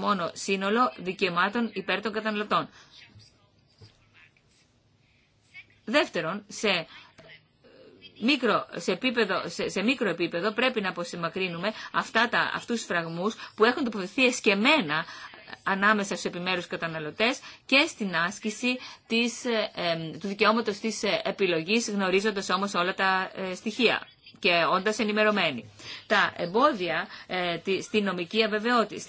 μόνο σύνολο δικαιωμάτων υπέρ των καταναλωτών. Δεύτερον, σε ε, Μικρο, σε, επίπεδο, σε, μικρό επίπεδο πρέπει να αποσυμμακρύνουμε αυτά τα, αυτούς τους φραγμούς που έχουν τοποθεθεί εσκεμένα ανάμεσα στους επιμέρους καταναλωτές και στην άσκηση της, ε, ε, του δικαιώματος της επιλογής γνωρίζοντας όμως όλα τα στοιχεία και όντα ενημερωμένοι. Τα εμπόδια ε, στη νομική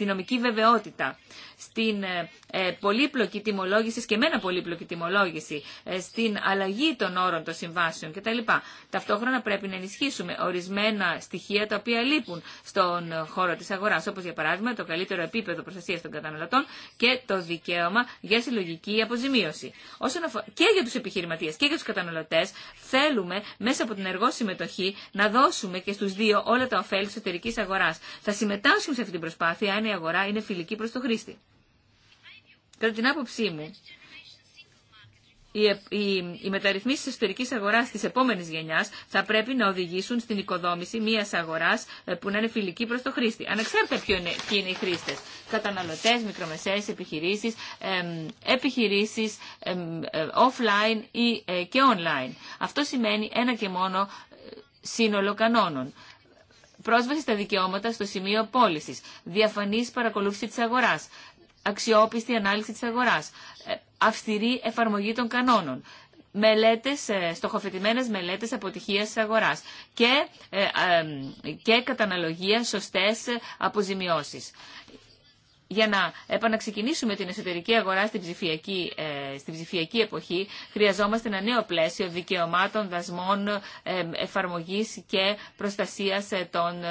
νομική βεβαιότητα, στην ε, ε, πολύπλοκη τιμολόγηση και μένα πολύπλοκη τιμολόγηση, ε, στην αλλαγή των όρων των συμβάσεων κτλ. Ταυτόχρονα πρέπει να ενισχύσουμε ορισμένα στοιχεία τα οποία λείπουν στον χώρο τη αγορά, όπω για παράδειγμα το καλύτερο επίπεδο προστασία των καταναλωτών και το δικαίωμα για συλλογική αποζημίωση. και για του επιχειρηματίε και για του καταναλωτέ, θέλουμε μέσα από την εργό συμμετοχή να δώσουμε και στους δύο όλα τα ωφέλη τη εσωτερική αγορά. Θα συμμετάσχουν σε αυτή την προσπάθεια αν η αγορά είναι φιλική προ το χρήστη. Κατά την άποψή μου, οι, οι, οι μεταρρυθμίσεις τη τη αγοράς της θα πρέπει να οδηγήσουν στην οικοδόμηση μια αγορά ε, που να είναι φιλική προ το χρήστη. Ανεξάρτητα ποιοι είναι, ποιοι είναι οι χρήστε. Καταναλωτέ, μικρομεσαίες επιχειρήσει, επιχειρήσει ε, offline ή, ε, και online. Αυτό σημαίνει ένα και μόνο σύνολο κανόνων. Πρόσβαση στα δικαιώματα στο σημείο πώληση. Διαφανή παρακολούθηση τη αγορά. Αξιόπιστη ανάλυση τη αγορά. Ε, αυστηρή εφαρμογή των κανόνων. Μελέτες, ε, στοχοθετημένες μελέτες αποτυχίας της αγοράς και, ε, και καταναλογία σωστές αποζημιώσεις για να επαναξεκινήσουμε την εσωτερική αγορά στην ψηφιακή, ε, στην ψηφιακή εποχή, χρειαζόμαστε ένα νέο πλαίσιο δικαιωμάτων, δασμών, ε, εφαρμογής και προστασίας ε, των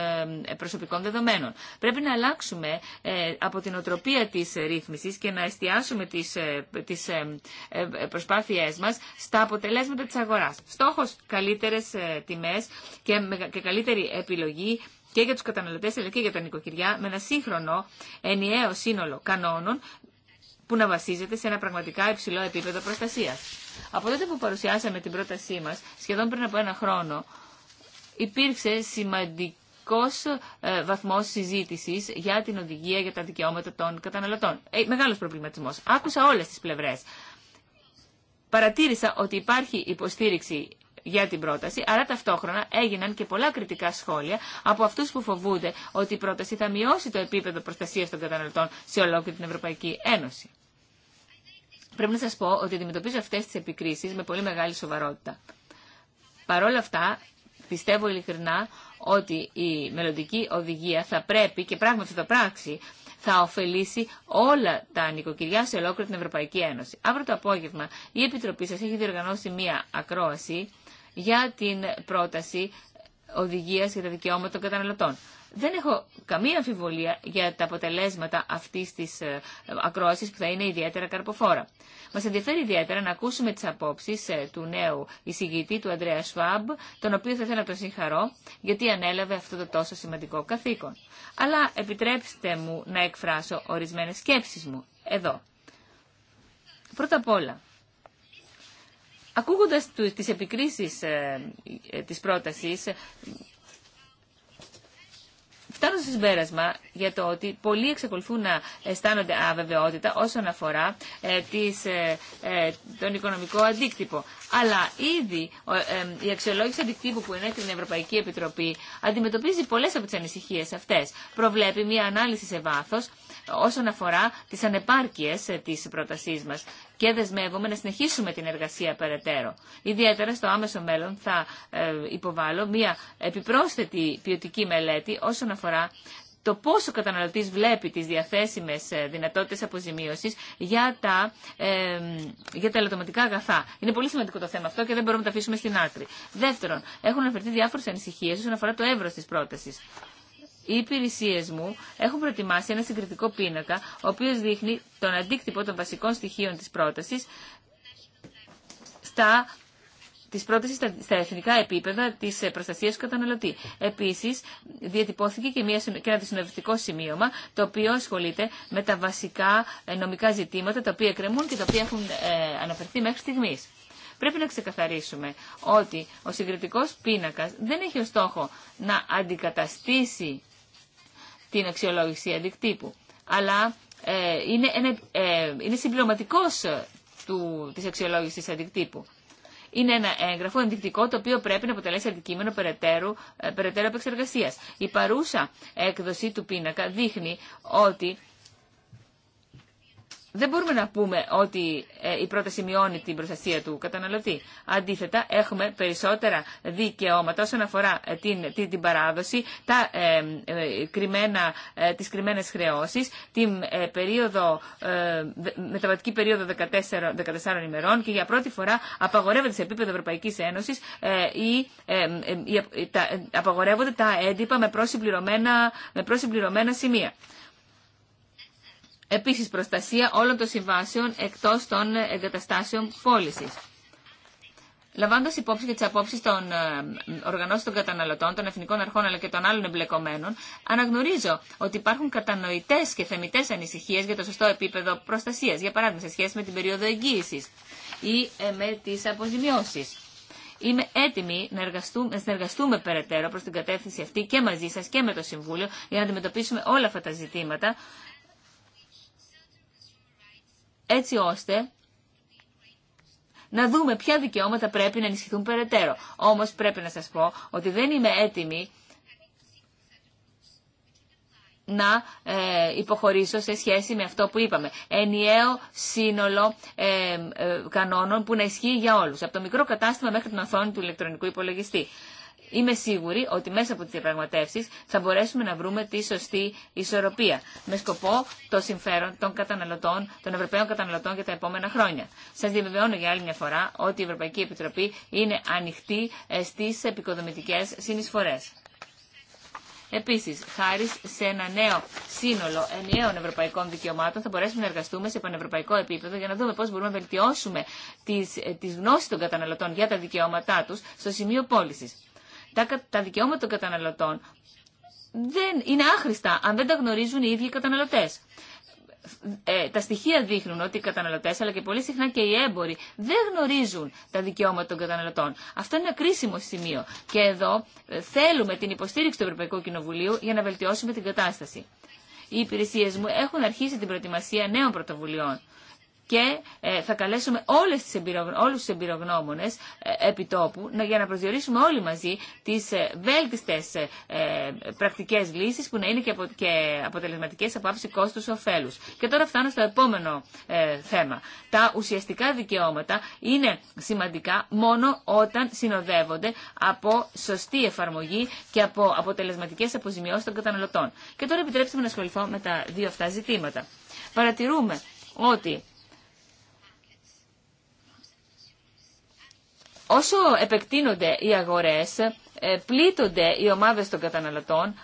προσωπικών δεδομένων. Πρέπει να αλλάξουμε από την οτροπία της ρύθμισης και να εστιάσουμε τις, τις προσπάθειές μας στα αποτελέσματα της αγοράς. Στόχος καλύτερες τιμές και, και καλύτερη επιλογή και για τους καταναλωτές αλλά και για τα νοικοκυριά με ένα σύγχρονο ενιαίο σύνολο κανόνων που να βασίζεται σε ένα πραγματικά υψηλό επίπεδο προστασίας. Από τότε που παρουσιάσαμε την πρότασή μας, σχεδόν πριν από ένα χρόνο, υπήρξε σημαντική βαθμό ε, βαθμός συζήτησης για την οδηγία για τα δικαιώματα των καταναλωτών. Ε, μεγάλος προβληματισμός. Άκουσα όλε τι πλευρέ. Παρατήρησα ότι υπάρχει υποστήριξη για την πρόταση, αλλά ταυτόχρονα έγιναν και πολλά κριτικά σχόλια από αυτού που φοβούνται ότι η πρόταση θα μειώσει το επίπεδο προστασία των καταναλωτών σε ολόκληρη την Ευρωπαϊκή Ένωση. Πρέπει να σα πω ότι αντιμετωπίζω αυτέ τι επικρίσει με πολύ μεγάλη σοβαρότητα. Παρ' όλα αυτά, πιστεύω ειλικρινά ότι η μελλοντική οδηγία θα πρέπει και πράγματι θα πράξει θα ωφελήσει όλα τα νοικοκυριά σε ολόκληρη την Ευρωπαϊκή Ένωση. Αύριο το απόγευμα η Επιτροπή σας έχει διοργανώσει μία ακρόαση για την πρόταση οδηγία για τα δικαιώματα των καταναλωτών. Δεν έχω καμία αμφιβολία για τα αποτελέσματα αυτή τη ε, ακρόαση που θα είναι ιδιαίτερα καρποφόρα. Μα ενδιαφέρει ιδιαίτερα να ακούσουμε τι απόψει ε, του νέου εισηγητή, του Αντρέα Σουάμπ, τον οποίο θα ήθελα να τον συγχαρώ, γιατί ανέλαβε αυτό το τόσο σημαντικό καθήκον. Αλλά επιτρέψτε μου να εκφράσω ορισμένε σκέψει μου εδώ. Πρώτα απ' όλα, Ακούγοντας τις επικρίσεις ε, ε, της πρότασης, ε, φτάνω στο συμπέρασμα για το ότι πολλοί εξακολουθούν να αισθάνονται αβεβαιότητα όσον αφορά τον οικονομικό αντίκτυπο. Αλλά ήδη η αξιολόγηση αντικτύπου που ενέχει την Ευρωπαϊκή Επιτροπή αντιμετωπίζει πολλέ από τι ανησυχίε αυτέ. Προβλέπει μια ανάλυση σε βάθο ε, όσον αφορά τι ανεπάρκειε ε, τη πρότασή μα και δεσμεύομαι να συνεχίσουμε την εργασία περαιτέρω. Ιδιαίτερα στο άμεσο μέλλον θα ε, υποβάλω μια επιπρόσθετη ποιοτική μελέτη όσον αφορά το πόσο ο καταναλωτής βλέπει τις διαθέσιμες ε, δυνατότητες αποζημίωσης για τα, ε, για τα ελαττωματικά αγαθά. Είναι πολύ σημαντικό το θέμα αυτό και δεν μπορούμε να το αφήσουμε στην άκρη. Δεύτερον, έχουν αναφερθεί διάφορες ανησυχίε όσον αφορά το εύρο της πρότασης. Οι υπηρεσίε μου έχουν προετοιμάσει ένα συγκριτικό πίνακα, ο οποίο δείχνει τον αντίκτυπο των βασικών στοιχείων τη πρόταση στα Τη πρόταση στα εθνικά επίπεδα τη ε, προστασία του καταναλωτή. Επίσης, διατυπώθηκε και, ένα συνοδευτικό σημείωμα, το οποίο ασχολείται με τα βασικά ε, νομικά ζητήματα, τα οποία κρεμούν και τα οποία έχουν ε, αναφερθεί μέχρι στιγμής. Πρέπει να ξεκαθαρίσουμε ότι ο συγκριτικό πίνακας δεν έχει ως στόχο να αντικαταστήσει την αξιολόγηση αντικτύπου, αλλά είναι, ε, είναι συμπληρωματικός της αξιολόγησης αντικτύπου είναι ένα έγγραφο ενδεικτικό το οποίο πρέπει να αποτελέσει αντικείμενο περαιτέρω, ε, περαιτέρω επεξεργασία. Η παρούσα έκδοση του πίνακα δείχνει ότι δεν μπορούμε να πούμε ότι ε, η πρόταση μειώνει την προστασία του καταναλωτή. Αντίθετα, έχουμε περισσότερα δικαιώματα όσον αφορά ε, την, την, την παράδοση, τα, ε, ε, κρυμμένα, ε, τις κρυμμένες χρεώσεις, την περίοδο, μεταβατική περίοδο 14, 14 ημερών και για πρώτη φορά απαγορεύεται σε επίπεδο Ευρωπαϊκής Ένωσης ή τα, απαγορεύονται τα έντυπα με με προσυμπληρωμένα σημεία. Επίσης προστασία όλων των συμβάσεων εκτός των εγκαταστάσεων πώλησης. Λαμβάνοντα υπόψη και τι απόψει των ε, οργανώσεων των καταναλωτών, των εθνικών αρχών αλλά και των άλλων εμπλεκομένων, αναγνωρίζω ότι υπάρχουν κατανοητέ και θεμητέ ανησυχίε για το σωστό επίπεδο προστασία, για παράδειγμα σε σχέση με την περίοδο εγγύηση ή ε, με τι αποζημιώσει. Είμαι έτοιμη να, εργαστούμε, να συνεργαστούμε περαιτέρω προ την κατεύθυνση αυτή και μαζί σα και με το Συμβούλιο για να αντιμετωπίσουμε όλα αυτά τα ζητήματα έτσι ώστε να δούμε ποια δικαιώματα πρέπει να ενισχυθούν περαιτέρω. Όμως πρέπει να σας πω ότι δεν είμαι έτοιμη να ε, υποχωρήσω σε σχέση με αυτό που είπαμε. Ενιαίο σύνολο ε, ε, κανόνων που να ισχύει για όλους. Από το μικρό κατάστημα μέχρι την οθόνη του ηλεκτρονικού υπολογιστή είμαι σίγουρη ότι μέσα από τις διαπραγματεύσεις θα μπορέσουμε να βρούμε τη σωστή ισορροπία με σκοπό το συμφέρον των καταναλωτών, των Ευρωπαίων καταναλωτών για τα επόμενα χρόνια. Σας διαβεβαιώνω για άλλη μια φορά ότι η Ευρωπαϊκή Επιτροπή είναι ανοιχτή ε, στις επικοδομητικές συνεισφορές. Επίση, χάρη σε ένα νέο σύνολο ενιαίων ευρωπαϊκών δικαιωμάτων, θα μπορέσουμε να εργαστούμε σε πανευρωπαϊκό επίπεδο για να δούμε πώ μπορούμε να βελτιώσουμε τι ε, γνώσει των καταναλωτών για τα δικαιώματά του στο σημείο πώληση τα, δικαιώματα των καταναλωτών δεν είναι άχρηστα αν δεν τα γνωρίζουν οι ίδιοι οι καταναλωτές. Ε, τα στοιχεία δείχνουν ότι οι καταναλωτέ αλλά και πολύ συχνά και οι έμποροι δεν γνωρίζουν τα δικαιώματα των καταναλωτών. Αυτό είναι ένα κρίσιμο σημείο. Και εδώ ε, θέλουμε την υποστήριξη του Ευρωπαϊκού Κοινοβουλίου για να βελτιώσουμε την κατάσταση. Οι υπηρεσίε μου έχουν αρχίσει την προετοιμασία νέων πρωτοβουλειών και ε, θα καλέσουμε όλες τις όλους τους εμπειρογνώμονες ε, επιτόπου για να προσδιορίσουμε όλοι μαζί τις ε, βέλτιστες πρακτικές λύσεις που να είναι και, απο, αποτελεσματικές από άψη κόστους ωφέλους. Και τώρα φτάνω στο επόμενο θέμα. Τα ουσιαστικά δικαιώματα είναι σημαντικά μόνο όταν συνοδεύονται από σωστή εφαρμογή και από αποτελεσματικές αποζημιώσεις των καταναλωτών. Και τώρα επιτρέψτε μου να ασχοληθώ με τα δύο αυτά ζητήματα. Παρατηρούμε ότι Όσο επεκτείνονται οι αγορές, ε, πλήττονται οι ομάδες των καταναλωτών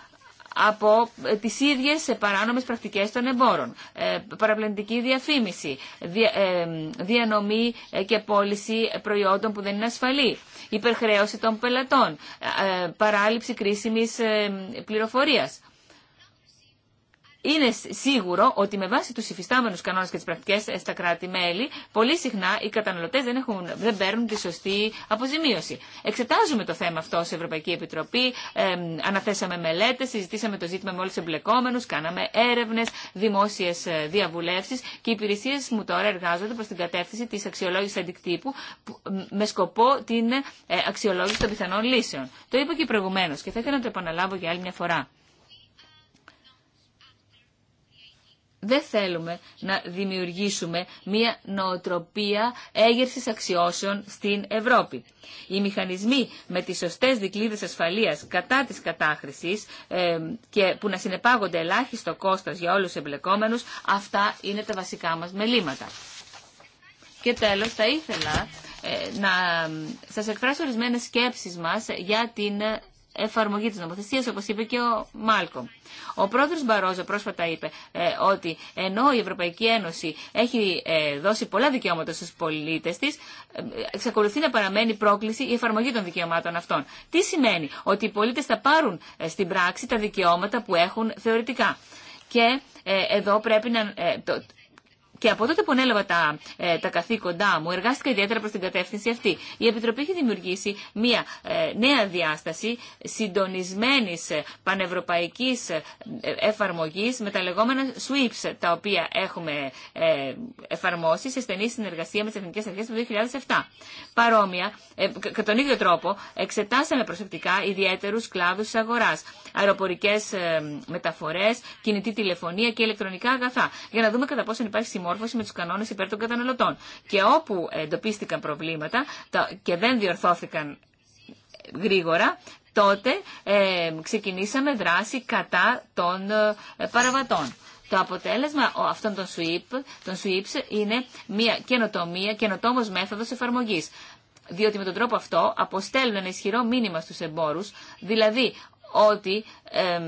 από ε, τις ίδιες παράνομες πρακτικές των εμπόρων, ε, παραπλανητική διαφήμιση, διανομή και πώληση προϊόντων που δεν είναι ασφαλή, υπερχρέωση των πελατών, παράληψη κρίσιμης πληροφορίας είναι σίγουρο ότι με βάση του υφιστάμενου κανόνε και τι πρακτικέ ε, στα κράτη-μέλη, πολύ συχνά οι καταναλωτέ δεν, δεν παίρνουν τη σωστή αποζημίωση. Εξετάζουμε το θέμα αυτό σε Ευρωπαϊκή Επιτροπή, ε, αναθέσαμε μελέτε, συζητήσαμε το ζήτημα με όλου του εμπλεκόμενου, κάναμε έρευνε, δημόσιε διαβουλεύσει και οι υπηρεσίε μου τώρα εργάζονται προ την κατεύθυνση τη αξιολόγηση αντικτύπου με σκοπό την ε, αξιολόγηση των πιθανών λύσεων. Το είπα και προηγουμένω και θα ήθελα να το επαναλάβω για άλλη μια φορά. Δεν θέλουμε να δημιουργήσουμε μια νοοτροπία έγερσης αξιώσεων στην Ευρώπη. Οι μηχανισμοί με τις σωστές δικλείδες ασφαλείας κατά της κατάχρησης και που να συνεπάγονται ελάχιστο κόστος για όλους τους εμπλεκόμενους, αυτά είναι τα βασικά μας μελήματα. Και τέλος θα ήθελα ε, να σας εκφράσω ορισμένες σκέψεις μας για την εφαρμογή της νομοθεσίας, όπως είπε και ο Μάλκο. Ο πρόεδρος Μπαρόζο πρόσφατα είπε ε, ότι ενώ η Ευρωπαϊκή Ένωση έχει ε, δώσει πολλά δικαιώματα στους πολίτες της, ε, εξακολουθεί να παραμένει πρόκληση η εφαρμογή των δικαιωμάτων αυτών. Τι σημαίνει ότι οι πολίτες θα πάρουν στην πράξη τα δικαιώματα που έχουν θεωρητικά. Και εδώ πρέπει να, και από τότε που ανέλαβα τα, ε, τα καθήκοντά μου, εργάστηκα ιδιαίτερα προ την κατεύθυνση αυτή. Η Επιτροπή έχει δημιουργήσει μια ε, νέα διάσταση συντονισμένη ε, πανευρωπαϊκή εφαρμογή με τα λεγόμενα SWIPs, τα οποία έχουμε ε, εφαρμόσει σε στενή συνεργασία με τι Εθνικέ Αρχέ το 2007. Παρόμοια, κατά τον ίδιο τρόπο, εξετάσαμε προσεκτικά ιδιαίτερου κλάδου τη αγορά, αεροπορικέ μεταφορέ, κινητή τηλεφωνία και ηλεκτρονικά αγαθά, για να δούμε κατά πόσο υπάρχει με του κανόνε υπέρ των καταναλωτών. Και όπου εντοπίστηκαν προβλήματα και δεν διορθώθηκαν γρήγορα, τότε ε, ξεκινήσαμε δράση κατά των ε, παραβατών. Το αποτέλεσμα αυτών των sweep, των sweeps είναι μια καινοτομία, καινοτόμο μέθοδος εφαρμογής. Διότι με τον τρόπο αυτό αποστέλουν ένα ισχυρό μήνυμα στους εμπόρους, δηλαδή ότι ε,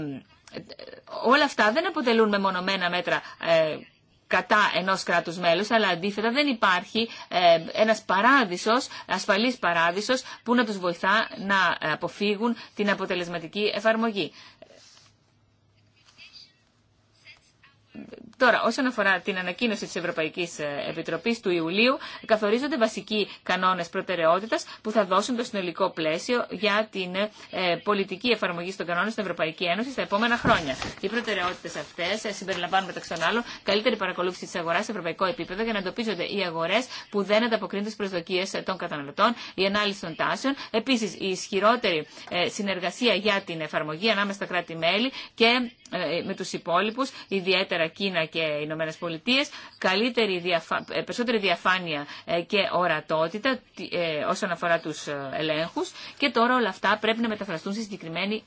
όλα αυτά δεν αποτελούν μεμονωμένα μέτρα ε, κατά ενός κράτους μέλους, αλλά αντίθετα δεν υπάρχει ε, ένας παράδεισος, ασφαλής παράδεισος που να τους βοηθά να ε, αποφύγουν την αποτελεσματική εφαρμογή. Τώρα, όσον αφορά την ανακοίνωση τη Ευρωπαϊκή ε, Επιτροπή του Ιουλίου, καθορίζονται βασικοί κανόνε προτεραιότητα που θα δώσουν το συνολικό πλαίσιο για την ε, πολιτική εφαρμογή των κανόνων στην Ευρωπαϊκή Ένωση στα επόμενα χρόνια. Οι προτεραιότητε αυτέ ε, συμπεριλαμβάνουν μεταξύ των άλλων καλύτερη παρακολούθηση τη αγορά σε ευρωπαϊκό επίπεδο για να εντοπίζονται οι αγορέ που δεν ανταποκρίνονται τι προσδοκίε των καταναλωτών, η ανάλυση των τάσεων, επίση η ισχυρότερη συνεργασία για την εφαρμογή ανάμεσα στα κράτη-μέλη και ε, με τους υπόλοιπους, ιδιαίτερα Κίνα και Ηνωμένε Πολιτείε, καλύτερη ε, περισσότερη διαφάνεια ε, και ορατότητα όσον αφορά τους ελέγχους και τώρα όλα αυτά πρέπει να μεταφραστούν σε συγκεκριμένη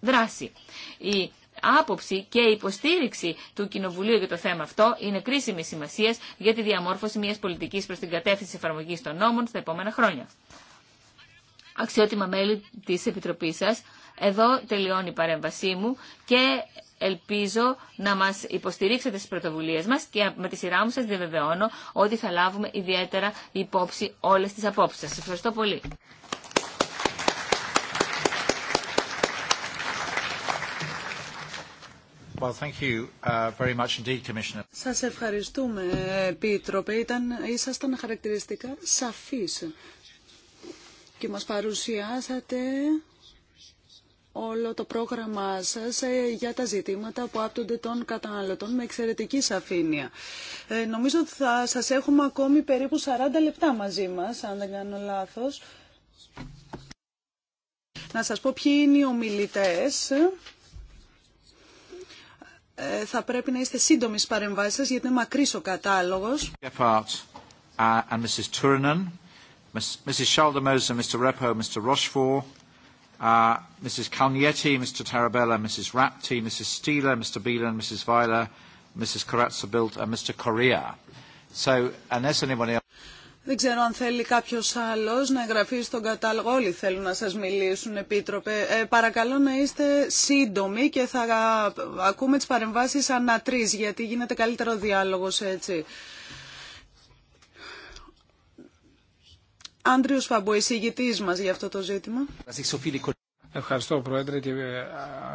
δράση. Η άποψη και η υποστήριξη του Κοινοβουλίου για το θέμα αυτό είναι κρίσιμη σημασία για τη διαμόρφωση μιας πολιτικής προς την κατεύθυνση εφαρμογής των νόμων στα επόμενα χρόνια. Αξιότιμα μέλη της Επιτροπής σας, εδώ τελειώνει η παρέμβασή μου και ελπίζω να μας υποστηρίξετε στις πρωτοβουλίες μας και με τη σειρά μου σας διαβεβαιώνω ότι θα λάβουμε ιδιαίτερα υπόψη όλες τις απόψεις σας. Ευχαριστώ πολύ. Well, thank you uh, very much indeed, Commissioner. Σας ευχαριστούμε, Επίτροπε. Ήταν, ήσασταν χαρακτηριστικά σαφείς και μας παρουσιάσατε όλο το πρόγραμμά σας ε, για τα ζητήματα που άπτονται των καταναλωτών με εξαιρετική σαφήνεια. Ε, νομίζω ότι θα σας έχουμε ακόμη περίπου 40 λεπτά μαζί μας, αν δεν κάνω λάθος. Να σας πω ποιοι είναι οι ομιλητές. Ε, θα πρέπει να είστε σύντομοι στις παρεμβάσεις σας, γιατί είναι μακρύς ο κατάλογος. Uh, and Mrs. Mrs. Mr. Mr. Rochefort, δεν ξέρω αν θέλει κάποιο άλλο να εγγραφεί στον κατάλογο. Όλοι θέλουν να σα μιλήσουν, Επίτροπε. Ε, παρακαλώ να είστε σύντομοι και θα ακούμε τι παρεμβάσει ανά γιατί γίνεται καλύτερο διάλογο έτσι. Άντριος Φαμπο, μα για αυτό το ζήτημα. Ευχαριστώ, Πρόεδρε, και ε,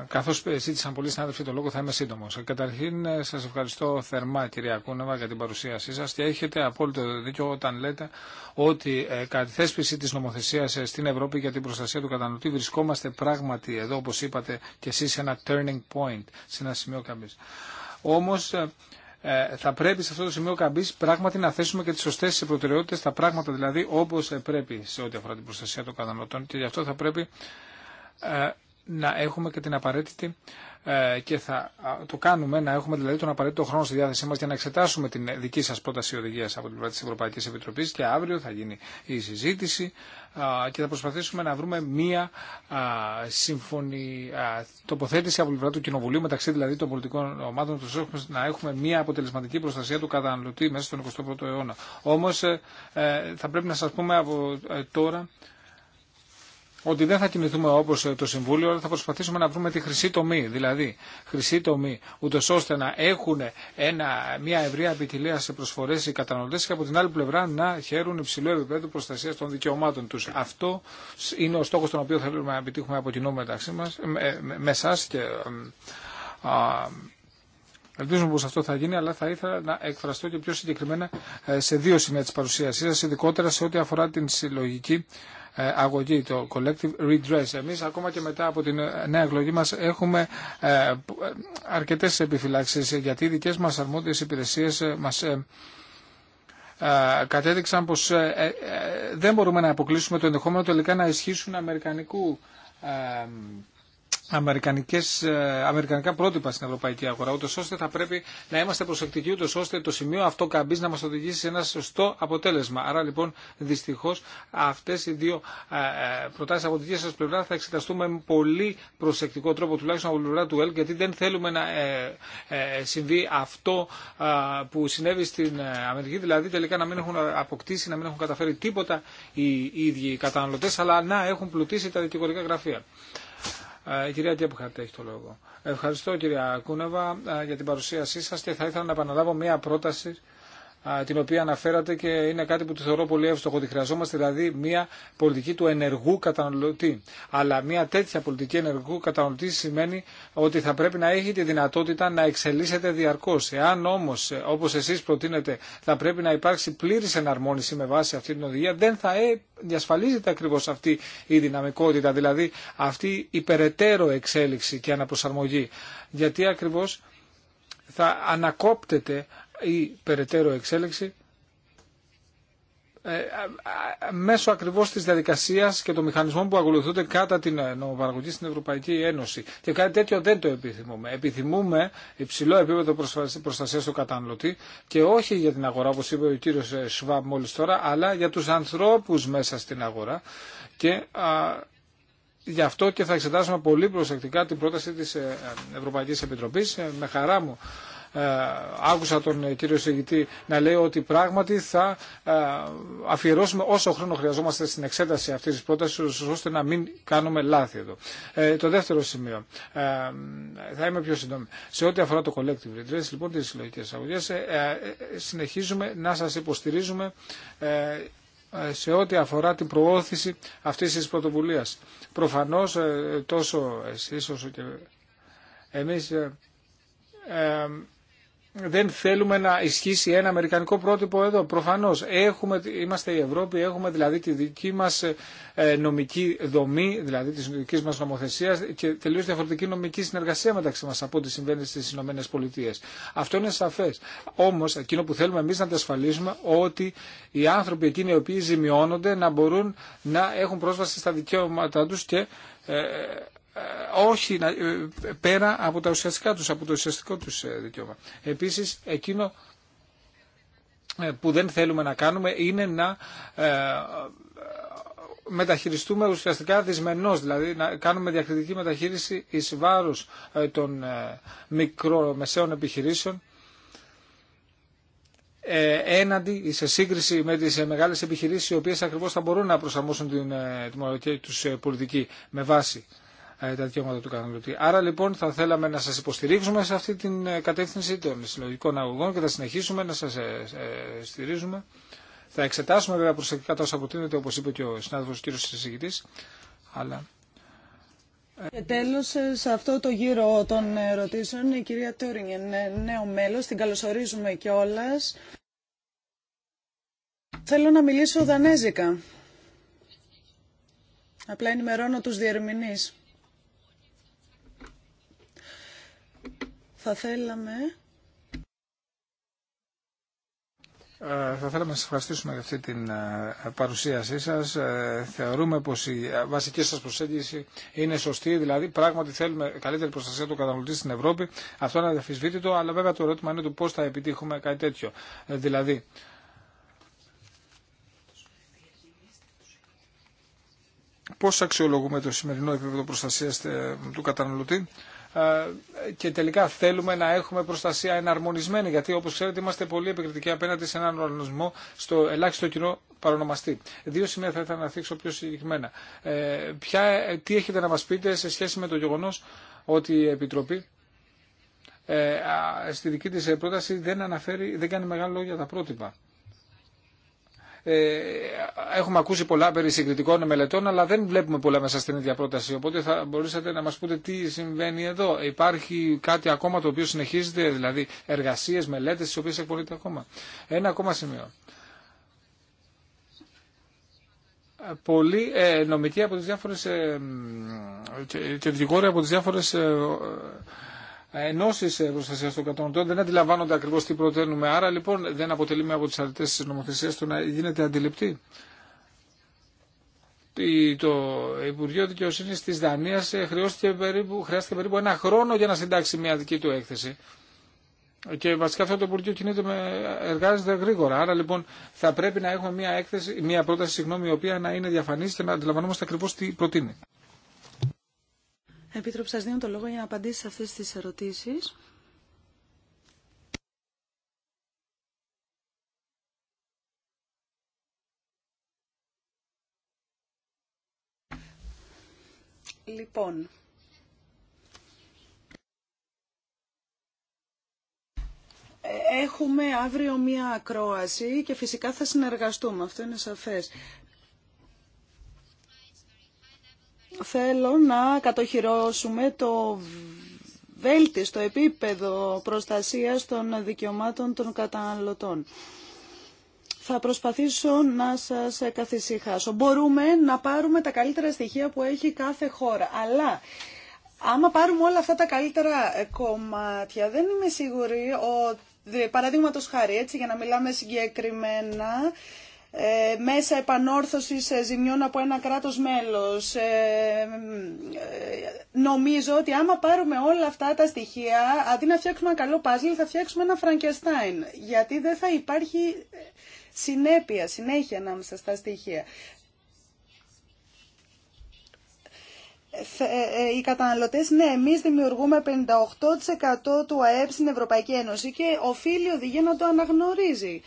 καθώ ζήτησαν πολλοί συνάδελφοι το λόγο, θα είμαι σύντομο. Καταρχήν, ε, σας ευχαριστώ θερμά, κυρία Κούνεβα, για την παρουσίασή σας. και έχετε απόλυτο δίκιο όταν λέτε ότι ε, κατά τη θέσπιση της νομοθεσία στην Ευρώπη για την προστασία του καταναλωτή βρισκόμαστε πράγματι εδώ, όπως είπατε και εσείς σε ένα turning point, σε ένα σημείο καμπή. Όμω, ε, θα πρέπει σε αυτό το σημείο καμπή πράγματι να θέσουμε και τι σωστέ προτεραιότητε, τα πράγματα δηλαδή όπως πρέπει σε ό,τι αφορά την προστασία των καταναλωτών και γι' αυτό θα πρέπει ε, να έχουμε και την απαραίτητη ε, και θα το κάνουμε να έχουμε δηλαδή τον απαραίτητο χρόνο στη διάθεσή μα για να εξετάσουμε την δική σα πρόταση οδηγία από την πλευρά τη Ευρωπαϊκή Επιτροπή και αύριο θα γίνει η συζήτηση και θα προσπαθήσουμε να βρούμε μία σύμφωνη τοποθέτηση από την πλευρά του Κοινοβουλίου μεταξύ δηλαδή των πολιτικών ομάδων του να έχουμε μία αποτελεσματική προστασία του καταναλωτή μέσα στον 21ο αιώνα. Όμω ε, ε, θα πρέπει να σα πούμε από τώρα ότι δεν θα κινηθούμε όπως ε, το Συμβούλιο, αλλά θα προσπαθήσουμε να βρούμε τη χρυσή τομή. Δηλαδή, χρυσή τομή, ούτω ώστε να έχουν ένα, μια ευρεία επιτυλία σε προσφορές οι καταναλωτέ και από την άλλη πλευρά να χαίρουν υψηλό επίπεδο προστασίας των δικαιωμάτων τους. Αυτό είναι ο στόχος τον οποίο θέλουμε να επιτύχουμε από κοινό μεταξύ μας, ε, με, με, με και... Α, Ελπίζουμε πω αυτό θα γίνει, αλλά θα ήθελα να εκφραστώ και πιο συγκεκριμένα ε, σε δύο σημεία τη παρουσίασή σα, ειδικότερα σε ό,τι αφορά την συλλογική ε, αγωγή, το collective redress. Εμείς ακόμα και μετά από την ε, νέα εκλογή μας έχουμε ε, αρκετές επιφυλάξεις γιατί οι δικές μας αρμόδιες υπηρεσίες μας κατέδειξαν πως δεν μπορούμε να αποκλείσουμε το ενδεχόμενο τελικά να ισχύσουν αμερικανικού αμερικανικές, ε, αμερικανικά πρότυπα στην ευρωπαϊκή αγορά, ούτω ώστε θα πρέπει να είμαστε προσεκτικοί, ούτω ώστε το σημείο αυτό καμπή να μα οδηγήσει σε ένα σωστό αποτέλεσμα. Άρα λοιπόν δυστυχώ, αυτέ οι δύο ε, ε, προτάσει από τη δική σα πλευρά θα εξεταστούμε με πολύ προσεκτικό τρόπο, τουλάχιστον από πλευρά του ΕΛ, γιατί δεν θέλουμε να συμβεί αυτό που συνέβη στην Αμερική, δηλαδή τελικά να μην έχουν αποκτήσει, να μην έχουν καταφέρει τίποτα οι ίδιοι αλλά να έχουν πλουτίσει τα δικηγορικά γραφεία. Ε, η κυρία Γκέπχαρτ έχει το λόγο. Ευχαριστώ κυρία Κούνεβα ε, για την παρουσίασή σας και θα ήθελα να επαναλάβω μία πρόταση την οποία αναφέρατε και είναι κάτι που τη θεωρώ πολύ εύστοχο ότι χρειαζόμαστε δηλαδή μια πολιτική του ενεργού καταναλωτή. Αλλά μια τέτοια πολιτική ενεργού καταναλωτή σημαίνει ότι θα πρέπει να έχει τη δυνατότητα να εξελίσσεται διαρκώ. Εάν όμω, όπω εσεί προτείνετε, θα πρέπει να υπάρξει πλήρη εναρμόνιση με βάση αυτή την οδηγία, δεν θα ε, διασφαλίζεται ακριβώ αυτή η δυναμικότητα, δηλαδή αυτή η περαιτέρω εξέλιξη και αναπροσαρμογή. Γιατί ακριβώ θα ανακόπτεται η περαιτέρω εξέλιξη ε, μέσω ακριβώς της διαδικασίας και των μηχανισμών που ακολουθούνται κατά την ε, νομοπαραγωγή στην Ευρωπαϊκή Ένωση. Και κάτι τέτοιο δεν το επιθυμούμε. Επιθυμούμε υψηλό επίπεδο προστασίας του καταναλωτή και όχι για την αγορά, όπως είπε ο κύριος ε, Σουβάμ μόλις τώρα, αλλά για τους ανθρώπους μέσα στην αγορά. Και Γι' αυτό και θα εξετάσουμε πολύ προσεκτικά την πρόταση της Ευρωπαϊκής Επιτροπής. Με χαρά μου ε, άκουσα τον ε, κύριο Σεγητή να λέει ότι πράγματι θα ε, αφιερώσουμε όσο χρόνο χρειαζόμαστε στην εξέταση αυτή τη πρόταση, ώστε να μην κάνουμε λάθη εδώ. Το δεύτερο σημείο. Θα είμαι πιο σύντομη. Σε ό,τι αφορά το collective redress, λοιπόν, τι συλλογικέ αγωγέ, συνεχίζουμε να σα υποστηρίζουμε σε ό,τι αφορά την προώθηση αυτής της πρωτοβουλίας. Προφανώς τόσο εσείς όσο και εμείς δεν θέλουμε να ισχύσει ένα αμερικανικό πρότυπο εδώ. Προφανώ. είμαστε η Ευρώπη, έχουμε δηλαδή τη δική μας ε, ε, νομική δομή, δηλαδή τη δική μα νομοθεσία και τελείως διαφορετική νομική συνεργασία μεταξύ μα από ό,τι συμβαίνει στι Ηνωμένες Πολιτείες. Αυτό είναι σαφέ. Όμω, εκείνο που θέλουμε εμεί να διασφαλίσουμε ότι οι άνθρωποι εκείνοι οι οποίοι ζημιώνονται να μπορούν να έχουν πρόσβαση στα δικαιώματά του και ε, ε, όχι ε, πέρα από τα ουσιαστικά τους, από το ουσιαστικό τους ε, δικαίωμα. Επίσης, εκείνο που δεν θέλουμε να κάνουμε είναι να μεταχειριστούμε ουσιαστικά δυσμενώς, δηλαδή να κάνουμε διακριτική μεταχείριση εις βάρος των μικρομεσαίων επιχειρήσεων έναντι σε σύγκριση με τις μεγάλες επιχειρήσεις οι οποίες ακριβώς θα μπορούν να προσαρμόσουν την τιμολογική τους πολιτική με βάση ε, τα δικαιώματα του καταναλωτή. Άρα λοιπόν θα θέλαμε να σας υποστηρίξουμε σε αυτή την ε, κατεύθυνση των συλλογικών αγωγών και θα συνεχίσουμε να σας ε, στηρίζουμε. Θα εξετάσουμε βέβαια προσεκτικά τόσο όσα όπως είπε και ο συνάδελφος κύριος συζητητής. Αλλά... Και τέλος σε αυτό το γύρο των ερωτήσεων η κυρία Τούρινγκ νέο μέλος, την καλωσορίζουμε κιόλα. Θέλω να μιλήσω δανέζικα. Απλά ενημερώνω τους διερμηνεί Θα θέλαμε... Ε, θα θέλαμε να σας ευχαριστήσουμε για αυτή την ε, παρουσίασή σας. Ε, θεωρούμε πως η βασική σας προσέγγιση είναι σωστή, δηλαδή πράγματι θέλουμε καλύτερη προστασία του καταναλωτή στην Ευρώπη. Αυτό είναι αδεφισβήτητο, αλλά βέβαια το ερώτημα είναι το πώς θα επιτύχουμε κάτι τέτοιο. Δηλαδή, πώς αξιολογούμε το σημερινό επίπεδο προστασίας του καταναλωτή ε, και τελικά θέλουμε να έχουμε προστασία εναρμονισμένη γιατί όπως ξέρετε είμαστε πολύ επικριτικοί απέναντι σε έναν οργανισμό στο ελάχιστο κοινό παρονομαστή. Δύο σημεία θα ήθελα να θίξω πιο συγκεκριμένα. Ε, ποια, τι έχετε να μας πείτε σε σχέση με το γεγονός ότι η Επιτροπή ε, στη δική της πρόταση δεν αναφέρει, δεν κάνει μεγάλο λόγο για τα πρότυπα. Ε, έχουμε ακούσει πολλά περί συγκριτικών μελετών, αλλά δεν βλέπουμε πολλά μέσα στην ίδια πρόταση. Οπότε θα μπορούσατε να μα πούτε τι συμβαίνει εδώ. Υπάρχει κάτι ακόμα το οποίο συνεχίζεται, δηλαδή εργασίε, μελέτε, τι οποίε εκπολείται ακόμα. Ένα ακόμα σημείο. Πολλοί ε, νομικοί από τις διάφορες ε, και δικηγόροι από τις διάφορες ενώσει ε, προστασία των καταναλωτών δεν αντιλαμβάνονται ακριβώ τι προτείνουμε. Άρα λοιπόν δεν αποτελεί μία από τι αρετέ τη νομοθεσία το να γίνεται αντιληπτή. Το Υπουργείο Δικαιοσύνη τη Δανία ε, χρειάστηκε περίπου, χρειάστηκε περίπου ένα χρόνο για να συντάξει μια δική του έκθεση. Και βασικά αυτό το Υπουργείο κινείται με, εργάζεται γρήγορα. Άρα λοιπόν θα πρέπει να έχουμε μια, μια πρόταση συγγνώμη, η οποία να είναι διαφανή και να αντιλαμβανόμαστε ακριβώ τι προτείνει. Επίτροπε, σας δίνω το λόγο για να απαντήσει σε αυτές τις ερωτήσεις. Λοιπόν, έχουμε αύριο μία ακρόαση και φυσικά θα συνεργαστούμε, αυτό είναι σαφές. θέλω να κατοχυρώσουμε το βέλτιστο επίπεδο προστασίας των δικαιωμάτων των καταναλωτών. Θα προσπαθήσω να σας καθησυχάσω. Μπορούμε να πάρουμε τα καλύτερα στοιχεία που έχει κάθε χώρα, αλλά άμα πάρουμε όλα αυτά τα καλύτερα κομμάτια, δεν είμαι σίγουρη ότι, παραδείγματος χάρη, έτσι για να μιλάμε συγκεκριμένα, ε, μέσα επανόρθωσης ε, ζημιών από ένα κράτος μέλος. Ε, νομίζω ότι άμα πάρουμε όλα αυτά τα στοιχεία, αντί να φτιάξουμε ένα καλό παζλ, θα φτιάξουμε ένα Φραγκεστάιν. Γιατί δεν θα υπάρχει συνέπεια, συνέχεια ανάμεσα στα στοιχεία. Οι καταναλωτές, ναι, εμείς δημιουργούμε 58% του ΑΕΠ στην Ευρωπαϊκή Ένωση και οφείλει οδηγία να το αναγνωρίζει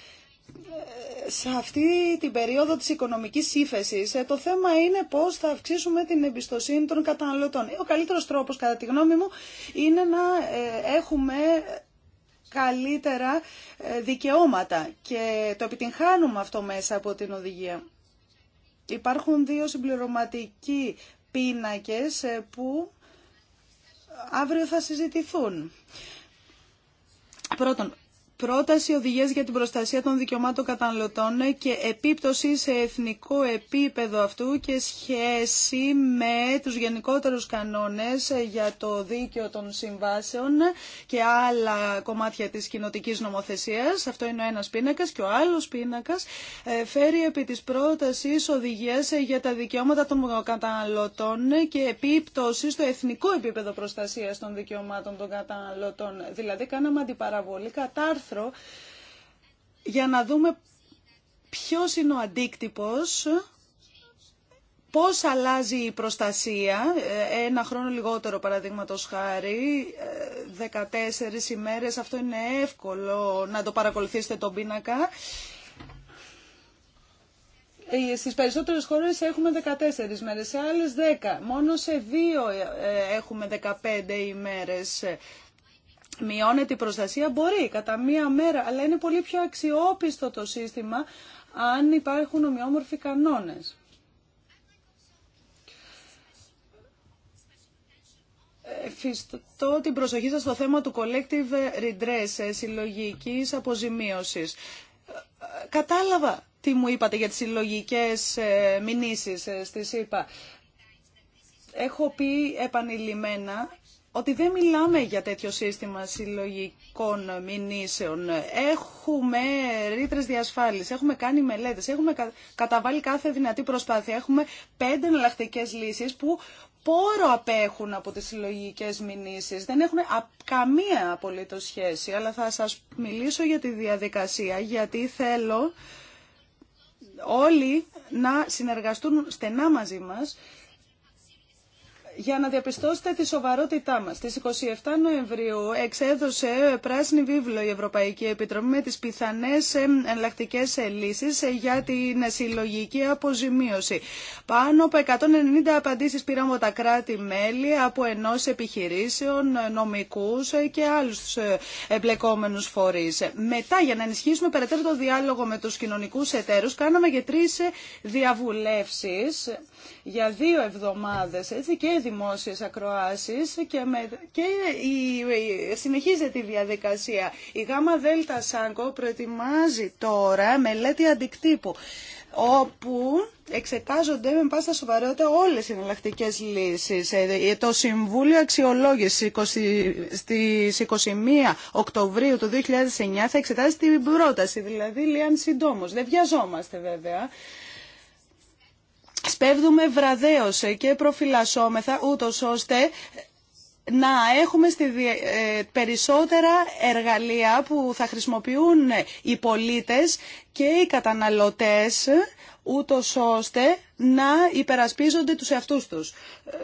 σε αυτή την περίοδο της οικονομικής ύφεση, ε, το θέμα είναι πώς θα αυξήσουμε την εμπιστοσύνη των καταναλωτών. Ε, ο καλύτερος τρόπος, κατά τη γνώμη μου, είναι να ε, έχουμε καλύτερα δικαιώματα και το επιτυγχάνουμε αυτό μέσα από την οδηγία. Υπάρχουν δύο συμπληρωματικοί πίνακες που αύριο θα συζητηθούν. Πρώτον, πρόταση οδηγίας για την προστασία των δικαιωμάτων καταναλωτών και επίπτωση σε εθνικό επίπεδο αυτού και σχέση με τους γενικότερους κανόνες για το δίκαιο των συμβάσεων και άλλα κομμάτια της κοινοτική νομοθεσίας. Αυτό είναι ο ένας πίνακας και ο άλλος πίνακας ε, φέρει επί της πρότασης οδηγίας για τα δικαιώματα των καταναλωτών και επίπτωση στο εθνικό επίπεδο προστασίας των δικαιωμάτων των καταναλωτών. Δηλαδή κάναμε αντιπαραβολή κατάρθωση άρθρο για να δούμε ποιος είναι ο αντίκτυπος πώς αλλάζει η προστασία, ε, ένα χρόνο λιγότερο παραδείγματο χάρη, 14 ε, ημέρες, αυτό είναι εύκολο να το παρακολουθήσετε τον πίνακα. Ε, στις περισσότερες χώρες έχουμε 14 μέρες, σε άλλες 10. Μόνο σε δύο έχουμε 15 ημέρες μειώνεται η προστασία, μπορεί κατά μία μέρα, αλλά είναι πολύ πιο αξιόπιστο το σύστημα αν υπάρχουν ομοιόμορφοι κανόνες. Φιστώ την προσοχή σας στο θέμα του collective redress, ε, συλλογικής αποζημίωσης. Κατάλαβα τι μου είπατε για τις συλλογικές ε, μηνύσεις ε, στη ΣΥΠΑ. Έχω πει επανειλημμένα ότι δεν μιλάμε για τέτοιο σύστημα συλλογικών μηνύσεων. Έχουμε ρήτρε διασφάλιση, έχουμε κάνει μελέτες, έχουμε καταβάλει κάθε δυνατή προσπάθεια. Έχουμε πέντε εναλλακτικέ λύσεις που πόρο απέχουν από τις συλλογικέ μηνύσει. Δεν έχουν καμία απολύτως σχέση, αλλά θα σας μιλήσω για τη διαδικασία, γιατί θέλω όλοι να συνεργαστούν στενά μαζί μας για να διαπιστώσετε τη σοβαρότητά μας. στι 27 Νοεμβρίου εξέδωσε πράσινη βίβλο η Ευρωπαϊκή Επιτροπή με τις πιθανές εναλλακτικέ λύσεις για την συλλογική αποζημίωση. Πάνω από 190 απαντήσεις πήραμε από τα κράτη-μέλη, από ενό επιχειρήσεων, νομικούς και άλλους εμπλεκόμενους φορείς. Μετά, για να ενισχύσουμε περαιτέρω το διάλογο με του κοινωνικού εταίρου, κάναμε και τρει διαβουλεύσεις για δύο εβδομάδες, έτσι, και δημόσιες ακροάσεις και, και η, η, συνεχίζεται η διαδικασία. Η ΓΑΜΑ ΔΕΛΤΑ ΣΑΝΚΟ προετοιμάζει τώρα μελέτη αντικτύπου όπου εξετάζονται με πάσα σοβαρότητα όλες οι εναλλακτικέ λύσεις. Ε, ε, το Συμβούλιο Αξιολόγηση στις 21 Οκτωβρίου του 2009 θα εξετάζει την πρόταση, δηλαδή Λίαν Συντόμως. Δεν βιαζόμαστε βέβαια σπέβδουμε βραδέως και προφυλασσόμεθα ούτως ώστε να έχουμε στη, ε, περισσότερα εργαλεία που θα χρησιμοποιούν οι πολίτες και οι καταναλωτές ούτως ώστε να υπερασπίζονται τους εαυτούς τους. Ε,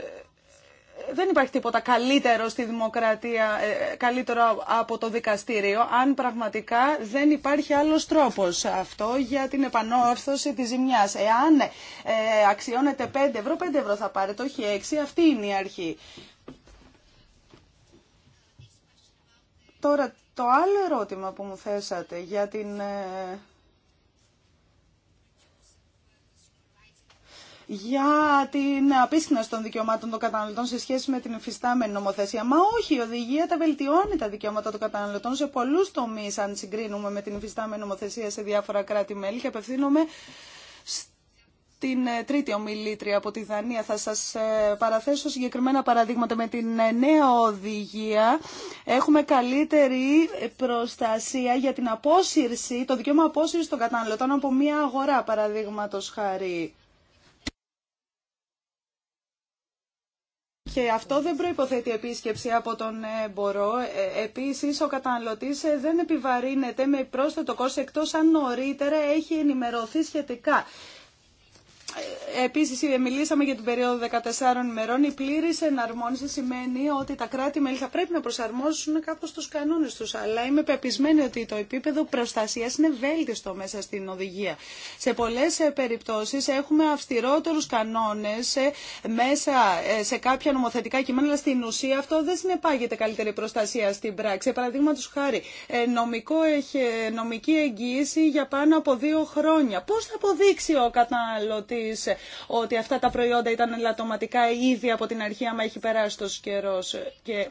δεν υπάρχει τίποτα καλύτερο στη δημοκρατία, ε, ε, καλύτερο από το δικαστήριο, αν πραγματικά δεν υπάρχει άλλος τρόπος αυτό για την επανόρθωση της ζημιάς. Εάν ε, αξιώνεται 5 ευρώ, 5 ευρώ θα πάρετε, όχι 6, αυτή είναι η αρχή. Τώρα το άλλο ερώτημα που μου θέσατε για την... Ε, για την απίσχυνση των δικαιωμάτων των καταναλωτών σε σχέση με την υφιστάμενη νομοθεσία. Μα όχι, η οδηγία τα βελτιώνει τα δικαιώματα των καταναλωτών σε πολλούς τομείς, αν συγκρίνουμε με την υφιστάμενη νομοθεσία σε διάφορα κράτη-μέλη και απευθύνομαι την ε, τρίτη ομιλήτρια από τη Δανία. Θα σας ε, παραθέσω συγκεκριμένα παραδείγματα. Με την ε, νέα οδηγία έχουμε καλύτερη προστασία για την απόσυρση, το δικαίωμα απόσυρση των καταναλωτών από μια αγορά, παραδείγματο χάρη. Και αυτό δεν προϋποθέτει επίσκεψη από τον εμπορό. Ε, επίσης, ο καταναλωτής ε, δεν επιβαρύνεται με πρόσθετο κόστος, εκτός αν νωρίτερα έχει ενημερωθεί σχετικά. Επίσης, μιλήσαμε για την περίοδο 14 ημερών. Η πλήρης εναρμόνιση σημαίνει ότι τα κράτη-μέλη θα πρέπει να προσαρμόσουν κάπως τους κανόνες τους. Αλλά είμαι πεπισμένη ότι το επίπεδο προστασίας είναι βέλτιστο μέσα στην οδηγία. Σε πολλές ε, περιπτώσεις έχουμε αυστηρότερους κανόνες ε, μέσα ε, σε κάποια νομοθετικά κείμενα, αλλά στην ουσία αυτό δεν συνεπάγεται καλύτερη προστασία στην πράξη. Παραδείγματο χάρη, νομικό, νομική εγγύηση για πάνω από δύο χρόνια. Πώς θα αποδείξει ο καταναλωτή ότι αυτά τα προϊόντα ήταν ελαττωματικά ήδη από την αρχή άμα έχει περάσει τόσο καιρό. Και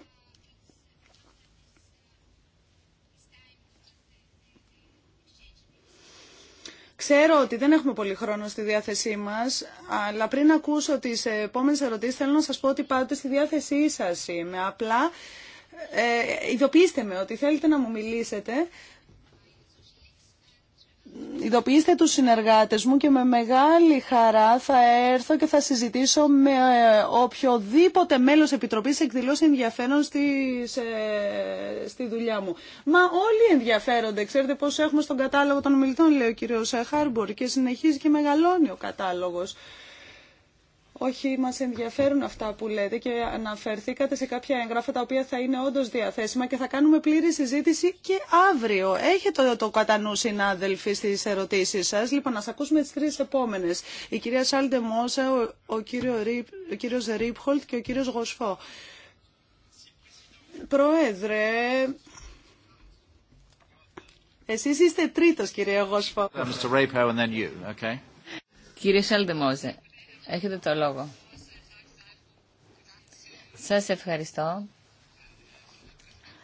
Ξέρω ότι δεν έχουμε πολύ χρόνο στη διάθεσή μας, αλλά πριν ακούσω τις επόμενες ερωτήσεις θέλω να σας πω ότι πάτε στη διάθεσή σας είμαι. Απλά ε, ειδοποιήστε με ότι θέλετε να μου μιλήσετε Ειδοποιήστε τους συνεργάτες μου και με μεγάλη χαρά θα έρθω και θα συζητήσω με ε, οποιοδήποτε μέλος Επιτροπής εκδηλώσει ενδιαφέρον στη, ε, στη δουλειά μου. Μα όλοι ενδιαφέρονται. Ξέρετε πώς έχουμε στον κατάλογο των ομιλητών λέει ο κύριος Χάρμπορ, και συνεχίζει και μεγαλώνει ο κατάλογος. Όχι, μας ενδιαφέρουν αυτά που λέτε και αναφερθήκατε σε κάποια έγγραφα τα οποία θα είναι όντω διαθέσιμα και θα κάνουμε πλήρη συζήτηση και αύριο. Έχετε το, το κατά νου, συνάδελφοι, στι ερωτήσει σας. Λοιπόν, να σας ακούσουμε τι τρει επόμενε. Η κυρία Σάλντε Μόσα, ο, κύριο ο κύριος Ρίπχολτ και ο κύριος Γοσφό. Πρόεδρε, εσείς είστε τρίτος, κύριε Γοσφό. Κύριε Σάλντε Μόζε, Έχετε το λόγο. Σας ευχαριστώ.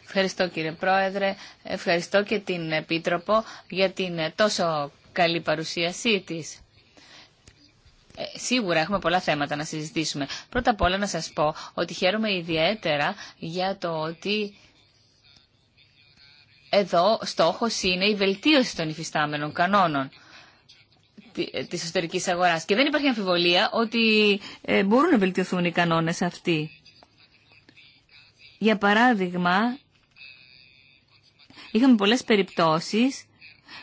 Ευχαριστώ κύριε Πρόεδρε, ευχαριστώ και την Επίτροπο για την τόσο καλή παρουσίασή της. Ε, σίγουρα έχουμε πολλά θέματα να συζητήσουμε. Πρώτα απ' όλα να σας πω ότι χαίρομαι ιδιαίτερα για το ότι εδώ στόχος είναι η βελτίωση των υφιστάμενων κανόνων τη ε, εσωτερική αγορά Και δεν υπάρχει αμφιβολία ότι ε, μπορούν να βελτιωθούν οι κανόνες αυτοί. Για παράδειγμα, είχαμε πολλές περιπτώσεις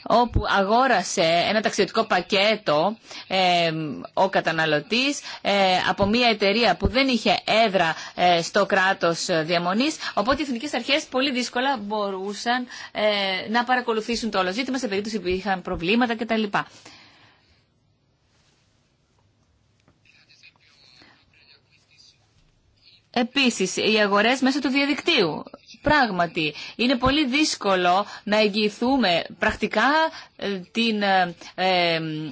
όπου αγόρασε ένα ταξιδιωτικό πακέτο ε, ο καταναλωτής ε, από μια εταιρεία που δεν είχε έδρα ε, στο κράτος διαμονής, οπότε οι εθνικές αρχές πολύ δύσκολα μπορούσαν να παρακολουθήσουν το όλο ζήτημα σε περίπτωση που είχαν προβλήματα κτλ. Επίσης, οι αγορές μέσω του διαδικτύου. Πράγματι, είναι πολύ δύσκολο να εγγυηθούμε πρακτικά ε, την, ε,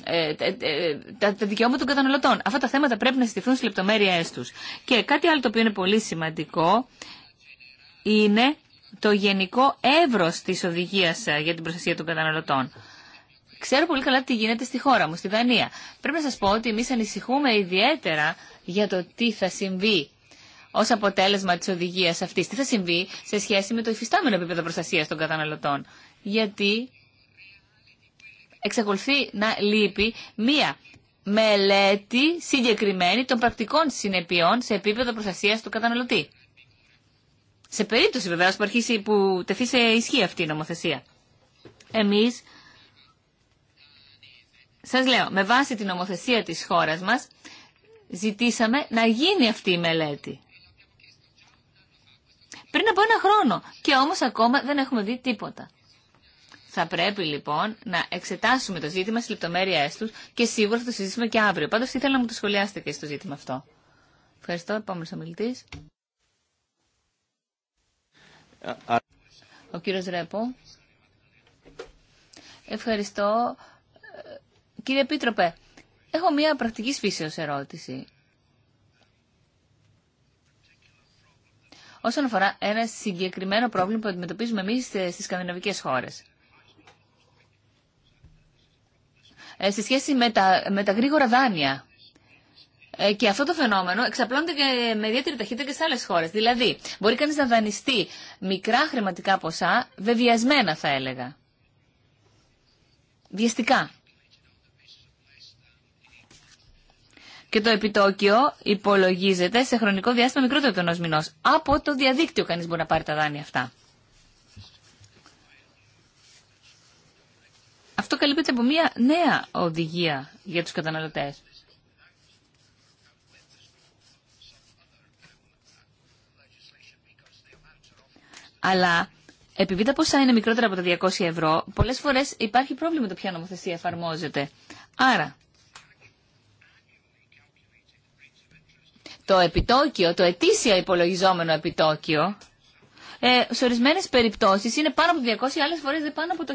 ε, τα, ε, ε, τα δικαιώματα των καταναλωτών. Αυτά τα θέματα πρέπει να συστηθούν στις λεπτομέρειές τους. Και κάτι άλλο το οποίο είναι πολύ σημαντικό είναι το γενικό έβρος της οδηγίας για την προστασία των καταναλωτών. Ξέρω πολύ καλά τι γίνεται στη χώρα μου, στη Δανία. Πρέπει να σας πω ότι εμείς ανησυχούμε ιδιαίτερα για το τι θα συμβεί Ω αποτέλεσμα τη οδηγία αυτή Τι θα συμβεί σε σχέση με το υφιστάμενο επίπεδο προστασίας των καταναλωτών. Γιατί εξακολουθεί να λείπει μία μελέτη συγκεκριμένη των πρακτικών συνεπειών σε επίπεδο προστασίας του καταναλωτή. Σε περίπτωση βεβαίω που, αρχίσει, που τεθεί σε ισχύ αυτή η νομοθεσία. Εμείς, σα λέω, με βάση την νομοθεσία τη χώρα μα, ζητήσαμε να γίνει αυτή η μελέτη πριν από ένα χρόνο και όμως ακόμα δεν έχουμε δει τίποτα. Θα πρέπει λοιπόν να εξετάσουμε το ζήτημα στι λεπτομέρειέ του και σίγουρα θα το συζητήσουμε και αύριο. Πάντω ήθελα να μου το σχολιάσετε και στο ζήτημα αυτό. Ευχαριστώ. Επόμενο ομιλητή. Ο κύριο Ρέπο. Ευχαριστώ. Ε, κύριε Επίτροπε, έχω μία πρακτική φύσεως ερώτηση. όσον αφορά ένα συγκεκριμένο πρόβλημα που αντιμετωπίζουμε εμείς στις σκανδιναβικές χώρες. Ε, σε σχέση με τα, γρήγορα δάνεια. Ε, και αυτό το φαινόμενο εξαπλώνεται και με ιδιαίτερη ταχύτητα και σε άλλες χώρες. Δηλαδή, μπορεί κανείς να δανειστεί μικρά χρηματικά ποσά, βεβιασμένα θα έλεγα. Βιαστικά. και το επιτόκιο υπολογίζεται σε χρονικό διάστημα μικρότερο του ενό μηνό. Από το διαδίκτυο κανεί μπορεί να πάρει τα δάνεια αυτά. Αυτό καλύπτεται από μια νέα οδηγία για τους καταναλωτές. Αλλά επειδή τα ποσά είναι μικρότερα από τα 200 ευρώ, πολλές φορές υπάρχει πρόβλημα το ποια νομοθεσία εφαρμόζεται. Άρα, το επιτόκιο, το ετήσια υπολογιζόμενο επιτόκιο, ε, σε ορισμένε περιπτώσει είναι πάνω από 200, άλλε φορέ δεν πάνω από το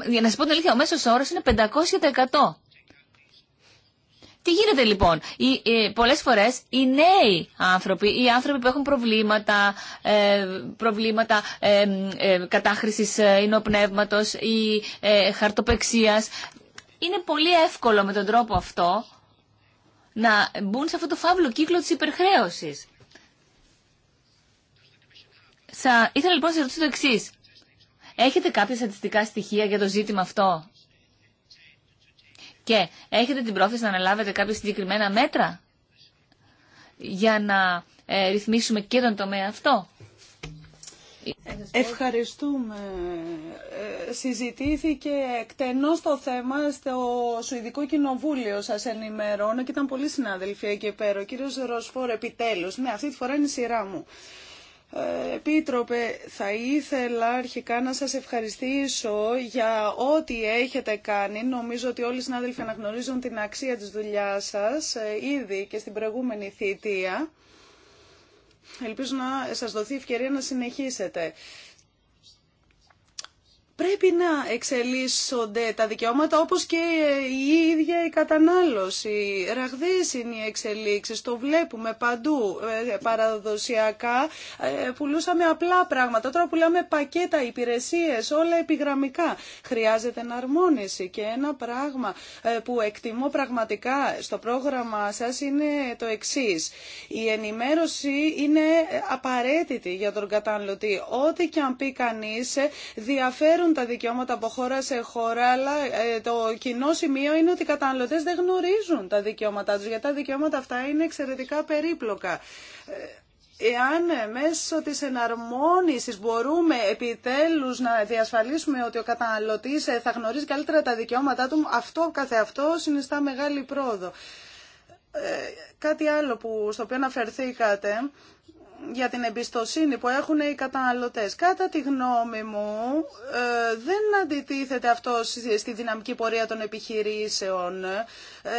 1000%. Για να σα πω την αλήθεια, ο μέσο όρο είναι 500%. Τι γίνεται λοιπόν, οι, ε, πολλές φορές οι νέοι άνθρωποι, οι άνθρωποι που έχουν προβλήματα, ε, προβλήματα ε, ε, ε ή ε, χαρτοπεξίας, είναι πολύ εύκολο με τον τρόπο αυτό να μπουν σε αυτό το φαύλο κύκλο της υπερχρέωσης. Σα... Ήθελα λοιπόν να σας ρωτήσω το εξή. Έχετε κάποια στατιστικά στοιχεία για το ζήτημα αυτό και έχετε την πρόθεση να αναλάβετε κάποια συγκεκριμένα μέτρα για να ε, ρυθμίσουμε και τον τομέα αυτό. Ευχαριστούμε. Ε, συζητήθηκε εκτενώς το θέμα στο Σουηδικό Κοινοβούλιο, σας ενημερώνω και ήταν πολύ συνάδελφοι εκεί πέρα. Ο κύριος Ροσφόρ επιτέλους, ναι αυτή τη φορά είναι η σειρά μου. Ε, Επίτροπε, θα ήθελα αρχικά να σας ευχαριστήσω για ό,τι έχετε κάνει. Νομίζω ότι όλοι οι συνάδελφοι αναγνωρίζουν την αξία της δουλειάς σας ε, ήδη και στην προηγούμενη θητεία. Ελπίζω να σας δοθεί ευκαιρία να συνεχίσετε πρέπει να εξελίσσονται τα δικαιώματα όπως και η ίδια η κατανάλωση. Ραγδαίες είναι οι εξελίξεις, το βλέπουμε παντού. Ε, παραδοσιακά ε, πουλούσαμε απλά πράγματα, τώρα πουλάμε πακέτα, υπηρεσίες, όλα επιγραμμικά. Χρειάζεται εναρμόνιση και ένα πράγμα ε, που εκτιμώ πραγματικά στο πρόγραμμα σας είναι το εξή. Η ενημέρωση είναι απαραίτητη για τον καταναλωτή. Ό,τι και αν πει κανείς, διαφέρουν τα δικαιώματα από χώρα σε χώρα, αλλά ε, το κοινό σημείο είναι ότι οι καταναλωτές δεν γνωρίζουν τα δικαιώματά του, γιατί τα δικαιώματα αυτά είναι εξαιρετικά περίπλοκα. Ε, εάν μέσω της εναρμόνισης μπορούμε επιτέλους να διασφαλίσουμε ότι ο καταναλωτής ε, θα γνωρίζει καλύτερα τα δικαιώματά του, αυτό καθεαυτό συνιστά μεγάλη πρόοδο. Κάτι άλλο που, στο οποίο αναφερθήκατε, για την εμπιστοσύνη που έχουν οι καταναλωτές. Κατά τη γνώμη μου ε, δεν αντιτίθεται αυτό στη δυναμική πορεία των επιχειρήσεων. Ε,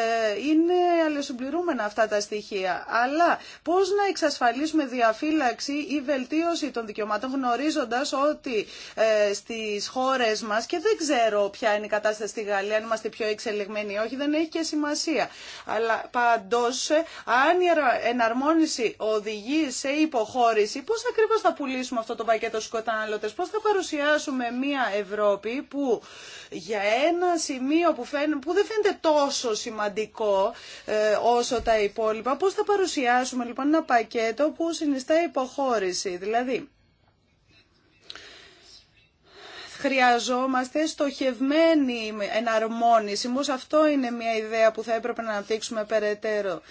είναι αλληλοσυμπληρούμενα αυτά τα στοιχεία. Αλλά πώς να εξασφαλίσουμε διαφύλαξη ή βελτίωση των δικαιωμάτων γνωρίζοντας ότι ε, στις χώρες μας και δεν ξέρω ποια είναι η κατάσταση στη Γαλλία, αν είμαστε πιο εξελιγμένοι ή όχι, δεν έχει και σημασία. Αλλά παντός αν η εναρμόνιση οδηγεί σε υποχώρηση, πώς ακριβώς θα πουλήσουμε αυτό το πακέτο στου πώς θα παρουσιάσουμε μια Ευρώπη που για ένα σημείο που, που δεν φαίνεται τόσο σημαντικό ε, όσο τα υπόλοιπα, πώς θα παρουσιάσουμε λοιπόν ένα πακέτο που συνιστά υποχώρηση, δηλαδή χρειαζόμαστε στοχευμένη εναρμόνιση. Μήπως αυτό είναι μια ιδέα που θα έπρεπε να αναπτύξουμε περαιτέρω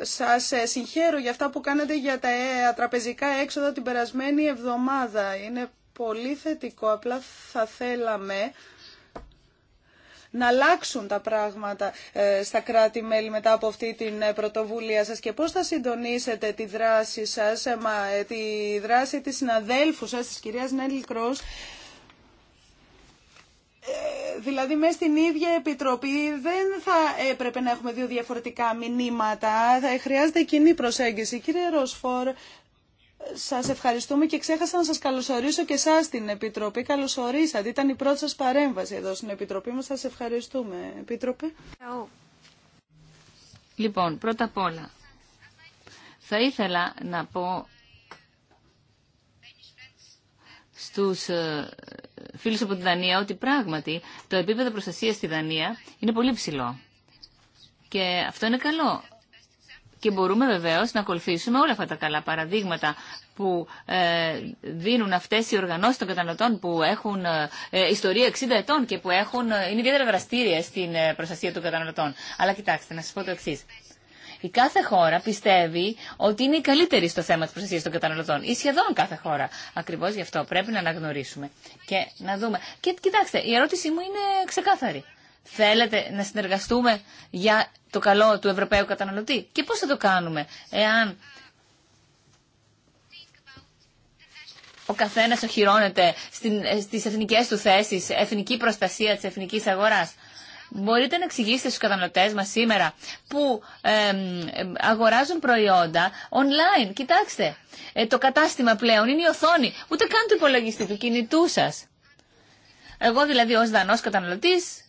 σας ε, συγχαίρω για αυτά που κάνατε για τα ε, τραπεζικά έξοδα την περασμένη εβδομάδα. Είναι πολύ θετικό, απλά θα θέλαμε να αλλάξουν τα πράγματα ε, στα κράτη-μέλη μετά από αυτή την πρωτοβουλία σας και πώς θα συντονίσετε τη δράση σας, τη δράση της συναδέλφου σας, της κυρίας Νέλη Δηλαδή, μέσα στην ίδια επιτροπή δεν θα έπρεπε να έχουμε δύο διαφορετικά μηνύματα. Θα χρειάζεται κοινή προσέγγιση. Κύριε Ροσφόρ, σας ευχαριστούμε και ξέχασα να σας καλωσορίσω και εσά στην Επιτροπή. Καλωσορίσατε. Ήταν η πρώτη σας παρέμβαση εδώ στην Επιτροπή μας. Σας ευχαριστούμε, Επίτροπε. Λοιπόν, πρώτα απ' όλα, θα ήθελα να πω στους ε, φίλους από τη Δανία ότι πράγματι το επίπεδο προστασίας στη Δανία είναι πολύ ψηλό. Και αυτό είναι καλό. Και μπορούμε βεβαίως να ακολουθήσουμε όλα αυτά τα καλά παραδείγματα που ε, δίνουν αυτές οι οργανώσεις των καταναλωτών που έχουν ε, ιστορία 60 ετών και που έχουν, ε, είναι ιδιαίτερα δραστήρια στην προστασία των καταναλωτών. Αλλά κοιτάξτε, να σας πω το εξής. Η κάθε χώρα πιστεύει ότι είναι η καλύτερη στο θέμα τη προστασία των καταναλωτών. Ή σχεδόν κάθε χώρα. Ακριβώ γι' αυτό πρέπει να αναγνωρίσουμε και να δούμε. Και κοιτάξτε, η ερώτησή μου είναι ξεκάθαρη. Θέλετε να συνεργαστούμε για το καλό του Ευρωπαίου καταναλωτή. Και πώς θα το κάνουμε εάν ο καθένας οχυρώνεται ε, στις εθνικές του θέσεις, εθνική προστασία της εθνικής αγοράς. Μπορείτε να εξηγήσετε στους καταναλωτές μας σήμερα που αγοράζουν προϊόντα online. Κοιτάξτε, ε, το κατάστημα πλέον είναι η οθόνη, ούτε καν το υπολογιστή του κινητού σας. Εγώ δηλαδή ως δανός καταναλωτής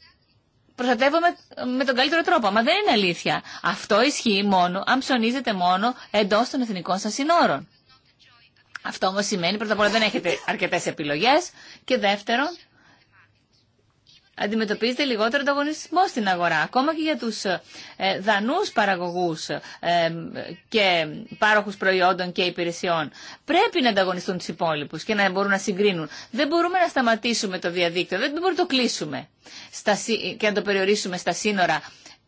προστατεύομαι ε, με τον καλύτερο τρόπο. Μα δεν είναι αλήθεια. Αυτό ισχύει μόνο αν ψωνίζετε μόνο εντός των εθνικών σας συνόρων. Αυτό όμως σημαίνει πρώτα απ' όλα δεν έχετε αρκετές επιλογές και δεύτερον αντιμετωπίζεται λιγότερο ανταγωνισμό στην αγορά. Ακόμα και για του ε, παραγωγού παραγωγούς ε, και πάροχου προϊόντων και υπηρεσιών. Πρέπει να ανταγωνιστούν του υπόλοιπου και να μπορούν να συγκρίνουν. Δεν μπορούμε να σταματήσουμε το διαδίκτυο, δεν μπορούμε να το κλείσουμε και να το περιορίσουμε στα σύνορα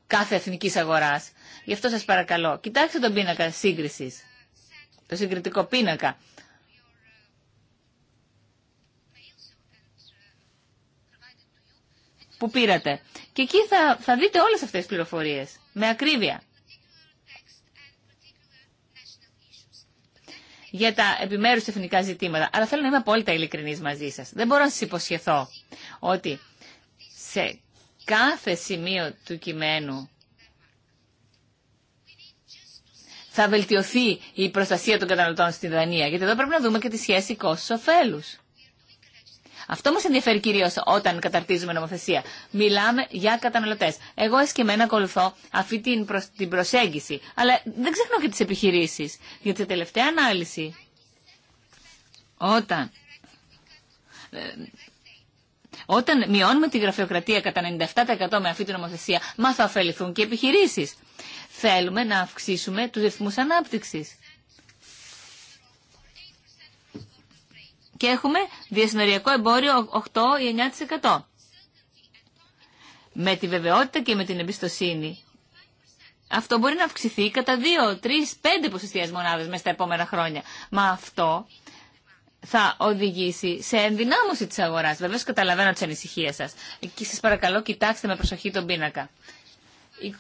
κάθε εθνική αγορά. Γι' αυτό σα παρακαλώ, κοιτάξτε τον πίνακα σύγκριση, το συγκριτικό πίνακα που πήρατε. Και εκεί θα, θα δείτε όλες αυτές τις πληροφορίες με ακρίβεια. για τα επιμέρους εθνικά ζητήματα. Αλλά θέλω να είμαι απόλυτα ειλικρινής μαζί σας. Δεν μπορώ να σας υποσχεθώ ότι σε κάθε σημείο του κειμένου θα βελτιωθεί η προστασία των καταναλωτών στην Δανία. Γιατί εδώ πρέπει να δούμε και τη σχέση κόστος-οφέλους. Αυτό μα ενδιαφέρει κυρίω όταν καταρτίζουμε νομοθεσία. Μιλάμε για καταναλωτέ. Εγώ εσκεμμένα ακολουθώ αυτή την, προσ... την προσέγγιση. Αλλά δεν ξεχνώ και τι επιχειρήσει. Γιατί σε τελευταία ανάλυση, όταν. Ε, όταν μειώνουμε τη γραφειοκρατία κατά 97% με αυτή την νομοθεσία, μα θα ωφεληθούν και επιχειρήσει. Θέλουμε να αυξήσουμε του ρυθμού ανάπτυξη. και έχουμε διασυνοριακό εμπόριο 8 ή 9%. Με τη βεβαιότητα και με την εμπιστοσύνη. Αυτό μπορεί να αυξηθεί κατά 2, 3, 5 ποσοστιαίες μονάδες μέσα στα επόμενα χρόνια. Μα αυτό θα οδηγήσει σε ενδυνάμωση της αγοράς. Βεβαίως καταλαβαίνω τις ανησυχίες σας. Και σας παρακαλώ κοιτάξτε με προσοχή τον πίνακα.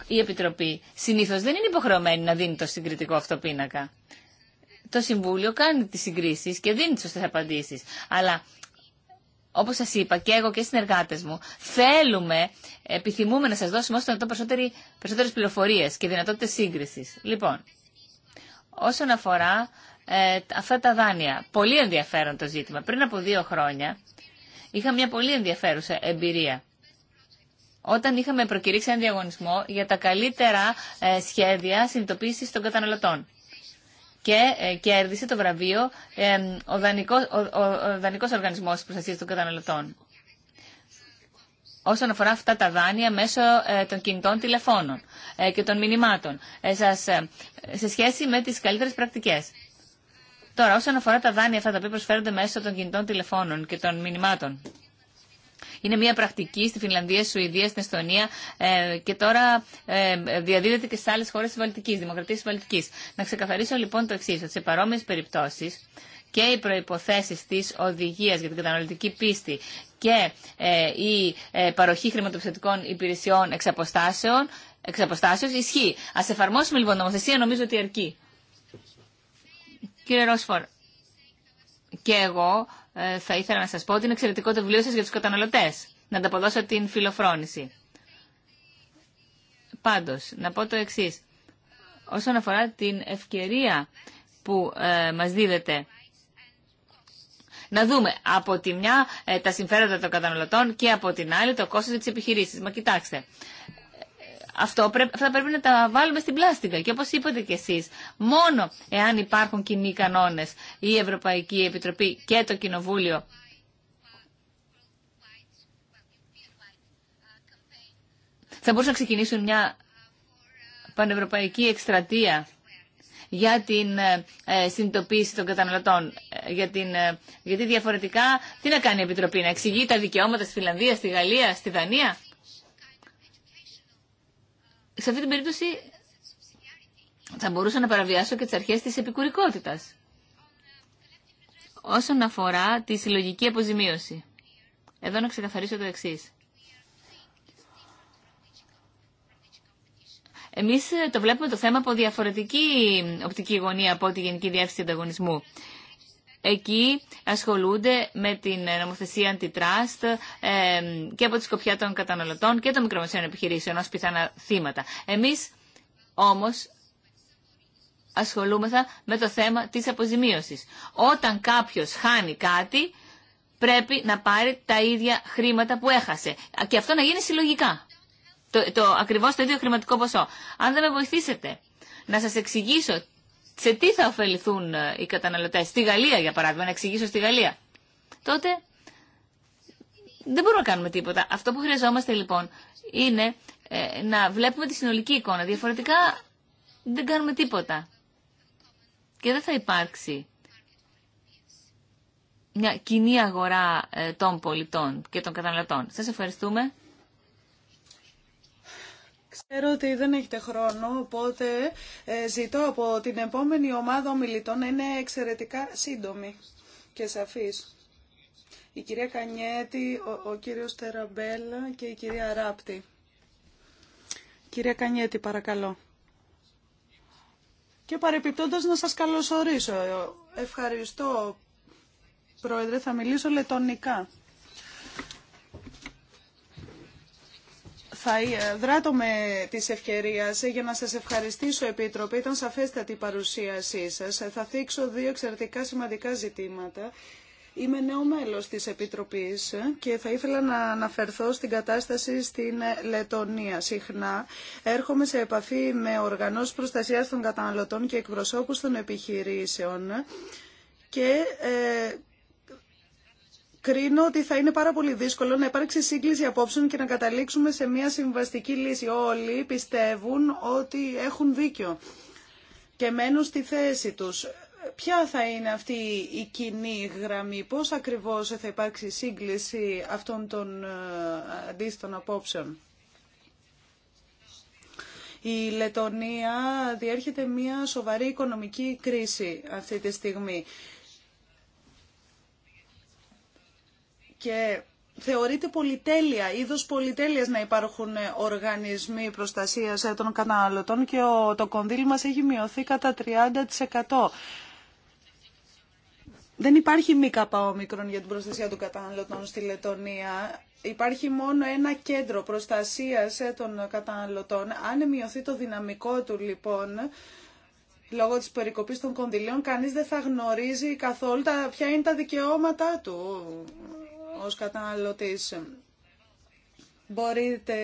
Η Επιτροπή συνήθως δεν είναι υποχρεωμένη να δίνει το συγκριτικό αυτό πίνακα το Συμβούλιο κάνει τις συγκρίσεις και δίνει τις σωστές απαντήσεις. Αλλά όπως σας είπα και εγώ και οι συνεργάτες μου, θέλουμε, επιθυμούμε να σας δώσουμε όσο δυνατόν περισσότερες, περισσότερες πληροφορίες και δυνατότητες σύγκρισης. Λοιπόν, όσον αφορά ε, αυτά τα δάνεια, πολύ ενδιαφέρον το ζήτημα. Πριν από δύο χρόνια είχα μια πολύ ενδιαφέρουσα εμπειρία. Όταν είχαμε προκηρύξει ένα διαγωνισμό για τα καλύτερα ε, σχέδια συνειδητοποίηση των καταναλωτών και ε, κέρδισε το βραβείο ο Δανικός, ο, Δανικός Οργανισμός Προστασίας των Καταναλωτών όσον αφορά αυτά τα δάνεια μέσω ε, των κινητών τηλεφώνων ε, και των μηνυμάτων σε σχέση με τις καλύτερες πρακτικές. Τώρα, όσον αφορά τα δάνεια αυτά τα οποία προσφέρονται μέσω των κινητών τηλεφώνων και των μηνυμάτων, είναι μια πρακτική στη Φινλανδία, Σουηδία, στην Εστονία ε, και τώρα ε, διαδίδεται και σε άλλε χώρε τη Βαλτική, Δημοκρατία τη Βαλτική. Να ξεκαθαρίσω λοιπόν το εξή, ότι σε παρόμοιε περιπτώσει και οι προποθέσει τη οδηγία για την καταναλωτική πίστη και ε, η ε, παροχή χρηματοπιστωτικών υπηρεσιών εξ αποστάσεων, αποστάσεως ισχύει. Α εφαρμόσουμε λοιπόν νομοθεσία, νομίζω ότι αρκεί. Κύριε Ρόσφορ, και εγώ ε, θα ήθελα να σας πω ότι είναι εξαιρετικό το βιβλίο σας για τους καταναλωτές. Να ανταποδώσω την φιλοφρόνηση. Πάντως, να πω το εξής. Όσον αφορά την ευκαιρία που ε, μας δίδεται να δούμε από τη μια ε, τα συμφέροντα των καταναλωτών και από την άλλη το κόστος της επιχειρήσης. Μα κοιτάξτε, αυτό πρέπει, αυτά πρέπει να τα βάλουμε στην πλάστικα. Και όπως είπατε κι εσείς, μόνο εάν υπάρχουν κοινοί κανόνες, η Ευρωπαϊκή Επιτροπή και το Κοινοβούλιο θα μπορούσαν να ξεκινήσουν μια πανευρωπαϊκή εκστρατεία για την ε, συνειδητοποίηση των καταναλωτών. Ε, για την, ε, γιατί διαφορετικά τι να κάνει η Επιτροπή, να εξηγεί τα δικαιώματα στη Φιλανδία, στη Γαλλία, στη Δανία σε αυτή την περίπτωση θα μπορούσα να παραβιάσω και τις αρχές της επικουρικότητας. Όσον αφορά τη συλλογική αποζημίωση. Εδώ να ξεκαθαρίσω το εξή. Εμείς το βλέπουμε το θέμα από διαφορετική οπτική γωνία από τη Γενική Διεύθυνση Ανταγωνισμού. Εκεί ασχολούνται με την ε, νομοθεσία αντιτράστ ε, και από τη σκοπιά των καταναλωτών και των μικρομεσαίων επιχειρήσεων ως πιθανά θύματα. Εμείς όμως ασχολούμεθα με το θέμα της αποζημίωσης. Όταν κάποιος χάνει κάτι, πρέπει να πάρει τα ίδια χρήματα που έχασε. Και αυτό να γίνει συλλογικά. Το, το, ακριβώς το ίδιο χρηματικό ποσό. Αν δεν με βοηθήσετε να σας εξηγήσω σε τι θα ωφεληθούν ε, οι καταναλωτές, στη Γαλλία για παράδειγμα, να εξηγήσω στη Γαλλία, τότε δεν μπορούμε να κάνουμε τίποτα. Αυτό που χρειαζόμαστε λοιπόν είναι ε, να βλέπουμε τη συνολική εικόνα. Διαφορετικά δεν κάνουμε τίποτα. Και δεν θα υπάρξει μια κοινή αγορά ε, των πολιτών και των καταναλωτών. Σας ευχαριστούμε. Ξέρω ότι δεν έχετε χρόνο, οπότε ε, ζητώ από την επόμενη ομάδα ομιλητών να είναι εξαιρετικά σύντομη και σαφής. Η κυρία Κανιέτη, ο, ο κύριος Τεραμπέλα και η κυρία Ράπτη. Κυρία Κανιέτη, παρακαλώ. Και παρεπιπτόντας να σας καλωσορίσω. Ευχαριστώ, Πρόεδρε. Θα μιλήσω λετωνικά. Θα ε, δράτω με της ευκαιρίας για να σας ευχαριστήσω, Επίτροπε. Ήταν σαφέστατη η παρουσίασή σας. Θα θίξω δύο εξαιρετικά σημαντικά ζητήματα. Είμαι νέο μέλος της Επιτροπής και θα ήθελα να αναφερθώ στην κατάσταση στην Λετωνία. Συχνά έρχομαι σε επαφή με οργανώσεις προστασίας των καταναλωτών και εκπροσώπους των επιχειρήσεων και ε, κρίνω ότι θα είναι πάρα πολύ δύσκολο να υπάρξει σύγκληση απόψεων και να καταλήξουμε σε μια συμβαστική λύση. Όλοι πιστεύουν ότι έχουν δίκιο και μένουν στη θέση τους. Ποια θα είναι αυτή η κοινή γραμμή, πώς ακριβώς θα υπάρξει σύγκληση αυτών των ε, αντίστοιχων απόψεων. Η Λετωνία διέρχεται μια σοβαρή οικονομική κρίση αυτή τη στιγμή. και θεωρείται πολυτέλεια, είδος πολυτέλειας να υπάρχουν οργανισμοί προστασίας των καταναλωτών και το κονδύλι μας έχει μειωθεί κατά 30%. Δεν υπάρχει μη καπαόμικρον για την προστασία των καταναλωτών στη Λετωνία. Υπάρχει μόνο ένα κέντρο προστασίας των καταναλωτών. Αν μειωθεί το δυναμικό του λοιπόν, λόγω της περικοπής των κονδυλίων, κανείς δεν θα γνωρίζει καθόλου τα, ποια είναι τα δικαιώματά του ως καταναλωτής. Μπορείτε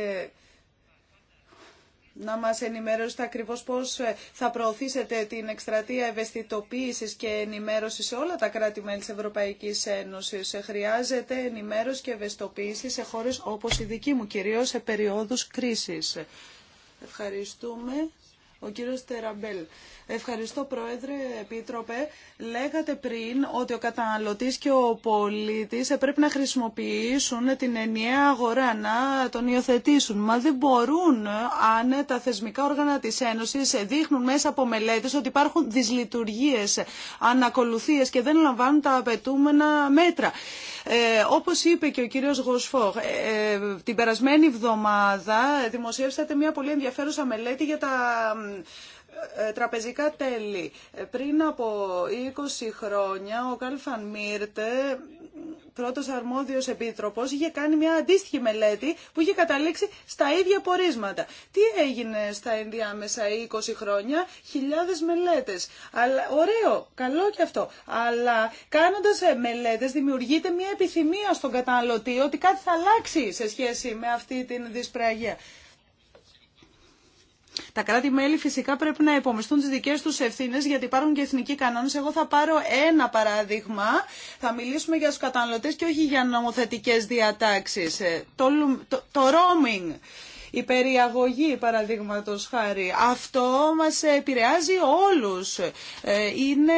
να μας ενημερώσετε ακριβώς πώς ε, θα προωθήσετε την εκστρατεία ευαισθητοποίησης και ενημέρωση σε όλα τα κράτη-μέλη της Ευρωπαϊκής Ένωσης. Ε, χρειάζεται ενημέρωση και ευαισθητοποίηση σε χώρες όπως η δική μου, κυρίως σε περιόδους κρίσης. Ευχαριστούμε. Ο κύριος Τεραμπέλ. Ευχαριστώ Πρόεδρε, Επίτροπε. Λέγατε πριν ότι ο καταναλωτής και ο πολίτης πρέπει να χρησιμοποιήσουν την ενιαία αγορά, να τον υιοθετήσουν. Μα δεν μπορούν αν τα θεσμικά όργανα της Ένωσης δείχνουν μέσα από μελέτες ότι υπάρχουν δυσλειτουργίες, ανακολουθίες και δεν λαμβάνουν τα απαιτούμενα μέτρα. Ε, όπως είπε και ο κύριος Γοσφό, ε, ε, την περασμένη εβδομάδα δημοσιεύσατε μια πολύ ενδιαφέρουσα μελέτη για τα ε, ε, τραπεζικά τέλη. Ε, πριν από 20 χρόνια ο Κάλφαν Μίρτε, πρώτος αρμόδιος επίτροπος, είχε κάνει μια αντίστοιχη μελέτη που είχε καταλήξει στα ίδια πορίσματα. Τι έγινε στα ενδιάμεσα 20 χρόνια, χιλιάδες μελέτες. Αλλά, ωραίο, καλό και αυτό. Αλλά κάνοντας μελέτες δημιουργείται μια επιθυμία στον καταναλωτή ότι κάτι θα αλλάξει σε σχέση με αυτή την δυσπραγία. Τα κράτη-μέλη φυσικά πρέπει να υπομισθούν τις δικές τους ευθύνες γιατί υπάρχουν και εθνικοί κανόνε. Εγώ θα πάρω ένα παράδειγμα. Θα μιλήσουμε για τους καταναλωτέ και όχι για νομοθετικές διατάξεις. Ε, το, το, το roaming η περιαγωγή παραδείγματο χάρη. Αυτό μας επηρεάζει όλους. Ε, είναι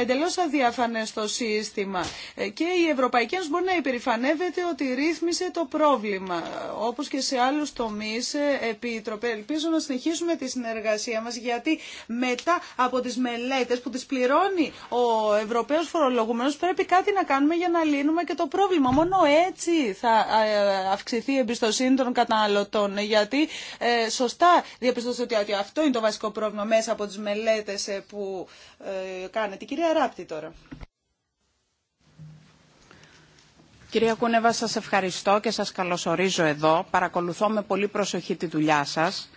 εντελώς αδιαφανές το σύστημα ε, και η Ευρωπαϊκή Ένωση μπορεί να υπερηφανεύεται ότι ρύθμισε το πρόβλημα. Όπως και σε άλλους τομείς, ε, επίτροπε, ελπίζω να συνεχίσουμε τη συνεργασία μας γιατί μετά από τις μελέτες που τις πληρώνει ο Ευρωπαίος Φορολογούμενος πρέπει κάτι να κάνουμε για να λύνουμε και το πρόβλημα. Μόνο έτσι θα αυξηθεί η εμπιστοσύνη των καταναλωτών γιατί ε, σωστά διαπιστώσατε ότι αυτό είναι το βασικό πρόβλημα μέσα από τις μελέτες ε, που ε, κάνετε. Κυρία Ράπτη τώρα. Κυρία Κούνεβα, σας ευχαριστώ και σας καλωσορίζω εδώ. Παρακολουθώ με πολύ προσοχή τη δουλειά σας.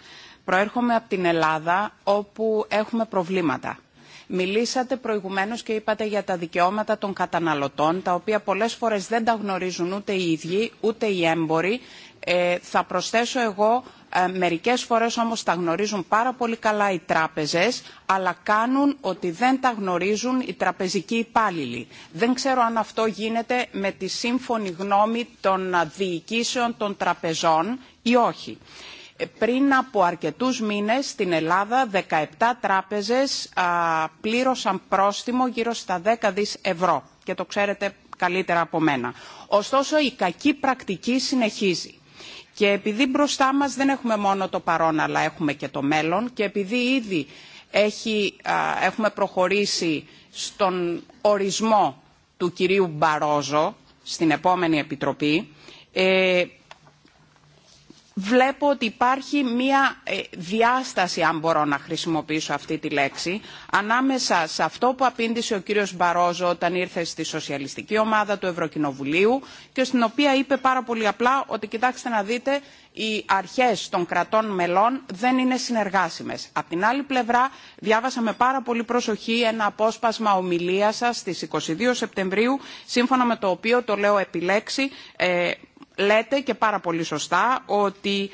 Προέρχομαι από την Ελλάδα όπου έχουμε προβλήματα. Μιλήσατε προηγουμένως και είπατε για τα δικαιώματα των καταναλωτών, τα οποία πολλές φορές δεν τα γνωρίζουν ούτε οι ίδιοι, ούτε οι έμποροι ε, θα προσθέσω εγώ, ε, μερικές φορές όμως τα γνωρίζουν πάρα πολύ καλά οι τράπεζες, αλλά κάνουν ότι δεν τα γνωρίζουν οι τραπεζικοί υπάλληλοι. Δεν ξέρω αν αυτό γίνεται με τη σύμφωνη γνώμη των διοικήσεων των τραπεζών ή όχι. Ε, πριν από αρκετούς μήνες στην Ελλάδα 17 τράπεζες πλήρωσαν πρόστιμο γύρω στα 10 δις ευρώ και το ξέρετε καλύτερα από μένα. Ωστόσο η κακή πρακτική συνεχίζει. Και επειδή μπροστά μας δεν έχουμε μόνο το παρόν αλλά έχουμε και το μέλλον και επειδή ήδη έχει, έχουμε προχωρήσει στον ορισμό του κυρίου Μπαρόζο στην επόμενη Επιτροπή, ε, βλέπω ότι υπάρχει μία ε, διάσταση, αν μπορώ να χρησιμοποιήσω αυτή τη λέξη, ανάμεσα σε αυτό που απήντησε ο κύριος Μπαρόζο όταν ήρθε στη σοσιαλιστική ομάδα του Ευρωκοινοβουλίου και στην οποία είπε πάρα πολύ απλά ότι κοιτάξτε να δείτε οι αρχές των κρατών μελών δεν είναι συνεργάσιμες. Απ' την άλλη πλευρά διάβασα με πάρα πολύ προσοχή ένα απόσπασμα ομιλία σας στις 22 Σεπτεμβρίου σύμφωνα με το οποίο το λέω επιλέξει λέτε και πάρα πολύ σωστά ότι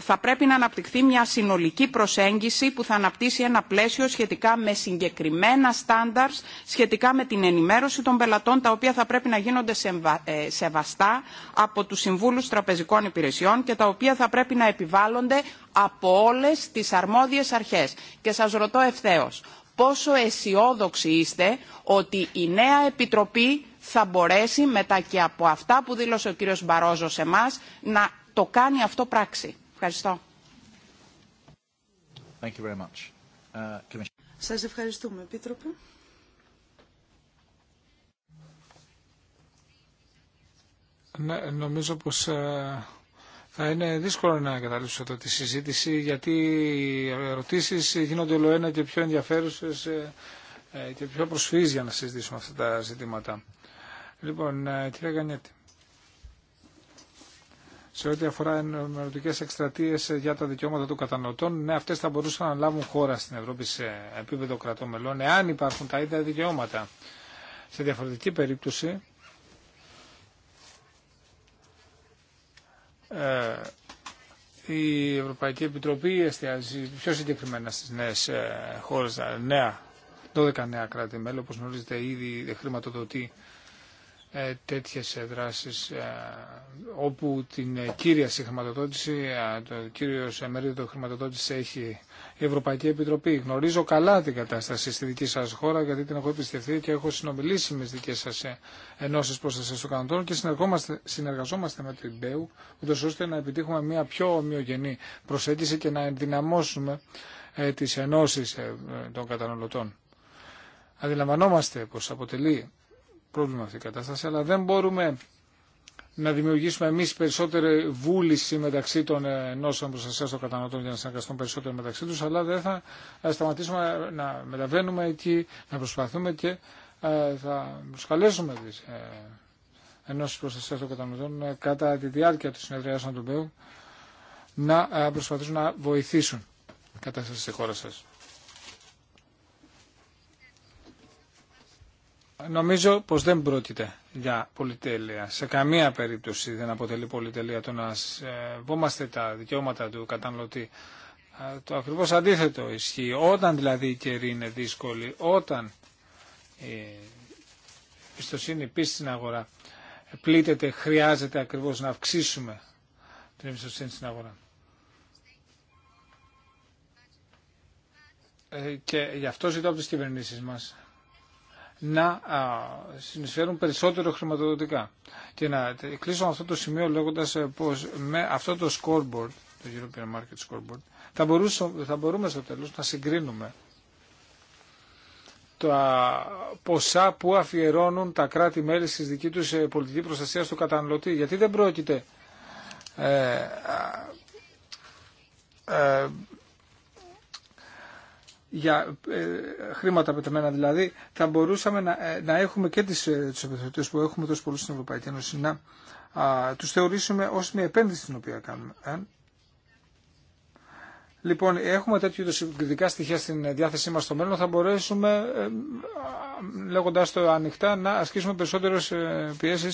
θα πρέπει να αναπτυχθεί μια συνολική προσέγγιση που θα αναπτύσσει ένα πλαίσιο σχετικά με συγκεκριμένα στάνταρς, σχετικά με την ενημέρωση των πελατών, τα οποία θα πρέπει να γίνονται ε, σεβαστά από τους Συμβούλους Τραπεζικών Υπηρεσιών και τα οποία θα πρέπει να επιβάλλονται από όλες τις αρμόδιες αρχές. Και σας ρωτώ ευθέως, πόσο αισιόδοξοι είστε ότι η νέα Επιτροπή θα μπορέσει μετά και από αυτά που δήλωσε ο κύριος Μπαρόζο σε εμά να το κάνει αυτό πράξη. Ευχαριστώ. Thank uh, Σας ευχαριστούμε, Επίτροπε. Ναι, νομίζω πως ε, θα είναι δύσκολο να καταλήξω εδώ τη συζήτηση γιατί οι ερωτήσεις γίνονται ολοένα και πιο ενδιαφέρουσες ε, ε, και πιο προσφυγεί για να συζητήσουμε αυτά τα ζητήματα. Λοιπόν, ε, κύριε Γανιέτη, σε ό,τι αφορά ενημερωτικέ εκστρατείε για τα δικαιώματα των καταναλωτών, ναι, αυτέ θα μπορούσαν να λάβουν χώρα στην Ευρώπη σε επίπεδο κρατών μελών, εάν υπάρχουν τα ίδια δικαιώματα. Σε διαφορετική περίπτωση, ε, η Ευρωπαϊκή Επιτροπή εστιάζει πιο συγκεκριμένα στις νέες ε, χώρες, νέα, 12 νέα κράτη-μέλη, όπως γνωρίζετε ήδη χρηματοδοτεί ε, τέτοιες ε, δράσεις ε, όπου την κύρια συγχρηματοδότηση, το κύριο μερίδιο το χρηματοδότηση έχει η Ευρωπαϊκή Επιτροπή. Γνωρίζω καλά την κατάσταση στη δική σας χώρα γιατί την έχω επισκεφθεί και έχω συνομιλήσει με τις δικές σας ενώσεις προστασίας των κανοντών και συνεργαζόμαστε με την ΠΕΟΥ ούτως ώστε να επιτύχουμε μια πιο ομοιογενή προσέγγιση και να ενδυναμώσουμε τις ενώσεις των καταναλωτών. Αντιλαμβανόμαστε πως αποτελεί πρόβλημα αυτή η κατάσταση, αλλά δεν μπορούμε να δημιουργήσουμε εμεί περισσότερη βούληση μεταξύ των ενώσεων προστασία των καταναλωτών για να συνεργαστούν περισσότερο μεταξύ του, αλλά δεν θα ε, σταματήσουμε να μεταβαίνουμε εκεί, να προσπαθούμε και ε, θα προσκαλέσουμε τι ε, ενώσει προστασία των καταναλωτών κατά τη διάρκεια του συνεδριάσεων του να προσπαθήσουν να βοηθήσουν την κατάσταση στη χώρα σας. Νομίζω πως δεν πρόκειται για πολυτέλεια. Σε καμία περίπτωση δεν αποτελεί πολυτέλεια το να βόμαστε τα δικαιώματα του καταναλωτή. Ε, το ακριβώς αντίθετο ισχύει. Όταν δηλαδή η καιρή είναι δύσκολη, όταν η πιστοσύνη πίστη στην αγορά πλήττεται, χρειάζεται ακριβώς να αυξήσουμε την εμπιστοσύνη στην αγορά. Ε, και γι' αυτό ζητώ από τις κυβερνήσεις μας να συνεισφέρουν περισσότερο χρηματοδοτικά. Και να κλείσω αυτό το σημείο λέγοντας ε, πως με αυτό το scoreboard, το European Market Scoreboard, θα, μπορούσε, θα μπορούμε στο τέλος να συγκρίνουμε τα ποσά που αφιερώνουν τα κράτη-μέλη στις δική τους ε, πολιτική προστασία του καταναλωτή. Γιατί δεν πρόκειται ε, ε, για ε, χρήματα πεταμένα δηλαδή, θα μπορούσαμε να, ε, έχουμε και τις, ε, τους επιθετές που έχουμε τόσο πολλούς στην Ευρωπαϊκή Ένωση, να α, τους θεωρήσουμε ως μια επένδυση την οποία κάνουμε. Λοιπόν, έχουμε τέτοιου είδου στοιχεία στην διάθεσή μας στο μέλλον. Θα μπορέσουμε, λέγοντάς το ανοιχτά, να ασκήσουμε περισσότερε πιέσει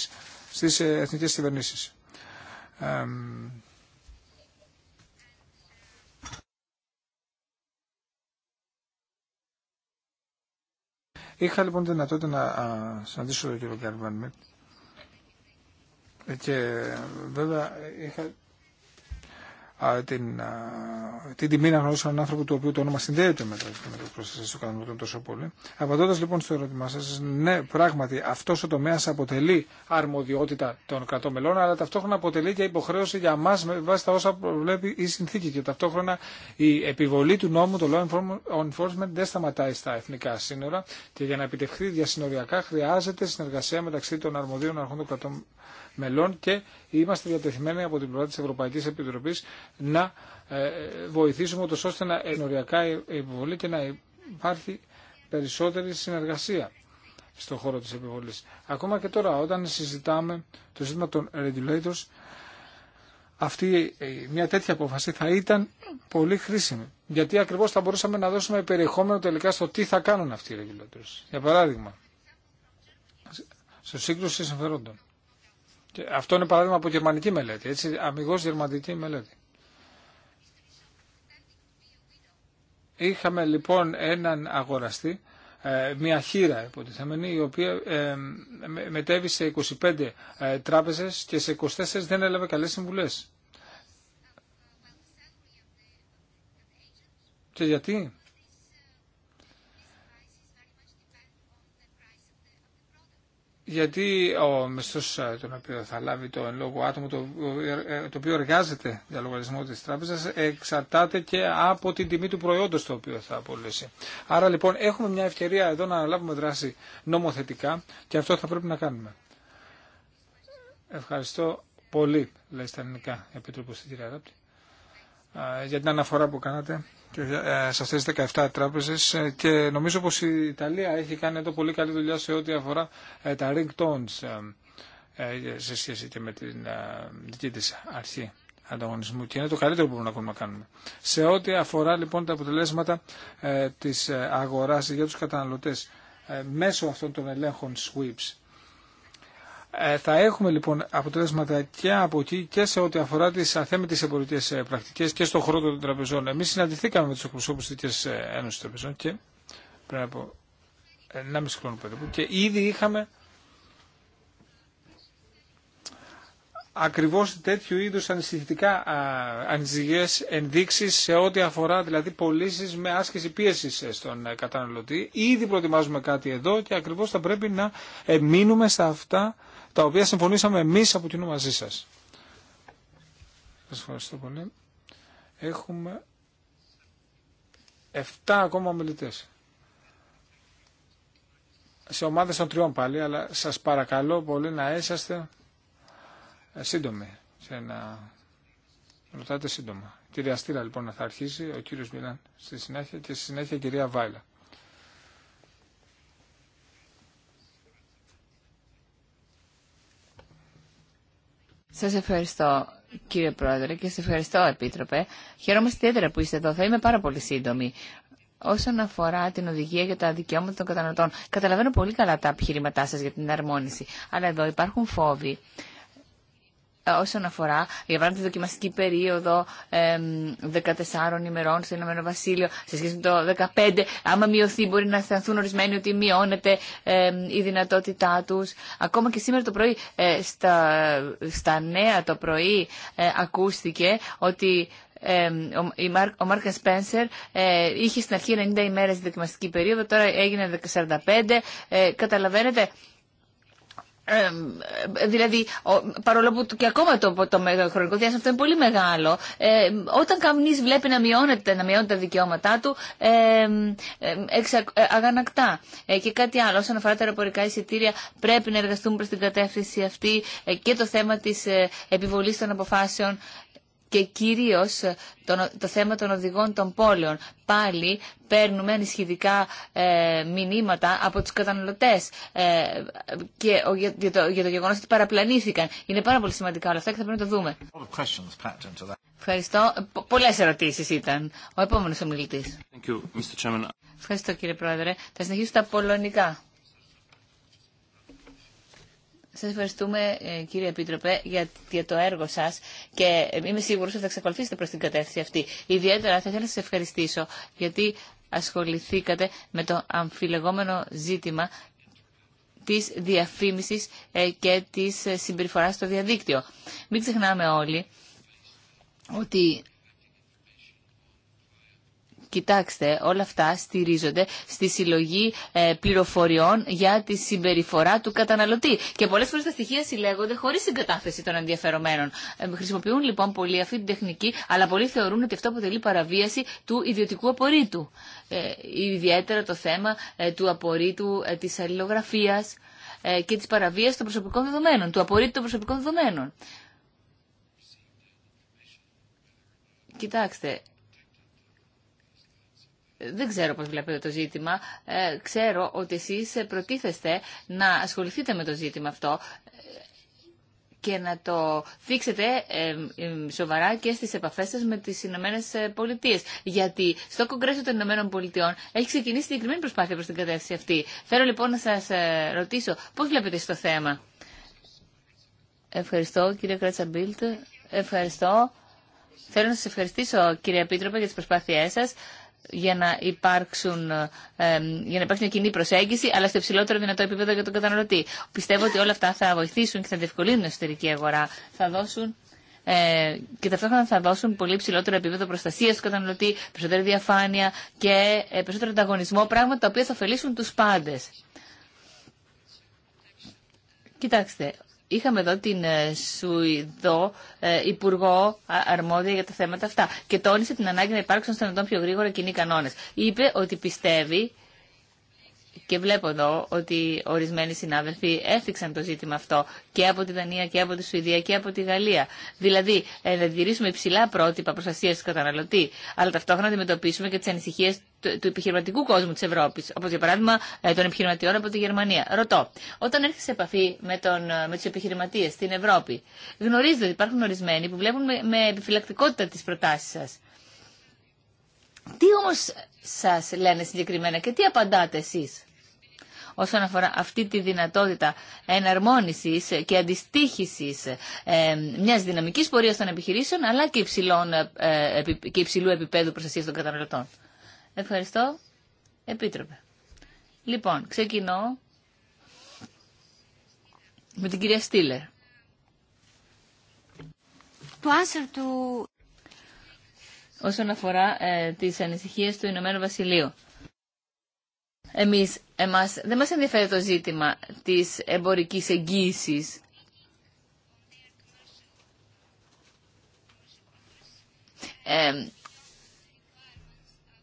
στι εθνικέ κυβερνήσει. Είχα λοιπόν τη δυνατότητα να συναντήσω τον κύριο Γκάρμπαν ε, και βέβαια είχα την, την τιμή να γνωρίσω έναν άνθρωπο του οποίου το όνομα συνδέεται με, με το προσθέσεις του καταναλωτών τόσο πολύ. Απαντώντα λοιπόν στο ερώτημά σα, ναι, πράγματι αυτό ο τομέα αποτελεί αρμοδιότητα των κρατών μελών, αλλά ταυτόχρονα αποτελεί και υποχρέωση για εμά, με βάση τα όσα προβλέπει η συνθήκη. Και ταυτόχρονα η επιβολή του νόμου, το law enforcement, δεν σταματάει στα εθνικά σύνορα και για να επιτευχθεί διασυνοριακά χρειάζεται συνεργασία μεταξύ των αρμοδίων αρχών των κρατών μελών και είμαστε διατεθειμένοι από την πλευρά της Ευρωπαϊκής Επιτροπής να ε, βοηθήσουμε ούτως ώστε να ενοριακά επιβολή και να υπάρχει περισσότερη συνεργασία στον χώρο της επιβολής. Ακόμα και τώρα όταν συζητάμε το ζήτημα των regulators, αυτή, ε, μια τέτοια απόφαση θα ήταν πολύ χρήσιμη. Γιατί ακριβώς θα μπορούσαμε να δώσουμε περιεχόμενο τελικά στο τι θα κάνουν αυτοί οι regulators. Για παράδειγμα, σε σύγκρουση συμφερόντων αυτό είναι παράδειγμα από γερμανική μελέτη, έτσι, αμυγός γερμανική μελέτη. Είχαμε λοιπόν έναν αγοραστή, ε, μια χείρα υποτιθέμενη, η οποία ε, μετέβησε 25 ε, τράπεζες και σε 24 δεν έλαβε καλές συμβουλές. Και γιατί? γιατί ο μισθό, ε, τον οποίο θα λάβει το εν λόγω άτομο το, ε, ε, το οποίο εργάζεται για λογαριασμό της τράπεζας εξαρτάται και από την τιμή του προϊόντος το οποίο θα απολύσει. Άρα λοιπόν έχουμε μια ευκαιρία εδώ να λάβουμε δράση νομοθετικά και αυτό θα πρέπει να κάνουμε. Ευχαριστώ πολύ, λέει στα ελληνικά, Επίτροπο στην κυρία Ράπτη, για την αναφορά που κάνατε ε, σε αυτές τις 17 τράπεζες ε, και νομίζω πως η Ιταλία έχει κάνει εδώ πολύ καλή δουλειά σε ό,τι αφορά ε, τα ringtones σε σχέση και με την δική της αρχή ανταγωνισμού και είναι το καλύτερο που μπορούμε να κάνουμε. Σε ό,τι αφορά λοιπόν τα αποτελέσματα της αγοράς για τους καταναλωτές μέσω αυτών των ελέγχων sweeps ε, θα έχουμε λοιπόν αποτελέσματα και από εκεί και σε ό,τι αφορά τι αθέμητε εμπορικέ ε, πρακτικέ και στον χρόνο των τραπεζών. Εμεί συναντηθήκαμε με του εκπροσώπου τη Δυτική ε, Ένωση Τραπεζών και πριν από 1,5 χρόνο περίπου και ήδη είχαμε ακριβώς τέτοιου είδους ανησυχητικά ανησυχίες ενδείξεις σε ό,τι αφορά δηλαδή πωλήσει με άσκηση πίεσης ε, στον ε, καταναλωτή. Ήδη προετοιμάζουμε κάτι εδώ και ακριβώς θα πρέπει να ε, μείνουμε στα αυτά τα οποία συμφωνήσαμε εμείς από κοινού μαζί σας. Σας ευχαριστώ πολύ. Έχουμε 7 ακόμα μιλητέ. Σε ομάδες των τριών πάλι, αλλά σας παρακαλώ πολύ να έσαστε ε, σύντομη. Σε ένα... Ρωτάτε σύντομα. κυρία Στήρα λοιπόν θα αρχίσει, ο κύριος Μίλαν στη συνέχεια και στη συνέχεια η κυρία Βάιλα. Σας ευχαριστώ κύριε Πρόεδρε και σας ευχαριστώ Επίτροπε. Χαίρομαι ιδιαίτερα που είστε εδώ. Θα είμαι πάρα πολύ σύντομη. Όσον αφορά την οδηγία για τα δικαιώματα των καταναλωτών, καταλαβαίνω πολύ καλά τα επιχειρήματά σας για την αρμόνιση. Αλλά εδώ υπάρχουν φόβοι ε, όσον αφορά, για παράδειγμα, τη δοκιμαστική περίοδο 14 ημερών στο Ηνωμένο Βασίλειο σε σχέση με το 15, άμα μειωθεί μπορεί να αισθανθούν ορισμένοι ότι μειώνεται η δυνατότητά τους. Ακόμα και σήμερα το πρωί, ε, στα, στα νέα το πρωί, ε, ακούστηκε ότι ο Μάρκ Σπένσερ είχε στην αρχή 90 ημέρες δοκιμαστική περίοδο, τώρα έγινε 45. Καταλαβαίνετε ε, δηλαδή, παρόλο που και ακόμα το, το χρονικό διάστημα αυτό είναι πολύ μεγάλο, όταν κανείς βλέπει να μειώνεται, να μειώνεται τα δικαιώματά του, ε, αγανακτά. Ε, και κάτι άλλο, όσον αφορά τα αεροπορικά εισιτήρια, πρέπει να εργαστούμε προς την κατεύθυνση αυτή ε, και το θέμα της επιβολής των αποφάσεων και κυρίως ε, το θέμα των οδηγών των πόλεων. Πάλι παίρνουμε ανισχυτικά ε, μηνύματα από τους καταναλωτές ε, και για το, για γεγονός ότι παραπλανήθηκαν. Είναι πάρα πολύ σημαντικά όλα αυτά και θα πρέπει να το δούμε. Ευχαριστώ. Πολλές ερωτήσεις ήταν. Ο επόμενος ομιλητής. Ευχαριστώ κύριε Πρόεδρε. Θα συνεχίσω τα πολωνικά. Σας ευχαριστούμε ε, κύριε Επίτροπε για το έργο σας και ε, είμαι σίγουρη ότι θα εξακολουθήσετε προς την κατεύθυνση αυτή. Ιδιαίτερα θα ήθελα να σας ευχαριστήσω γιατί ασχοληθήκατε με το αμφιλεγόμενο ζήτημα της διαφήμισης ε, και της συμπεριφοράς στο διαδίκτυο. Μην ξεχνάμε όλοι ότι Κοιτάξτε, όλα αυτά στηρίζονται στη συλλογή ε, πληροφοριών για τη συμπεριφορά του καταναλωτή. Και πολλέ φορέ τα στοιχεία συλλέγονται χωρί συγκατάθεση των ενδιαφερομένων. Ε, χρησιμοποιούν λοιπόν πολλοί αυτή την τεχνική, αλλά πολλοί θεωρούν ότι αυτό αποτελεί παραβίαση του ιδιωτικού απορρίτου. Ε, ιδιαίτερα το θέμα του απορρίτου ε, τη αλληλογραφία και τη παραβίαση των προσωπικών δεδομένων, του απορρίτου των προσωπικών δεδομένων. Κοιτάξτε, δεν ξέρω πώς βλέπετε το ζήτημα. Ε, ξέρω ότι εσείς προτίθεστε να ασχοληθείτε με το ζήτημα αυτό και να το δείξετε ε, ε, σοβαρά και στις επαφές σας με τις Ηνωμένε Πολιτείες. Γιατί στο Κογκρέσο των Ηνωμένων Πολιτειών έχει ξεκινήσει συγκεκριμένη προσπάθεια προς την κατεύθυνση αυτή. Θέλω λοιπόν να σας ρωτήσω πώς βλέπετε στο θέμα. Ευχαριστώ κύριε Κρατσαμπίλτ. Ευχαριστώ. Θέλω να σας ευχαριστήσω κύριε Επίτροπε για τις προσπάθειές σας για να, υπάρξουν, ε, για να υπάρξει μια κοινή προσέγγιση, αλλά στο υψηλότερο δυνατό επίπεδο για τον καταναλωτή. Πιστεύω ότι όλα αυτά θα βοηθήσουν και θα διευκολύνουν την εσωτερική αγορά. Θα δώσουν ε, και ταυτόχρονα θα δώσουν πολύ υψηλότερο επίπεδο προστασία του καταναλωτή, περισσότερη διαφάνεια και ε, περισσότερο ανταγωνισμό, πράγματα τα οποία θα ωφελήσουν του πάντε. Κοιτάξτε, Είχαμε εδώ την ε, Σουηδό ε, Υπουργό Αρμόδια για τα θέματα αυτά και τόνισε την ανάγκη να υπάρξουν στον πιο γρήγορα κοινοί κανόνε. Είπε ότι πιστεύει και βλέπω εδώ ότι ορισμένοι συνάδελφοι έφτιαξαν το ζήτημα αυτό και από τη Δανία και από τη Σουηδία και από τη Γαλλία. Δηλαδή, ε, να διατηρήσουμε υψηλά πρότυπα προστασία του καταναλωτή, αλλά ταυτόχρονα να αντιμετωπίσουμε και τι ανησυχίε του επιχειρηματικού κόσμου τη Ευρώπη, όπω για παράδειγμα ε, των επιχειρηματιών από τη Γερμανία. Ρωτώ, όταν έρχεσαι σε επαφή με, τον, ε, με του επιχειρηματίε στην Ευρώπη, γνωρίζετε ότι υπάρχουν ορισμένοι που βλέπουν με, με επιφυλακτικότητα τι προτάσει σα. Τι όμως σας λένε συγκεκριμένα και τι απαντάτε εσείς όσον αφορά αυτή τη δυνατότητα εναρμόνισης και αντιστήχησης ε, μιας δυναμικής πορείας των επιχειρήσεων αλλά και, ε, και υψηλού επίπεδου προστασίας των καταναλωτών. Ευχαριστώ. Επίτροπε. Λοιπόν, ξεκινώ με την κυρία Στήλερ. Το answer to... Όσον αφορά ε, τις ανησυχίες του Ηνωμένου Βασιλείου. Εμείς εμάς δεν μας ενδιαφέρει το ζήτημα της εμπορικής εγγύησης.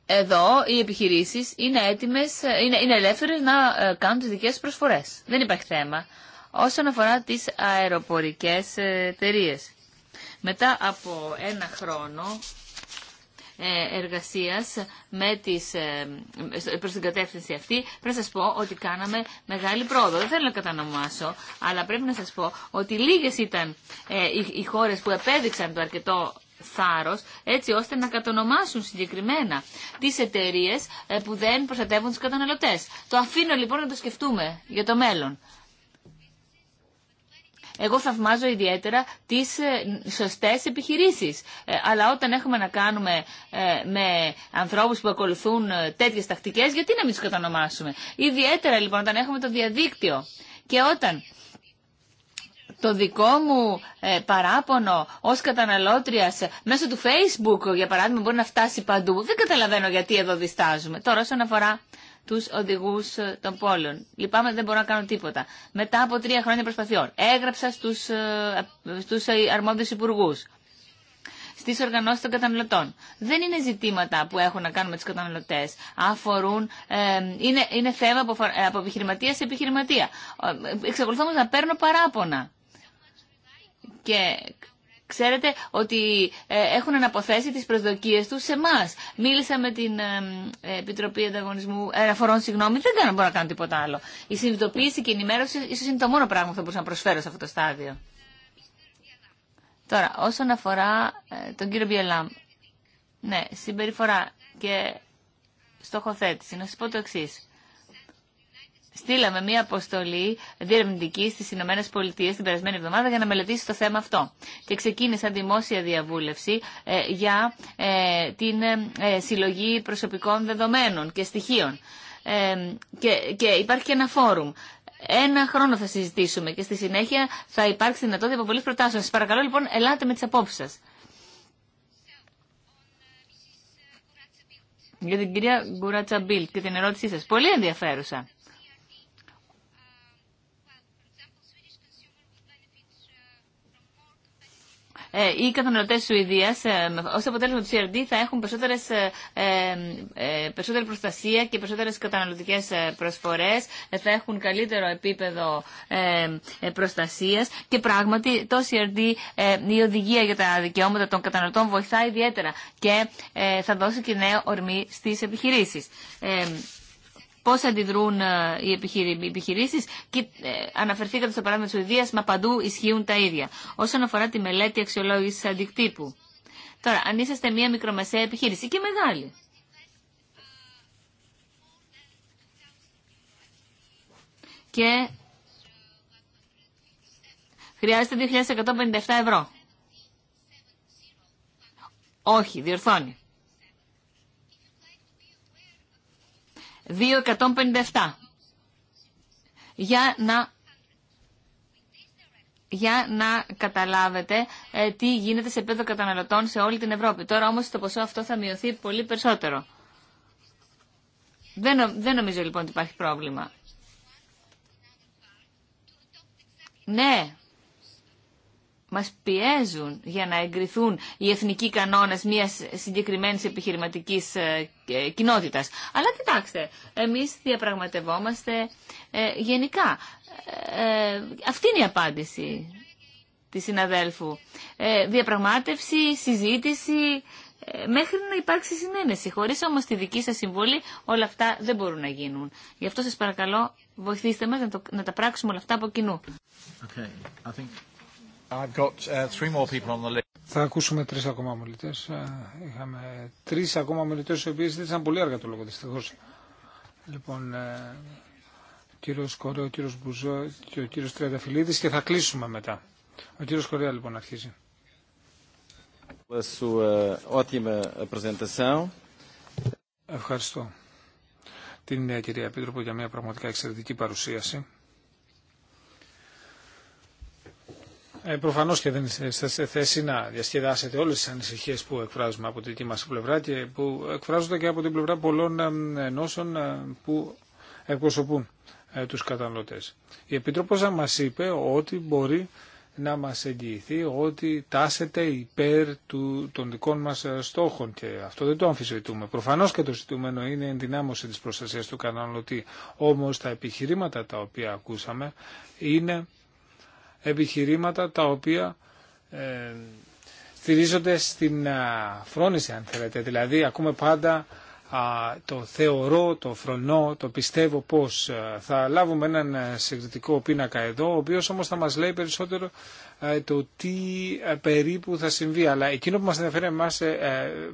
εδώ οι επιχειρήσεις είναι έτοιμες, είναι, είναι ελεύθερες να ε, κάνουν τις δικές προσφορές. Δεν υπάρχει θέμα. Όσον αφορά τις αεροπορικές ε, εταιρείε. Μετά από ένα χρόνο ε, εργασίας με τις, ε, προς την κατεύθυνση αυτή, πρέπει να σας πω ότι κάναμε μεγάλη πρόοδο. Δεν θέλω να κατανομάσω, αλλά πρέπει να σας πω ότι λίγες ήταν ε, οι χώρες που επέδειξαν το αρκετό θάρρος έτσι ώστε να κατονομάσουν συγκεκριμένα τις εταιρείε που δεν προστατεύουν τους καταναλωτές. Το αφήνω λοιπόν να το σκεφτούμε για το μέλλον. Εγώ θαυμάζω ιδιαίτερα τις ε, σωστές επιχειρήσεις. Ε, αλλά όταν έχουμε να κάνουμε ε, με ανθρώπους που ακολουθούν τέτοιες τακτικές, γιατί να μην τους κατανομάσουμε. Ιδιαίτερα λοιπόν όταν έχουμε το διαδίκτυο και όταν το δικό μου παράπονο ως καταναλώτριας μέσω του Facebook, για παράδειγμα, μπορεί να φτάσει παντού. Δεν καταλαβαίνω γιατί εδώ διστάζουμε. Τώρα, όσον αφορά του οδηγού ε, των πόλεων. Λυπάμαι, δεν μπορώ να κάνω τίποτα. Μετά από τρία χρόνια προσπαθειών, έγραψα στου ε, ε, αρμόδιου υπουργού, στι οργανώσει των καταναλωτών. Δεν είναι ζητήματα που έχουν να κάνουν με του καταναλωτέ. Αφορούν, ε, είναι, είναι θέμα από, από επιχειρηματία σε επιχειρηματία. Εξακολουθώ όμω να παίρνω παράπονα. Ξέρετε ότι ε, έχουν αναποθέσει τις προσδοκίες τους σε εμά. Μίλησα με την ε, Επιτροπή Ανταγωνισμού, ε, Αφορών συγγνώμη, δεν κάνω, μπορώ να κάνω τίποτα άλλο. Η συνειδητοποίηση και η ενημέρωση ίσως είναι το μόνο πράγμα που θα μπορούσα να προσφέρω σε αυτό το στάδιο. Τώρα, όσον αφορά τον κύριο Μπιελάμ, ναι, συμπεριφορά και στοχοθέτηση, να σα πω το εξή στείλαμε μία αποστολή διερευνητική στι Ηνωμένε Πολιτείε την περασμένη εβδομάδα για να μελετήσει το θέμα αυτό. Και ξεκίνησα δημόσια διαβούλευση ε, για ε, την ε, συλλογή προσωπικών δεδομένων και στοιχείων. και, και υπάρχει και ένα φόρουμ. Ένα χρόνο θα συζητήσουμε και στη συνέχεια θα υπάρξει δυνατότητα υποβολή προτάσεων. Σα παρακαλώ λοιπόν, ελάτε με τι απόψει σα. Για την κυρία Μπιλτ και την ερώτησή σα, Πολύ ενδιαφέρουσα. Ε, οι καταναλωτέ τη Σουηδία ε, ω αποτέλεσμα του CRD θα έχουν περισσότερες, ε, περισσότερη προστασία και περισσότερε καταναλωτικέ προσφορέ, θα έχουν καλύτερο επίπεδο προστασία και πράγματι το CRD, η οδηγία για τα δικαιώματα των καταναλωτών βοηθά ιδιαίτερα και θα δώσει και νέο ορμή στι επιχειρήσει. Πώ αντιδρούν ε, οι, επιχειρήσει επιχειρήσεις και ε, αναφερθήκατε στο παράδειγμα τη Σουηδία, μα παντού ισχύουν τα ίδια. Όσον αφορά τη μελέτη αξιολόγηση αντικτύπου. Τώρα, αν είσαστε μια μικρομεσαία επιχείρηση και μεγάλη, και χρειάζεται 2.157 ευρώ. Όχι, διορθώνει. 257. για να για να καταλάβετε ε, τι γίνεται σε επίπεδο καταναλωτών σε όλη την Ευρώπη. Τώρα όμως το ποσό αυτό θα μειωθεί πολύ περισσότερο. Δεν, δεν νομίζω λοιπόν ότι υπάρχει πρόβλημα. Ναι, μας πιέζουν για να εγκριθούν οι εθνικοί κανόνες μιας συγκεκριμένης επιχειρηματικής ε, ε, κοινότητας. Αλλά κοιτάξτε, εμείς διαπραγματευόμαστε ε, γενικά. αυτή είναι η απάντηση της συναδέλφου. Ε, διαπραγμάτευση, συζήτηση, μέχρι να υπάρξει συνένεση. Χωρίς όμως τη δική σας συμβολή όλα αυτά δεν μπορούν να γίνουν. Γι' αυτό σας παρακαλώ βοηθήστε μας να, το, να τα πράξουμε όλα αυτά από κοινού. Okay. I think... Uh, θα ακούσουμε τρεις ακόμα μιλητές. Ε, είχαμε τρεις ακόμα μιλητές οι οποίοι ζήτησαν πολύ αργά το λόγο δυστυχώς. Λοιπόν, ο ε, κύριος Κορέα, ο κύριος Μπουζό και ο κύριος Τριανταφυλλίδη και θα κλείσουμε μετά. Ο κύριος Κορέα λοιπόν αρχίζει. Ε, Ευχαριστώ την κυρία Επίτροπο για μια πραγματικά εξαιρετική παρουσίαση. Ε, προφανώς και δεν είστε σε θέση να διασκεδάσετε όλες τις ανησυχίες που εκφράζουμε από τη δική μας πλευρά και που εκφράζονται και από την πλευρά πολλών ε, ενώσεων ε, που εκπροσωπούν τους καταναλωτές. Η Επίτροπο μας είπε ότι μπορεί να μας εγγυηθεί ότι τάσεται υπέρ του, των δικών μας στόχων και αυτό δεν το αμφισβητούμε. Προφανώς και το ζητούμενο είναι η ενδυνάμωση της προστασίας του καταναλωτή. Όμως τα επιχειρήματα τα οποία ακούσαμε είναι επιχειρήματα τα οποία ε, στηρίζονται στην φρόνηση αν θέλετε. Δηλαδή ακούμε πάντα το θεωρώ, το φρονώ, το πιστεύω πώς. Ε, θα λάβουμε έναν ε, συγκριτικό πίνακα εδώ, ο οποίος όμως θα μας λέει περισσότερο ε, το τι περίπου θα συμβεί. Αλλά εκείνο που μας ενδιαφέρει εμάς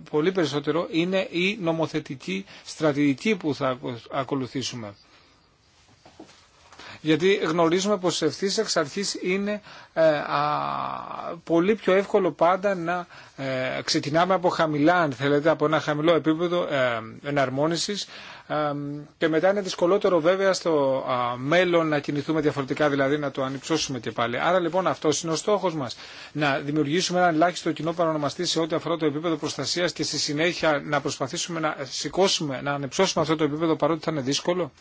πολύ περισσότερο είναι η νομοθετική στρατηγική που θα ακολουθήσουμε γιατί γνωρίζουμε πως ευθύ εξ αρχής είναι ε, πολύ πιο εύκολο πάντα να ε, ξεκινάμε από χαμηλά, αν θέλετε, από ένα χαμηλό επίπεδο ε, εναρμόνισης και μετά είναι δυσκολότερο βέβαια στο μέλλον να κινηθούμε διαφορετικά, δηλαδή να το ανυψώσουμε και πάλι. Άρα λοιπόν αυτό είναι ο στόχο μα. Να δημιουργήσουμε έναν ελάχιστο κοινό παρονομαστή σε ό,τι αφορά το επίπεδο προστασία και στη συνέχεια να προσπαθήσουμε να σηκώσουμε, να ανυψώσουμε αυτό το επίπεδο παρότι θα είναι δύσκολο.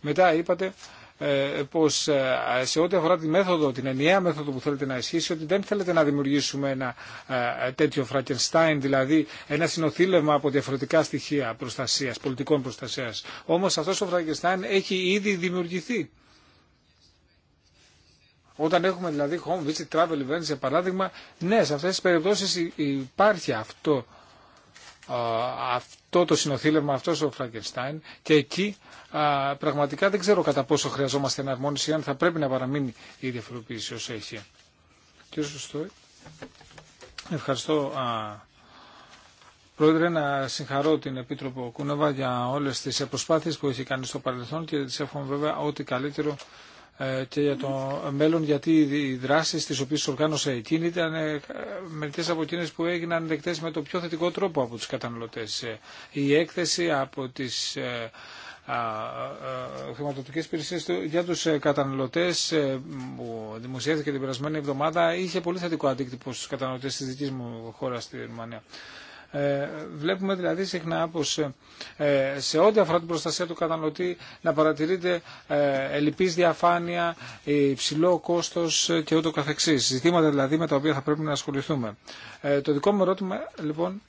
Μετά είπατε ε, πως ε, σε ό,τι αφορά τη μέθοδο, την ενιαία μέθοδο που θέλετε να ισχύσει, ότι δεν θέλετε να δημιουργήσουμε ένα ε, τέτοιο φραγκενστάιν δηλαδή ένα συνοθήλευμα από διαφορετικά στοιχεία προστασίας, πολιτικών προστασίας. Όμως αυτός ο φραγκενστάιν έχει ήδη δημιουργηθεί. Όταν έχουμε δηλαδή home visit travel events για παράδειγμα, ναι, σε αυτές τις περιπτώσεις υπάρχει αυτό αυτό το συνοθήλευμα, αυτό ο Φραγκενστάιν και εκεί πραγματικά δεν ξέρω κατά πόσο χρειαζόμαστε εναρμόνιση αν θα πρέπει να παραμείνει η διαφοροποίηση όσο έχει. Και σωστό. Ευχαριστώ. Πρόεδρε, να συγχαρώ την Επίτροπο Κούνεβα για όλες τις προσπάθειες που έχει κάνει στο παρελθόν και της εύχομαι βέβαια ό,τι καλύτερο ε, και για το μέλλον γιατί οι δράσεις τις οποίες οργάνωσε εκείνη ήταν ε, μερικές από εκείνες που έγιναν δεκτές με το πιο θετικό τρόπο από τους καταναλωτές. Ε, η έκθεση από τις χρηματοδοτικέ υπηρεσίε για του καταναλωτέ που δημοσιεύθηκε την περασμένη εβδομάδα είχε πολύ θετικό αντίκτυπο στου καταναλωτέ τη δική μου χώρα στη Ρουμανία. Ε, βλέπουμε δηλαδή συχνά πως ε, σε ό,τι αφορά την προστασία του καταναλωτή να παρατηρείται ε, ελλειπής διαφάνεια, υψηλό κόστος και ούτω καθεξής. Ζητήματα δηλαδή με τα οποία θα πρέπει να ασχοληθούμε. Το δικό μου ερώτημα λοιπόν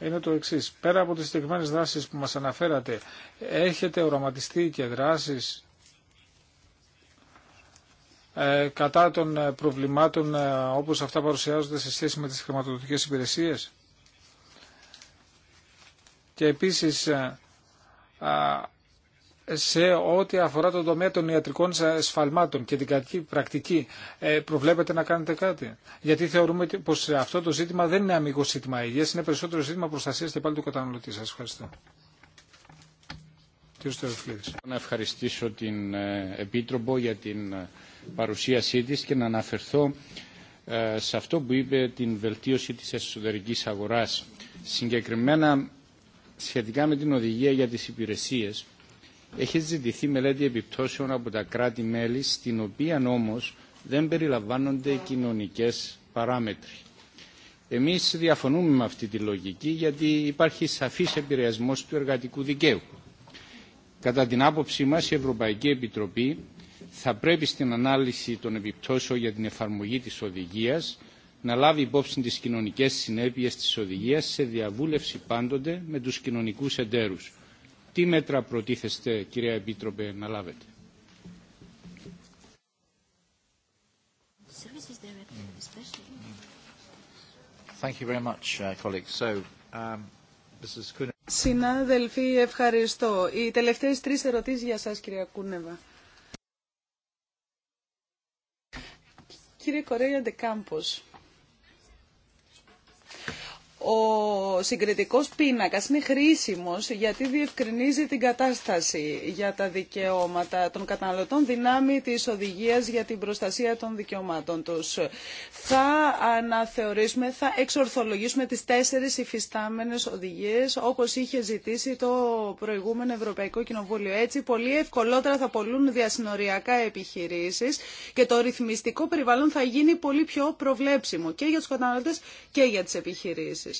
είναι το εξής. Πέρα από τις συγκεκριμένε δράσεις που μας αναφέρατε, έχετε οραματιστεί και δράσεις κατά των προβλημάτων όπως αυτά παρουσιάζονται σε σχέση με τις χρηματοδοτικές υπηρεσίες και επίσης ε, σε ό,τι αφορά τον τομέα των ιατρικών σφαλμάτων και την κακή πρακτική, ε, προβλέπετε να κάνετε κάτι. Γιατί θεωρούμε πως αυτό το ζήτημα δεν είναι αμυγό ζήτημα υγείας, είναι περισσότερο ζήτημα προστασίας και πάλι του καταναλωτή. Σας ευχαριστώ. Να ευχαριστήσω την ε, Επίτροπο για την παρουσίασή της και να αναφερθώ σε αυτό που είπε την βελτίωση της εσωτερικής αγοράς. Συγκεκριμένα σχετικά με την οδηγία για τις υπηρεσίες έχει ζητηθεί μελέτη επιπτώσεων από τα κράτη-μέλη στην οποία όμως δεν περιλαμβάνονται κοινωνικές παράμετροι. Εμείς διαφωνούμε με αυτή τη λογική γιατί υπάρχει σαφής επηρεασμό του εργατικού δικαίου. Κατά την άποψή μας η Ευρωπαϊκή Επιτροπή θα πρέπει στην ανάλυση των επιπτώσεων για την εφαρμογή της οδηγίας να λάβει υπόψη τις κοινωνικές συνέπειες της οδηγίας σε διαβούλευση πάντοτε με τους κοινωνικούς εντέρους. Τι μέτρα προτίθεστε, κυρία Επίτροπε, να λάβετε. Συνάδελφοι, ευχαριστώ. Οι τελευταίες τρεις ερωτήσεις για σας, κυρία Κούνεβα. Κύριε Κορέια Κάμπος, ο συγκριτικός πίνακας είναι χρήσιμος γιατί διευκρινίζει την κατάσταση για τα δικαιώματα των καταναλωτών δυνάμει της οδηγίας για την προστασία των δικαιωμάτων τους. Θα αναθεωρήσουμε, θα εξορθολογήσουμε τις τέσσερις υφιστάμενες οδηγίες όπως είχε ζητήσει το προηγούμενο Ευρωπαϊκό Κοινοβούλιο. Έτσι πολύ ευκολότερα θα πολλούν διασυνοριακά επιχειρήσεις και το ρυθμιστικό περιβάλλον θα γίνει πολύ πιο προβλέψιμο και για τους καταναλωτές και για τις επιχειρήσεις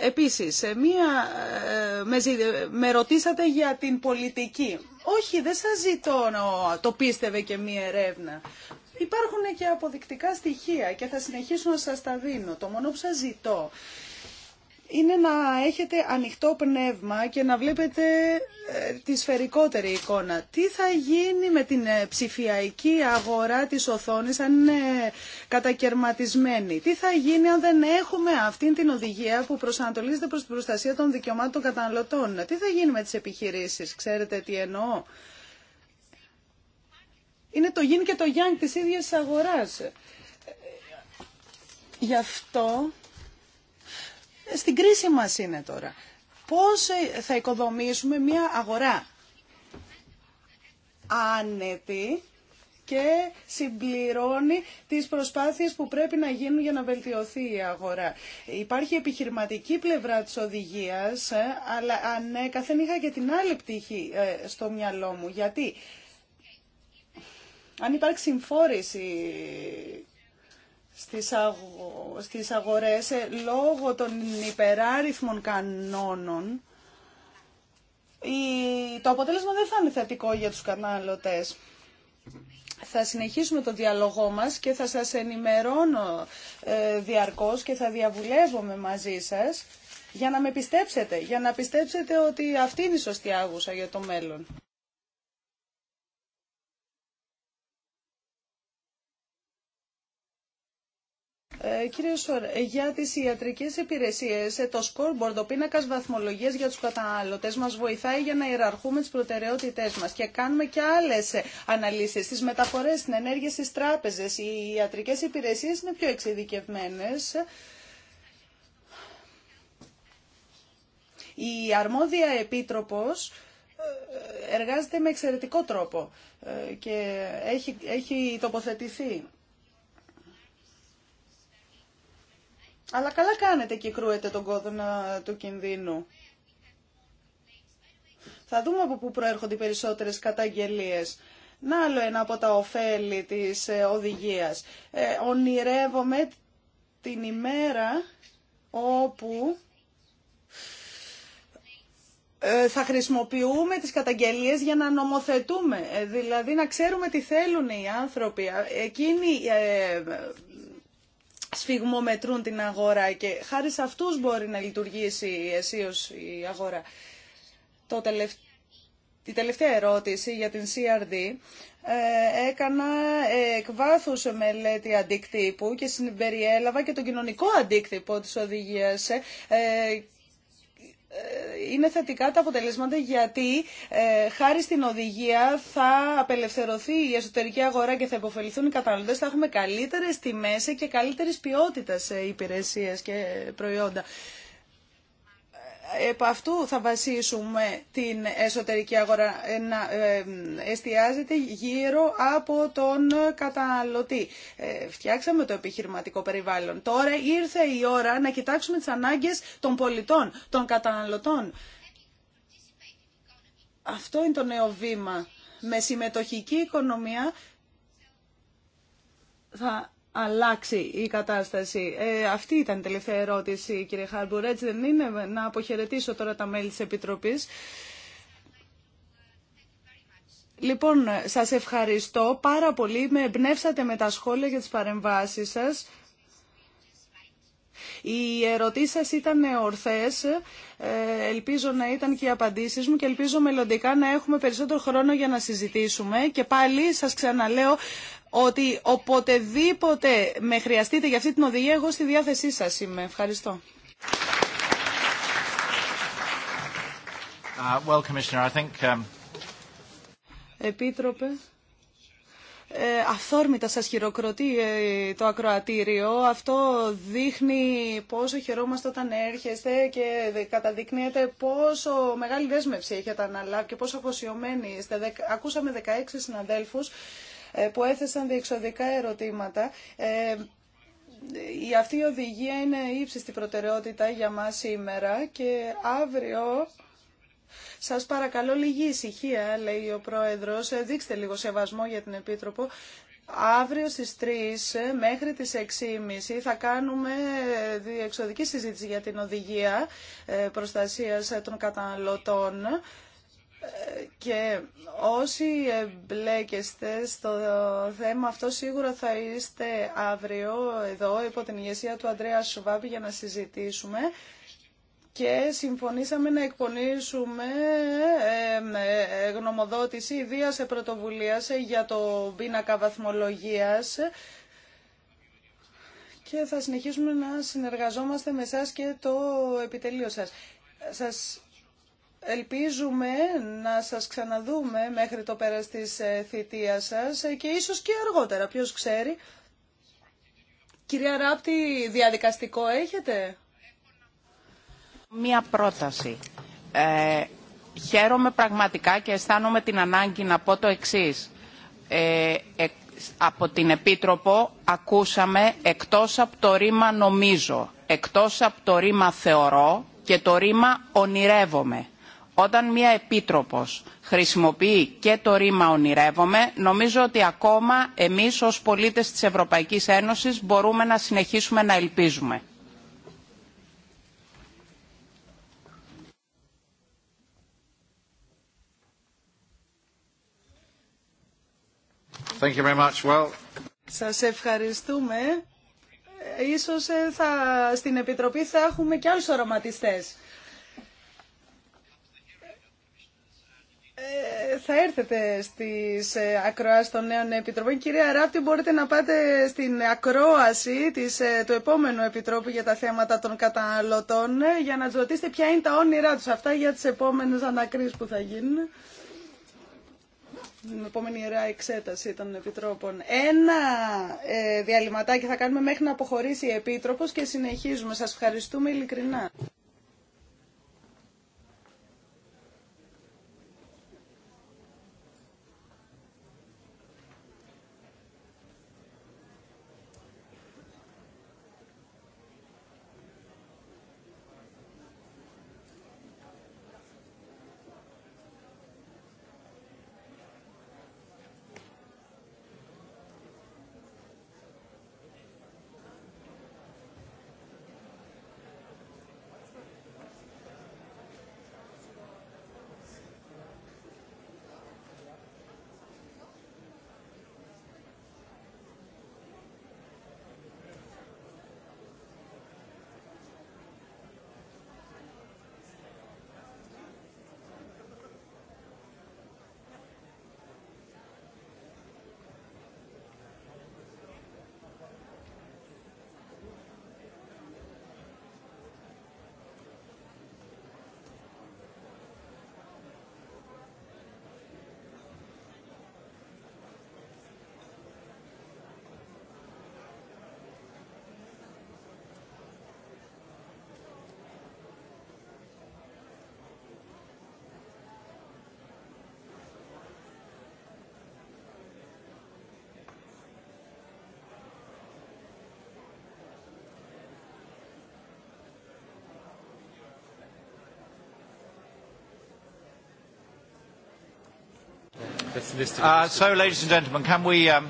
επίσης Επίσης, μία, ε, με ρωτήσατε για την πολιτική. Όχι, δεν σας ζητώ να το πίστευε και μία ερεύνα. Υπάρχουν και αποδεικτικά στοιχεία και θα συνεχίσω να σας τα δίνω. Το μόνο που σας ζητώ είναι να έχετε ανοιχτό πνεύμα και να βλέπετε ε, τη σφαιρικότερη εικόνα. Τι θα γίνει με την ε, ψηφιακή αγορά της οθόνης αν είναι κατακαιρματισμένη. Τι θα γίνει αν δεν έχουμε αυτή την οδηγία που προσανατολίζεται προς την προστασία των δικαιωμάτων των καταναλωτών. Τι θα γίνει με τις επιχειρήσεις. Ξέρετε τι εννοώ. Είναι το γιν και το γιάνγκ της ίδιας αγοράς. Ε, γι' αυτό στην κρίση μας είναι τώρα. Πώς ε, θα οικοδομήσουμε μια αγορά άνετη και συμπληρώνει τις προσπάθειες που πρέπει να γίνουν για να βελτιωθεί η αγορά. Υπάρχει επιχειρηματική πλευρά της οδηγίας, ε, αλλά ανέκαθεν ναι, είχα και την άλλη πτύχη ε, στο μυαλό μου. Γιατί αν υπάρχει συμφόρηση στις, αγο... στις αγορές ε, λόγω των υπεράριθμων κανόνων η... το αποτέλεσμα δεν θα είναι θετικό για τους καταναλωτές. Θα συνεχίσουμε το διάλογό μας και θα σας ενημερώνω ε, διαρκώς και θα διαβουλεύομαι μαζί σας για να με πιστέψετε, για να πιστέψετε ότι αυτή είναι η σωστή άγουσα για το μέλλον. Ε, κύριε Σορ, για τις ιατρικές υπηρεσίες, το scoreboard, ο πίνακας βαθμολογίας για τους καταναλωτές μας βοηθάει για να ιεραρχούμε τις προτεραιότητές μας και κάνουμε και άλλες αναλύσεις, στις μεταφορές, στην ενέργεια στις τράπεζες. Οι ιατρικές υπηρεσίες είναι πιο εξειδικευμένες. Η αρμόδια επίτροπος ε, εργάζεται με εξαιρετικό τρόπο ε, και έχει, έχει τοποθετηθεί Αλλά καλά κάνετε και κρούετε τον κόδωνα του κινδύνου. Θα δούμε από πού προέρχονται οι περισσότερες καταγγελίες. Να άλλο ένα από τα ωφέλη της ε, οδηγίας. Ε, ονειρεύομαι την ημέρα όπου ε, θα χρησιμοποιούμε τις καταγγελίες για να νομοθετούμε, ε, δηλαδή να ξέρουμε τι θέλουν οι άνθρωποι. Εκείνοι σφιγμομετρούν την αγορά και χάρη σε αυτούς μπορεί να λειτουργήσει αισίως η αγορά. Το τελευταία ερώτηση για την CRD. Ε, έκανα ε, εκ βάθους μελέτη αντίκτυπου και συμπεριέλαβα και τον κοινωνικό αντίκτυπο της οδηγίας ε, ε είναι θετικά τα αποτελέσματα γιατί ε, χάρη στην οδηγία θα απελευθερωθεί η εσωτερική αγορά και θα υποφεληθούν οι καταναλωτές, θα έχουμε καλύτερες τιμές και καλύτερης ποιότητας ε, υπηρεσίες και προϊόντα επ' αυτού θα βασίσουμε την εσωτερική αγορά να ε, εστιάζεται γύρω από τον καταναλωτή. Ε, φτιάξαμε το επιχειρηματικό περιβάλλον. Τώρα ήρθε η ώρα να κοιτάξουμε τις ανάγκες των πολιτών, των καταναλωτών. Αυτό είναι το νέο βήμα. Με συμμετοχική οικονομία θα αλλάξει η κατάσταση. Ε, αυτή ήταν η τελευταία ερώτηση, κύριε Χάρμπουρ. Έτσι δεν είναι να αποχαιρετήσω τώρα τα μέλη της Επιτροπής. Λοιπόν, σας ευχαριστώ πάρα πολύ. Με εμπνεύσατε με τα σχόλια για τις παρεμβάσεις σας. Οι ερωτήσεις σας ήταν ορθές, ε, ελπίζω να ήταν και οι απαντήσεις μου και ελπίζω μελλοντικά να έχουμε περισσότερο χρόνο για να συζητήσουμε και πάλι σας ξαναλέω ότι οποτεδήποτε με χρειαστείτε για αυτή την οδηγία, εγώ στη διάθεσή σας είμαι. Ευχαριστώ. Uh, well, I think, um, Επίτροπε, ε, αυθόρμητα σας χειροκροτεί ε, το ακροατήριο. Αυτό δείχνει πόσο χαιρόμαστε όταν έρχεστε και καταδεικνύεται πόσο μεγάλη δέσμευση έχετε αναλάβει και πόσο αφοσιωμένοι είστε. Ακούσαμε 16 συναδέλφους ε, που έθεσαν διεξοδικά ερωτήματα. Ε, η αυτή η οδηγία είναι ύψιστη προτεραιότητα για μας σήμερα και αύριο σας παρακαλώ λίγη ησυχία, λέει ο Πρόεδρος, ε, δείξτε λίγο σεβασμό για την Επίτροπο. Αύριο στις 3 μέχρι τις 6.30 θα κάνουμε διεξοδική συζήτηση για την οδηγία προστασίας των καταναλωτών και όσοι μπλέκεστε στο θέμα αυτό σίγουρα θα είστε αύριο εδώ υπό την ηγεσία του Αντρέα Σουβάπη για να συζητήσουμε και συμφωνήσαμε να εκπονήσουμε ε, γνωμοδότηση σε πρωτοβουλία για το πίνακα βαθμολογίας και θα συνεχίσουμε να συνεργαζόμαστε με εσά και το επιτελείο σας. Σας Ελπίζουμε να σας ξαναδούμε μέχρι το πέρας της ε, θητείας σας ε, και ίσως και αργότερα, ποιος ξέρει. Κυρία Ράπτη, διαδικαστικό έχετε? Μία πρόταση. Ε, χαίρομαι πραγματικά και αισθάνομαι την ανάγκη να πω το εξής. Ε, από την Επίτροπο ακούσαμε εκτός από το ρήμα νομίζω, εκτός από το ρήμα θεωρώ και το ρήμα ονειρεύομαι όταν μία επίτροπος χρησιμοποιεί και το ρήμα «ονειρεύομαι», νομίζω ότι ακόμα εμείς ως πολίτες της Ευρωπαϊκής Ένωσης μπορούμε να συνεχίσουμε να ελπίζουμε. Thank Σας ευχαριστούμε. Ε, ίσως ε, θα, στην Επιτροπή θα έχουμε και άλλους οραματιστές. Ε, θα έρθετε στις ε, ακροάσεις των νέων επιτροπών. Κυρία Ράπτη, μπορείτε να πάτε στην ακρόαση της, ε, του επόμενου επιτρόπου για τα θέματα των καταναλωτών για να τους ρωτήσετε ποια είναι τα όνειρά τους αυτά για τις επόμενες ανακρίσεις που θα γίνουν. Την επόμενη ιερά εξέταση των επιτρόπων. Ένα ε, διαλυματάκι θα κάνουμε μέχρι να αποχωρήσει η Επίτροπος και συνεχίζουμε. Σας ευχαριστούμε ειλικρινά. Uh, so, ladies and gentlemen, can we, um,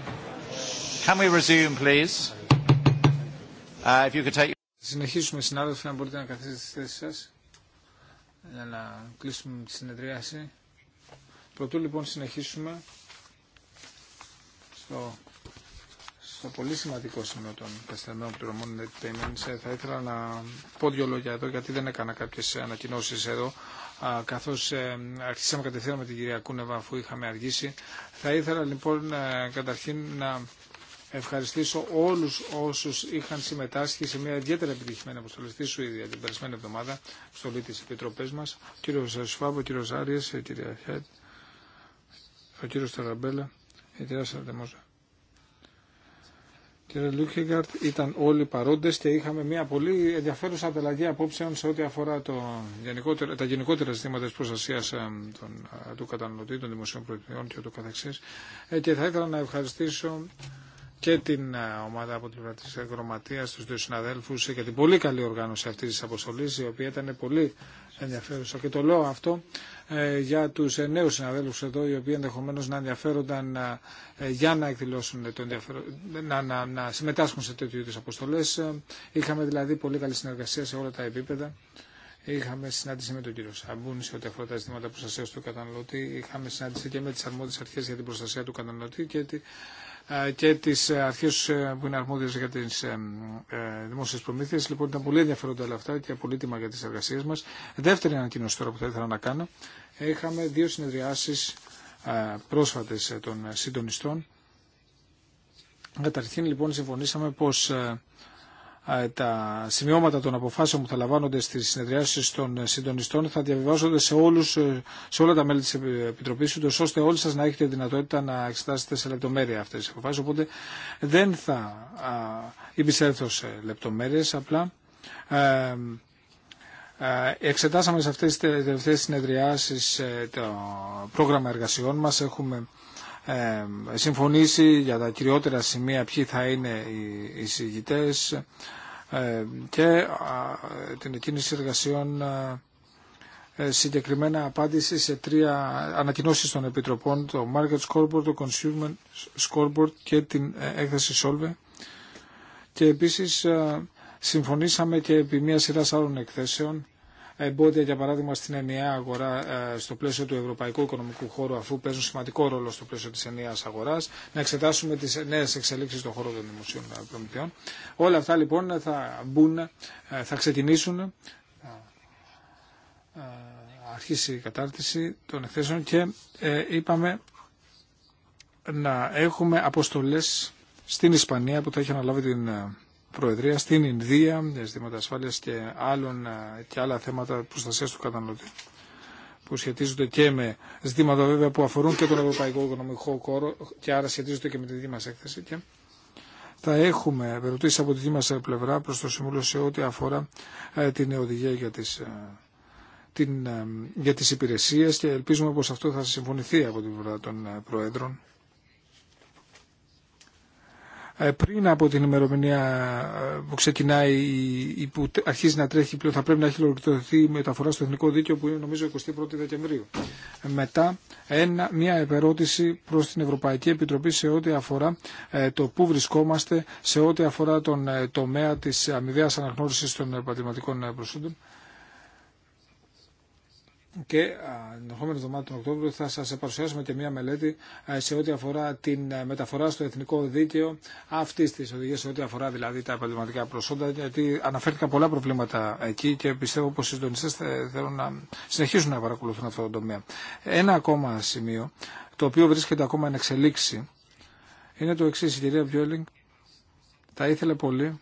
can we resume, please? Uh, if you could take... Συνεχίσουμε, συνάδελφοι, να μπορείτε να καθίσετε στις θέσεις σας για να κλείσουμε τη συνεδρίαση. Πρωτού, λοιπόν, συνεχίσουμε στο το πολύ σημαντικό σημείο των πεθαμένων πληρωμών payments θα ήθελα να πω δύο λόγια εδώ γιατί δεν έκανα κάποιε ανακοινώσει εδώ καθώ ε, αρχίσαμε κατευθείαν με την κυρία Κούνεβα αφού είχαμε αργήσει. Θα ήθελα λοιπόν ε, καταρχήν να ευχαριστήσω όλου όσου είχαν συμμετάσχει σε μια ιδιαίτερα επιτυχημένη αποστολή στη Σουηδία την περασμένη εβδομάδα, στο τη Επιτροπές μα, ο κύριο Σφάμπο, ο κύριο Άρια, κυρία Χέτ, ο κύριο Ταραμπέλα, η κυρία Σαρδεμόζα Κύριε Λούκεγκαρτ, ήταν όλοι παρόντες και είχαμε μια πολύ ενδιαφέρουσα απελαγή απόψεων σε ό,τι αφορά το τα γενικότερα ζητήματα της προστασίας ε, ε, του καταναλωτή, των δημοσίων προεκτηριών και ούτω καθεξής. Ε, και θα ήθελα να ευχαριστήσω και την ομάδα από την πλευρά τη στους του δύο συναδέλφου για την πολύ καλή οργάνωση αυτή τη αποστολή, η οποία ήταν πολύ ενδιαφέρουσα. Και το λέω αυτό ε, για τους ε, νέου συναδέλφου εδώ, οι οποίοι ενδεχομένω να ενδιαφέρονταν ε, για να εκδηλώσουν το να, να, να συμμετάσχουν σε τέτοιου είδους αποστολές. Είχαμε δηλαδή πολύ καλή συνεργασία σε όλα τα επίπεδα. Είχαμε συνάντηση με τον κύριο Σαμπούνη σε ό,τι αφορά τα ζητήματα προστασία του καταναλωτή. Είχαμε συνάντηση και με τι αρμόδιε αρχέ για την προστασία του καταναλωτή και και τι ε, αρχέ ε, που είναι αρμόδιε για τις ε, δημόσιες προμήθειε Λοιπόν, ήταν πολύ ενδιαφέροντα όλα αυτά και πολύτιμα για τις εργασίε μας. Δεύτερη ανακοίνωση τώρα που θα ήθελα να κάνω. Είχαμε δύο συνεδριάσεις πρόσφατες των συντονιστών. Καταρχήν, λοιπόν, συμφωνήσαμε πως τα σημειώματα των αποφάσεων που θα λαμβάνονται στι συνεδριάσεις των συντονιστών θα διαβιβάζονται σε, όλους, ε, σε όλα τα μέλη τη επιτροπή, ώστε όλοι σας να έχετε δυνατότητα να εξετάσετε σε λεπτομέρεια αυτέ τι αποφάσει, οπότε δεν θα υπησέλθω σε λεπτομέρειες απλά ε, ε, εξετάσαμε σε αυτές τις τελευταίες συνεδριάσεις το πρόγραμμα εργασιών μα. Έχουμε ε, συμφωνήσει για τα κυριότερα σημεία ποιοι θα είναι οι εισηγητές ε, και την εκκίνηση εργασιών ε, συγκεκριμένα απάντηση σε τρία ανακοινώσεις των επιτροπών, το Market Scoreboard, το Consumer Scoreboard και την έκθεση Solve. Και επίσης συμφωνήσαμε και επί μια σειρά άλλων εκθέσεων εμπόδια, για παράδειγμα, στην ενιαία αγορά ε, στο πλαίσιο του Ευρωπαϊκού Οικονομικού Χώρου, αφού παίζουν σημαντικό ρόλο στο πλαίσιο τη ενιαία αγορά, να εξετάσουμε τι νέε εξελίξει στον χώρο των δημοσίων ε, προμηθειών. Όλα αυτά λοιπόν θα μπουν, ε, θα ξεκινήσουν, αρχίσει η κατάρτιση των εκθέσεων και είπαμε να έχουμε αποστολές στην Ισπανία που θα έχει αναλάβει την Προεδρία στην Ινδία για ζητήματα ασφάλεια και, ε, και άλλα θέματα προστασία του καταναλωτή που σχετίζονται και με ζητήματα βέβαια που αφορούν και τον Ευρωπαϊκό Οικονομικό Κόρο και άρα σχετίζονται και με τη δική μα έκθεση. Και θα έχουμε ερωτήσει από τη δική μα πλευρά προ το Συμβούλιο σε ό,τι αφορά ε, την οδηγία για τις, ε, την, για τις υπηρεσίες και ελπίζουμε πως αυτό θα συμφωνηθεί από την πλευρά των Προέδρων ε, πριν από την ημερομηνία ε, που ξεκινάει ή που αρχίζει να τρέχει πλέον θα πρέπει να έχει ολοκληρωθεί η μεταφορά στο εθνικό δίκαιο που είναι νομίζω 21 Δεκεμβρίου. Ε, μετά ένα, μια επερώτηση προς την Ευρωπαϊκή Επιτροπή σε ό,τι αφορά το πού βρισκόμαστε, σε ό,τι αφορά τον τομέα της αμοιβαίας αναγνώρισης των επαγγελματικών προσόντων και την ερχόμενη εβδομάδα τον Οκτώβριο θα σας παρουσιάσουμε και μια μελέτη σε ό,τι αφορά την μεταφορά στο εθνικό δίκαιο αυτής της οδηγίας σε ό,τι αφορά δηλαδή τα επαγγελματικά προσόντα γιατί αναφέρθηκαν πολλά προβλήματα εκεί και πιστεύω πως οι συντονιστέ θέλουν να συνεχίσουν να παρακολουθούν αυτό το τομέα. Ένα ακόμα σημείο το οποίο βρίσκεται ακόμα εν εξελίξη είναι το εξή η κυρία Βιόλινγκ θα ήθελε πολύ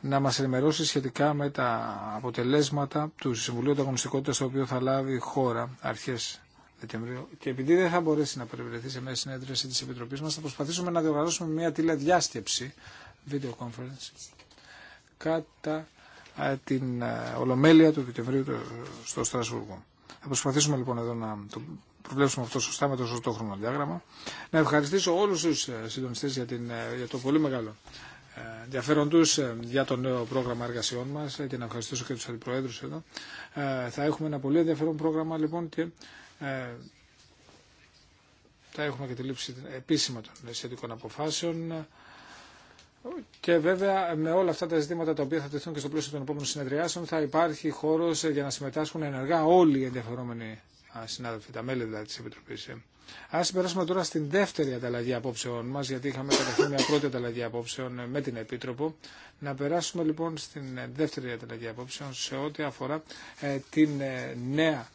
να μας ενημερώσει σχετικά με τα αποτελέσματα του Συμβουλίου Ανταγωνιστικότητα το οποίο θα λάβει η χώρα αρχές Δεκεμβρίου. Και επειδή δεν θα μπορέσει να περιβρεθεί σε μια συνέντευξη της Επιτροπής μας, θα προσπαθήσουμε να διοργανώσουμε μια τηλεδιάσκεψη, video conference, κατά την Ολομέλεια του Δεκεμβρίου στο Στρασβούργο. Θα προσπαθήσουμε λοιπόν εδώ να το προβλέψουμε αυτό σωστά με το σωστό χρονοδιάγραμμα. Να ευχαριστήσω όλους τους συντονιστές για, την, για το πολύ μεγάλο ενδιαφέροντους ε, για το νέο πρόγραμμα εργασιών μα ε, και να ευχαριστήσω και του αντιπροέδρου εδώ. Ε, θα έχουμε ένα πολύ ενδιαφέρον πρόγραμμα λοιπόν και θα έχουμε και τη λήψη επίσημα των σχετικών αποφάσεων και βέβαια με όλα αυτά τα ζητήματα τα οποία θα τεθούν και στο πλαίσιο των επόμενων συνεδριάσεων θα υπάρχει χώρος για να συμμετάσχουν ενεργά όλοι οι ενδιαφερόμενοι συνάδελφοι, τα μέλη δηλαδή της Επιτροπής. Ας περάσουμε τώρα στην δεύτερη ανταλλαγή απόψεων μα γιατί είχαμε καταρχήν μια πρώτη ανταλλαγή απόψεων με την Επίτροπο. Να περάσουμε λοιπόν στην δεύτερη ανταλλαγή απόψεων σε ό,τι αφορά ε, την ε, νέα,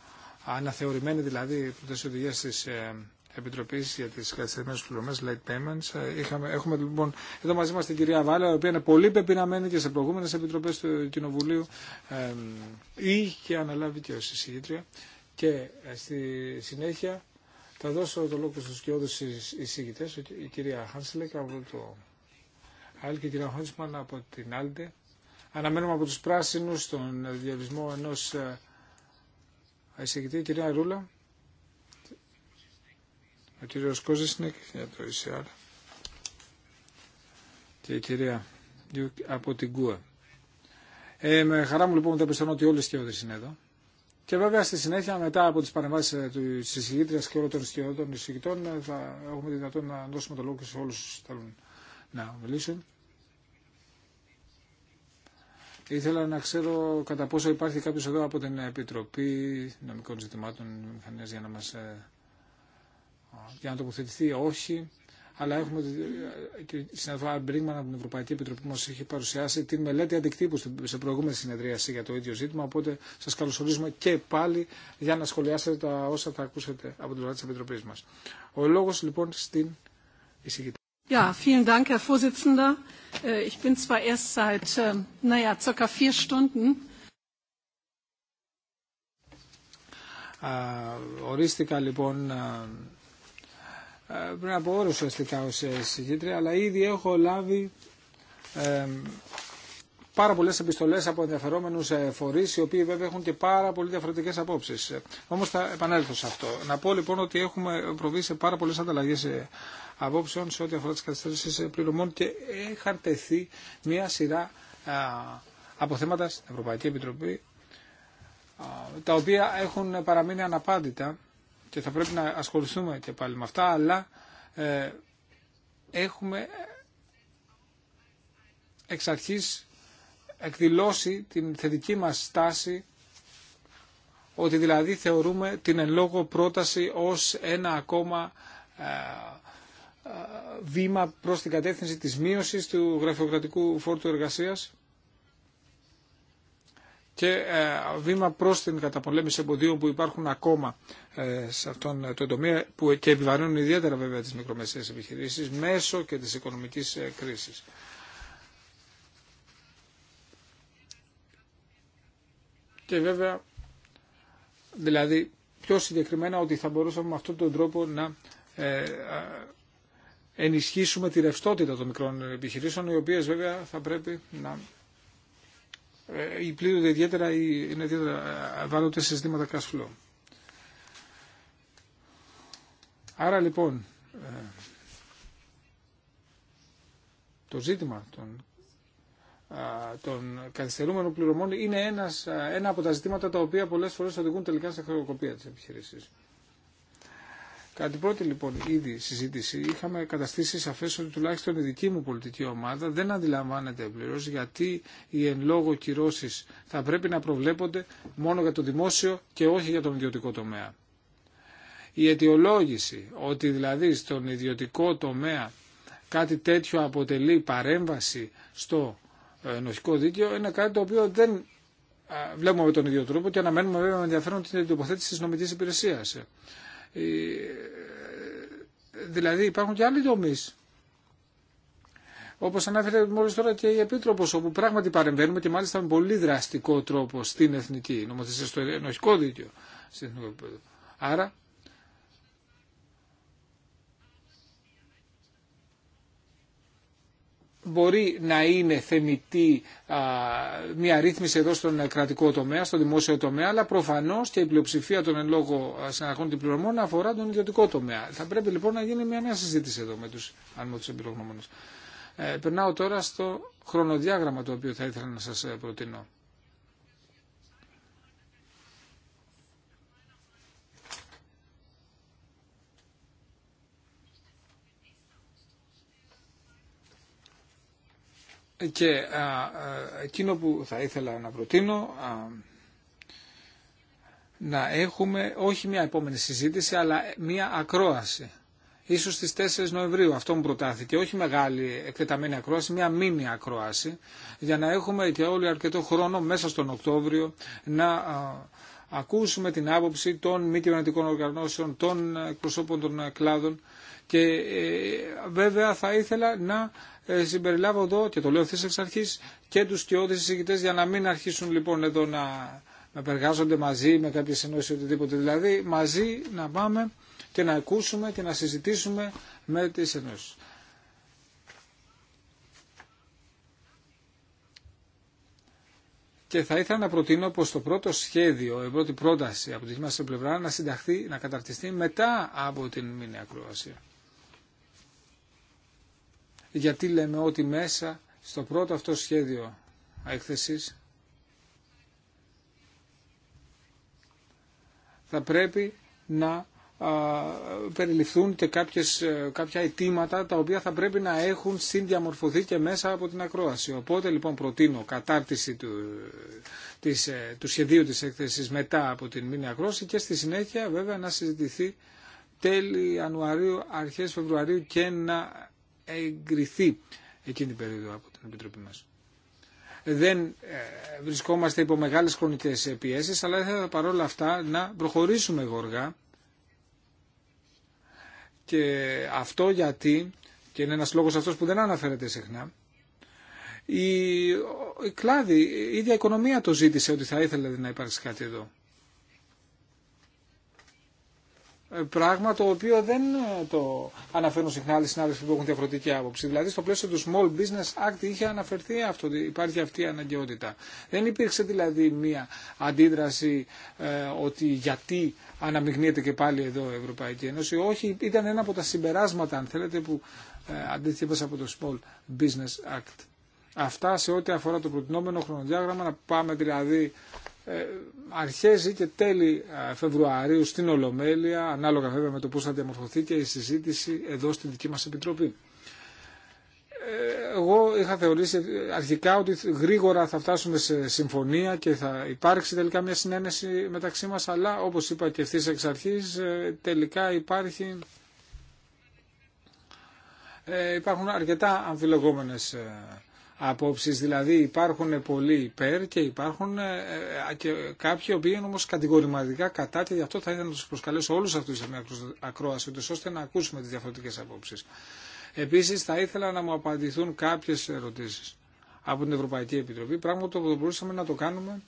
αναθεωρημένη δηλαδή, πρόταση τη της ε, Επιτροπή για τι καθυστερημένε πληρωμέ, late payments. Είχαμε, έχουμε λοιπόν εδώ μαζί μα την κυρία Βάλα, η οποία είναι πολύ πεπειραμένη και σε προηγούμενε επιτροπέ του Κοινοβουλίου ε, ή και αναλάβει και ω εισηγήτρια. Και στη συνέχεια θα δώσω το λόγο στους κοιόδους εισηγητές, η κυρία Χάνσλεκ από το ΑΕΛ και η κυρία Χόντσμαν από την ΑΛΤΕ. Αναμένουμε από τους πράσινους τον διαβισμό ενός ε, εισηγητή, η κυρία Ρούλα. Ο κύριος Κόζεσνικ για το ECR και η κυρία από την ΚΟΕ. Ε, με χαρά μου λοιπόν πιστεύω ότι όλοι οι όλες είναι εδώ. Και βέβαια στη συνέχεια μετά από τις παρεμβάσεις ε, της εισηγήτριας και όλων των εισηγητών, εισηγητών ε, θα έχουμε τη δυνατότητα να δώσουμε το λόγο και σε όλους που θέλουν να μιλήσουν. Ήθελα να ξέρω κατά πόσο υπάρχει κάποιος εδώ από την Επιτροπή Νομικών Ζητημάτων Μηχανίας για να μας ε, για να τοποθετηθεί όχι αλλά έχουμε ε, και τη από την Ευρωπαϊκή Επιτροπή που μα έχει παρουσιάσει τη μελέτη αντικτύπου σε προηγούμενη συνεδρίαση για το ίδιο ζήτημα. Οπότε σα καλωσορίζουμε και πάλι για να σχολιάσετε τα όσα θα ακούσετε από την πλευρά τη Επιτροπή μα. Ο λόγο λοιπόν στην εισηγητή. vielen Dank, Herr Vorsitzender. Äh, ich bin zwar erst seit, äh, Stunden Ορίστηκα λοιπόν ε, πριν από όρους ουσιαστικά ως ε, συγκήτρια, αλλά ήδη έχω λάβει ε, πάρα πολλές επιστολές από ενδιαφερόμενους ε, φορείς, οι οποίοι βέβαια έχουν και πάρα πολύ διαφορετικές απόψεις. Όμως θα επανέλθω σε αυτό. Να πω λοιπόν ότι έχουμε προβεί σε πάρα πολλές ανταλλαγές απόψεων σε ό,τι αφορά τις καταστρέψεις πληρωμών και είχαν τεθεί μια σειρά από θέματα στην Ευρωπαϊκή Επιτροπή, τα οποία έχουν παραμείνει αναπάντητα και θα πρέπει να ασχοληθούμε και πάλι με αυτά, αλλά ε, έχουμε ε, εξ αρχής εκδηλώσει την θετική μας στάση ότι δηλαδή θεωρούμε την εν λόγω πρόταση ως ένα ακόμα ε, βήμα προς την κατεύθυνση της μείωσης του γραφειοκρατικού φόρτου εργασίας και ε, βήμα προς την καταπολέμηση εμποδίων που υπάρχουν ακόμα ε, σε αυτόν τον τομέα που και επιβαρύνουν ιδιαίτερα βέβαια τις μικρομεσαίες επιχειρήσεις μέσω και της οικονομικής ε, κρίσης. Και βέβαια, δηλαδή πιο συγκεκριμένα ότι θα μπορούσαμε με αυτόν τον τρόπο να ενισχύσουμε τη ρευστότητα των μικρών επιχειρήσεων, οι οποίες βέβαια θα πρέπει να η ε, ιδιαίτερα ή είναι ιδιαίτερα ευάλωτες σε ζητήματα cash flow. Άρα λοιπόν, ε, το ζήτημα των, των καθυστερούμενων πληρωμών είναι ένας, ένα από τα ζητήματα τα οποία πολλές φορές οδηγούν τελικά σε χρεοκοπία της επιχειρήσης. Κατά την πρώτη λοιπόν ήδη συζήτηση είχαμε καταστήσει σαφές ότι τουλάχιστον η δική μου πολιτική ομάδα δεν αντιλαμβάνεται πλήρω γιατί οι εν λόγω κυρώσει θα πρέπει να προβλέπονται μόνο για το δημόσιο και όχι για τον ιδιωτικό τομέα. Η αιτιολόγηση ότι δηλαδή στον ιδιωτικό τομέα κάτι τέτοιο αποτελεί παρέμβαση στο ε, ενοχικό δίκαιο είναι κάτι το οποίο δεν βλέπουμε με τον ίδιο τρόπο και αναμένουμε βέβαια με ενδιαφέρον την τοποθέτηση τη νομική υπηρεσία. Ε, δηλαδή υπάρχουν και άλλοι τομεί. Όπω ανάφερε μόλι τώρα και η Επίτροπο, όπου πράγματι παρεμβαίνουμε και μάλιστα με πολύ δραστικό τρόπο στην εθνική νομοθεσία, στο ενοχικό δίκαιο, Άρα μπορεί να είναι θεμητή μια ρύθμιση εδώ στον κρατικό τομέα, στον δημόσιο τομέα, αλλά προφανώ και η πλειοψηφία των εν λόγω συναρχών πληρωμών αφορά τον ιδιωτικό τομέα. Θα πρέπει λοιπόν να γίνει μια νέα συζήτηση εδώ με του αρμόδιου εμπειρογνώμονε. Ε, περνάω τώρα στο χρονοδιάγραμμα το οποίο θα ήθελα να σα ε, προτείνω. Και εκείνο που θα ήθελα να προτείνω να έχουμε όχι μια επόμενη συζήτηση αλλά μια ακρόαση. Ίσως στις 4 Νοεμβρίου αυτό μου προτάθηκε, όχι μεγάλη εκτεταμένη ακρόαση, μια μήνυα ακρόαση, για να έχουμε και όλοι αρκετό χρόνο μέσα στον Οκτώβριο να ακούσουμε την άποψη των μη κυβερνητικών οργανώσεων, των εκπροσώπων των κλάδων και ε, βέβαια θα ήθελα να ε, συμπεριλάβω εδώ και το λέω θέση εξ αρχή και του κοιόδη εισηγητέ για να μην αρχίσουν λοιπόν εδώ να, να περγάζονται μαζί με κάποιε ενώσει οτιδήποτε. Δηλαδή μαζί να πάμε και να ακούσουμε και να συζητήσουμε με τι ενώσει. Και θα ήθελα να προτείνω πως το πρώτο σχέδιο, η πρώτη πρόταση από τη μας πλευρά να συνταχθεί, να καταρτιστεί μετά από την μήνυα ακρόαση γιατί λέμε ότι μέσα στο πρώτο αυτό σχέδιο έκθεσης θα πρέπει να περιληφθούν και κάποιες, ε, κάποια αιτήματα τα οποία θα πρέπει να έχουν συνδιαμορφωθεί και μέσα από την ακρόαση. Οπότε λοιπόν προτείνω κατάρτιση του, της, ε, του σχεδίου της έκθεσης μετά από την μήνυα ακρόαση και στη συνέχεια βέβαια να συζητηθεί τέλη Ιανουαρίου, αρχές Φεβρουαρίου και να εγκριθεί εκείνη την περίοδο από την Επιτροπή μας. Δεν ε, βρισκόμαστε υπό μεγάλες χρονικές πιέσεις, αλλά ήθελα παρόλα αυτά να προχωρήσουμε γοργά και αυτό γιατί, και είναι ένας λόγος αυτός που δεν αναφέρεται συχνά, η, η κλάδη, η ίδια οικονομία το ζήτησε ότι θα ήθελε να υπάρξει κάτι εδώ. Ε, πράγμα το οποίο δεν ε, το αναφέρουν συχνά άλλοι συνάδελφοι που έχουν διαφορετική άποψη. Δηλαδή στο πλαίσιο του Small Business Act είχε αναφερθεί αυτό, ότι υπάρχει αυτή η αναγκαιότητα. Δεν υπήρξε δηλαδή μία αντίδραση ε, ότι γιατί αναμειγνύεται και πάλι εδώ η Ευρωπαϊκή Ένωση. Όχι, ήταν ένα από τα συμπεράσματα αν θέλετε που ε, από το Small Business Act. Αυτά σε ό,τι αφορά το προτινόμενο χρονοδιάγραμμα, να πάμε δηλαδή ε, αρχές και τέλη ε, Φεβρουαρίου στην Ολομέλεια, ανάλογα βέβαια με το πώς θα διαμορφωθεί και η συζήτηση εδώ στην δική μας Επιτροπή. Ε, εγώ είχα θεωρήσει αρχικά ότι γρήγορα θα φτάσουμε σε συμφωνία και θα υπάρξει τελικά μια συνένεση μεταξύ μας, αλλά όπως είπα και ευθύς εξ αρχής τελικά υπάρχει... υπάρχουν αρκετά αμφιλεγόμενες απόψεις. Δηλαδή υπάρχουν πολλοί υπέρ και υπάρχουν ε, ε, και κάποιοι οποίοι είναι όμως κατηγορηματικά κατά και γι' αυτό θα ήθελα να τους προσκαλέσω όλους αυτούς σε μια ακρόαση ώστε να ακούσουμε τις διαφορετικές απόψεις. Επίσης θα ήθελα να μου απαντηθούν κάποιες ερωτήσεις από την Ευρωπαϊκή Επιτροπή, πράγμα το μπορούσαμε να το κάνουμε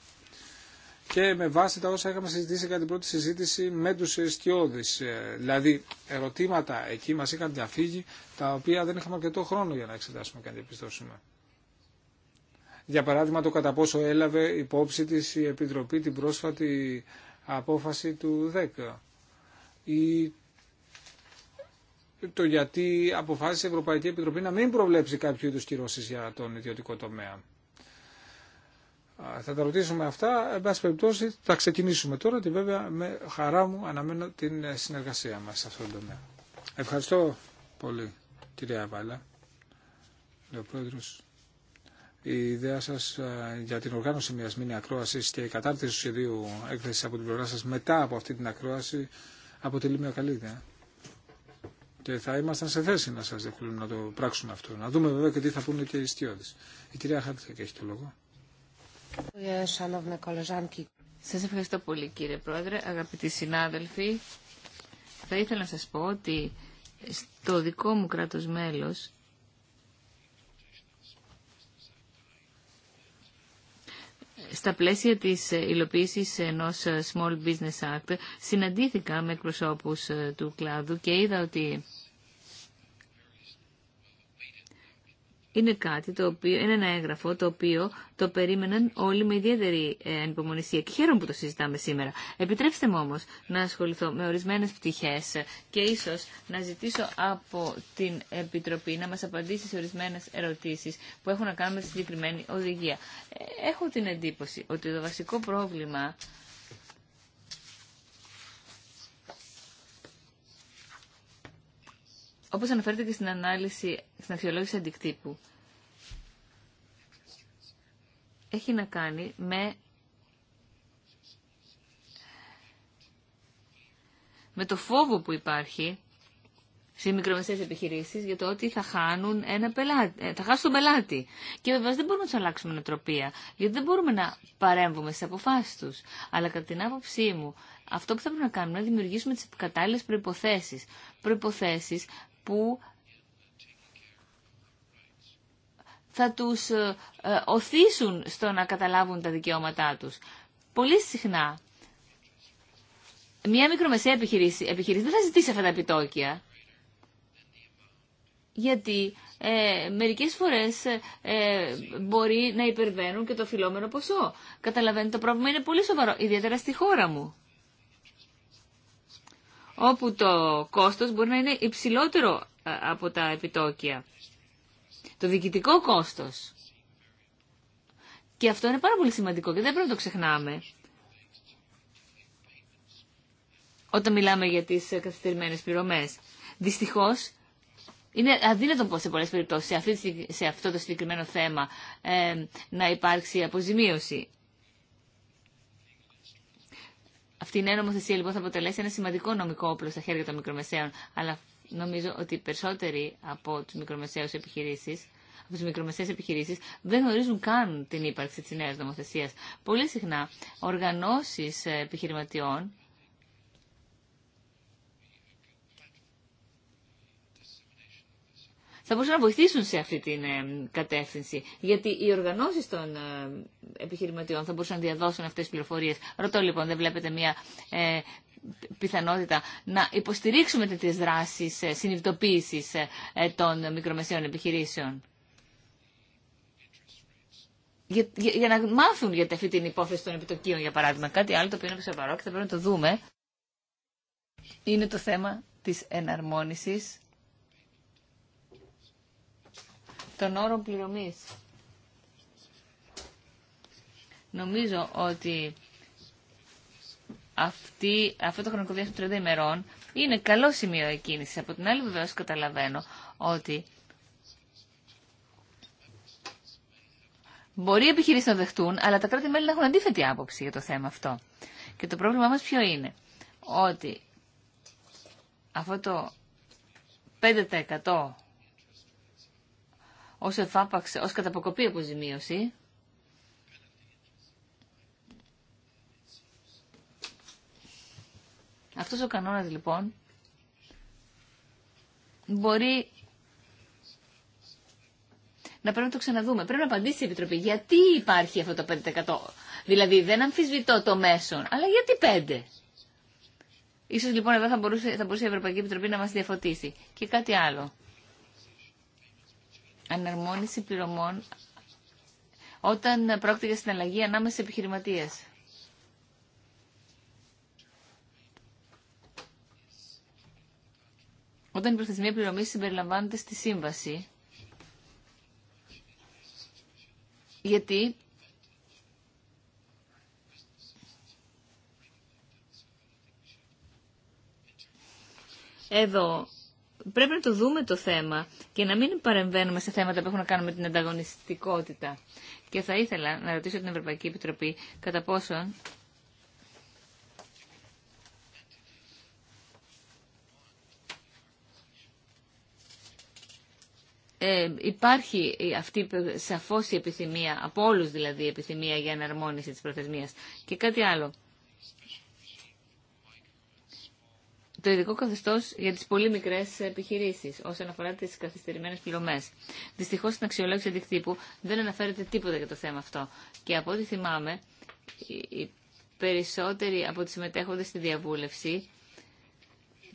και με βάση τα όσα είχαμε συζητήσει κατά την πρώτη συζήτηση με τους εστιώδεις. Ε, δηλαδή ερωτήματα εκεί μας είχαν διαφύγει τα οποία δεν είχαμε αρκετό χρόνο για να εξετάσουμε και να διαπιστώσουμε. Για παράδειγμα το κατά πόσο έλαβε υπόψη της η Επιτροπή την πρόσφατη απόφαση του 10 ή το γιατί αποφάσισε η Ευρωπαϊκή Επιτροπή να μην προβλέψει κάποιο είδους κυρώσεις για τον ιδιωτικό τομέα. Θα τα ρωτήσουμε αυτά. Εν πάση περιπτώσει θα ξεκινήσουμε τώρα και βέβαια με χαρά μου αναμένω την συνεργασία μας σε αυτόν τον τομέα. Ευχαριστώ πολύ κυρία Βάλα. Λέω πρόεδρος η ιδέα σα ε, για την οργάνωση μια μήνυ ακρόασης και η κατάρτιση του σχεδίου έκθεση από την πλευρά σα μετά από αυτή την ακρόαση αποτελεί μια καλή ιδέα. Και θα ήμασταν σε θέση να σα διευκολύνουμε να το πράξουμε αυτό. Να δούμε βέβαια και τι θα πούνε και οι ιστιώδει. Η κυρία και έχει το λόγο. Σα ευχαριστώ πολύ κύριε Πρόεδρε, αγαπητοί συνάδελφοι. Θα ήθελα να σας πω ότι στο δικό μου κράτος μέλος στα πλαίσια της ε, υλοποίησης ενός ε, Small Business Act συναντήθηκα με εκπροσώπους ε, του κλάδου και είδα ότι είναι κάτι το οποίο, είναι ένα έγγραφο το οποίο το περίμεναν όλοι με ιδιαίτερη ε, ανυπομονησία και χαίρομαι που το συζητάμε σήμερα. Επιτρέψτε μου όμως να ασχοληθώ με ορισμένες πτυχές και ίσως να ζητήσω από την Επιτροπή να μας απαντήσει σε ορισμένες ερωτήσεις που έχουν να κάνουν με τη συγκεκριμένη οδηγία. Ε, έχω την εντύπωση ότι το βασικό πρόβλημα όπως αναφέρεται και στην ανάλυση, στην αξιολόγηση αντικτύπου, έχει να κάνει με με το φόβο που υπάρχει σε μικρομεσαίες επιχειρήσεις για το ότι θα χάνουν ένα πελάτη, ε, θα χάσουν τον πελάτη. Και βέβαια δεν μπορούμε να του αλλάξουμε νοοτροπία, γιατί δεν μπορούμε να παρέμβουμε στις αποφάσεις τους. Αλλά κατά την άποψή μου, αυτό που θα πρέπει να κάνουμε είναι να δημιουργήσουμε τις κατάλληλες προϋποθέσεις. Προϋποθέσεις που θα τους ε, ε, οθήσουν στο να καταλάβουν τα δικαιώματά τους. Πολύ συχνά, μια μικρομεσαία επιχειρήση, επιχειρήση δεν θα ζητήσει αυτά τα επιτόκια. Γιατί ε, μερικές φορές ε, ε μπορεί να υπερβαίνουν και το φιλόμενο ποσό. Καταλαβαίνετε, το πρόβλημα είναι πολύ σοβαρό, ιδιαίτερα στη χώρα μου όπου το κόστος μπορεί να είναι υψηλότερο ε, από τα επιτόκια. Το διοικητικό κόστος. Και αυτό είναι πάρα πολύ σημαντικό και δεν πρέπει να το ξεχνάμε. Όταν μιλάμε για τις ε, καθυστερημένες πληρωμές. Δυστυχώς, είναι αδύνατο σε πολλές περιπτώσεις σε, αυτό το συγκεκριμένο θέμα ε, να υπάρξει αποζημίωση. Αυτή η νέα νομοθεσία λοιπόν θα αποτελέσει ένα σημαντικό νομικό όπλο στα χέρια των μικρομεσαίων. Αλλά νομίζω ότι περισσότεροι από τους μικρομεσαίους επιχειρήσεις από τι μικρομεσαίε επιχειρήσει δεν γνωρίζουν καν την ύπαρξη τη νέα νομοθεσία. Πολύ συχνά οργανώσει επιχειρηματιών θα μπορούσαν να βοηθήσουν σε αυτή την ε, κατεύθυνση. Γιατί οι οργανώσει των ε, επιχειρηματιών θα μπορούσαν να διαδώσουν αυτέ τι πληροφορίε. Ρωτώ λοιπόν, δεν βλέπετε μια ε, πιθανότητα να υποστηρίξουμε τέτοιε δράσει συνειδητοποίηση των μικρομεσαίων επιχειρήσεων. Για, για, να μάθουν για αυτή την υπόθεση των επιτοκίων, για παράδειγμα. Κάτι άλλο το οποίο είναι σοβαρό και θα πρέπει να το δούμε είναι το θέμα της εναρμόνισης των όρων πληρωμής. Νομίζω ότι αυτή, αυτό το χρονικό διάστημα 30 ημερών είναι καλό σημείο εκκίνησης. Από την άλλη βεβαίως καταλαβαίνω ότι Μπορεί οι επιχειρήσεις να δεχτούν, αλλά τα κράτη-μέλη να έχουν αντίθετη άποψη για το θέμα αυτό. Και το πρόβλημά μας ποιο είναι. Ότι αυτό το 5% ως εφάπαξε ως καταποκοπή αποζημίωση. Αυτός ο κανόνας λοιπόν μπορεί να πρέπει να το ξαναδούμε. Πρέπει να απαντήσει η Επιτροπή γιατί υπάρχει αυτό το 5%. Δηλαδή δεν αμφισβητώ το μέσον, αλλά γιατί 5%. Ίσως λοιπόν εδώ θα μπορούσε, θα μπορούσε η Ευρωπαϊκή Επιτροπή να μας διαφωτίσει. Και κάτι άλλο αναρμόνιση πληρωμών όταν πρόκειται για συναλλαγή ανάμεσα σε επιχειρηματίες. Όταν η προθεσμία πληρωμή συμπεριλαμβάνεται στη σύμβαση, γιατί εδώ πρέπει να το δούμε το θέμα και να μην παρεμβαίνουμε σε θέματα που έχουν να κάνουν με την ανταγωνιστικότητα. Και θα ήθελα να ρωτήσω την Ευρωπαϊκή Επιτροπή κατά πόσον ε, υπάρχει αυτή σαφώς η επιθυμία, από όλους δηλαδή η επιθυμία για εναρμόνιση της προθεσμίας. Και κάτι άλλο. το ειδικό καθεστώ για τι πολύ μικρέ επιχειρήσει όσον αφορά τι καθυστερημένε πληρωμέ. Δυστυχώ στην αξιολόγηση αντικτύπου δεν αναφέρεται τίποτα για το θέμα αυτό. Και από ό,τι θυμάμαι, οι περισσότεροι από τι συμμετέχοντε στη διαβούλευση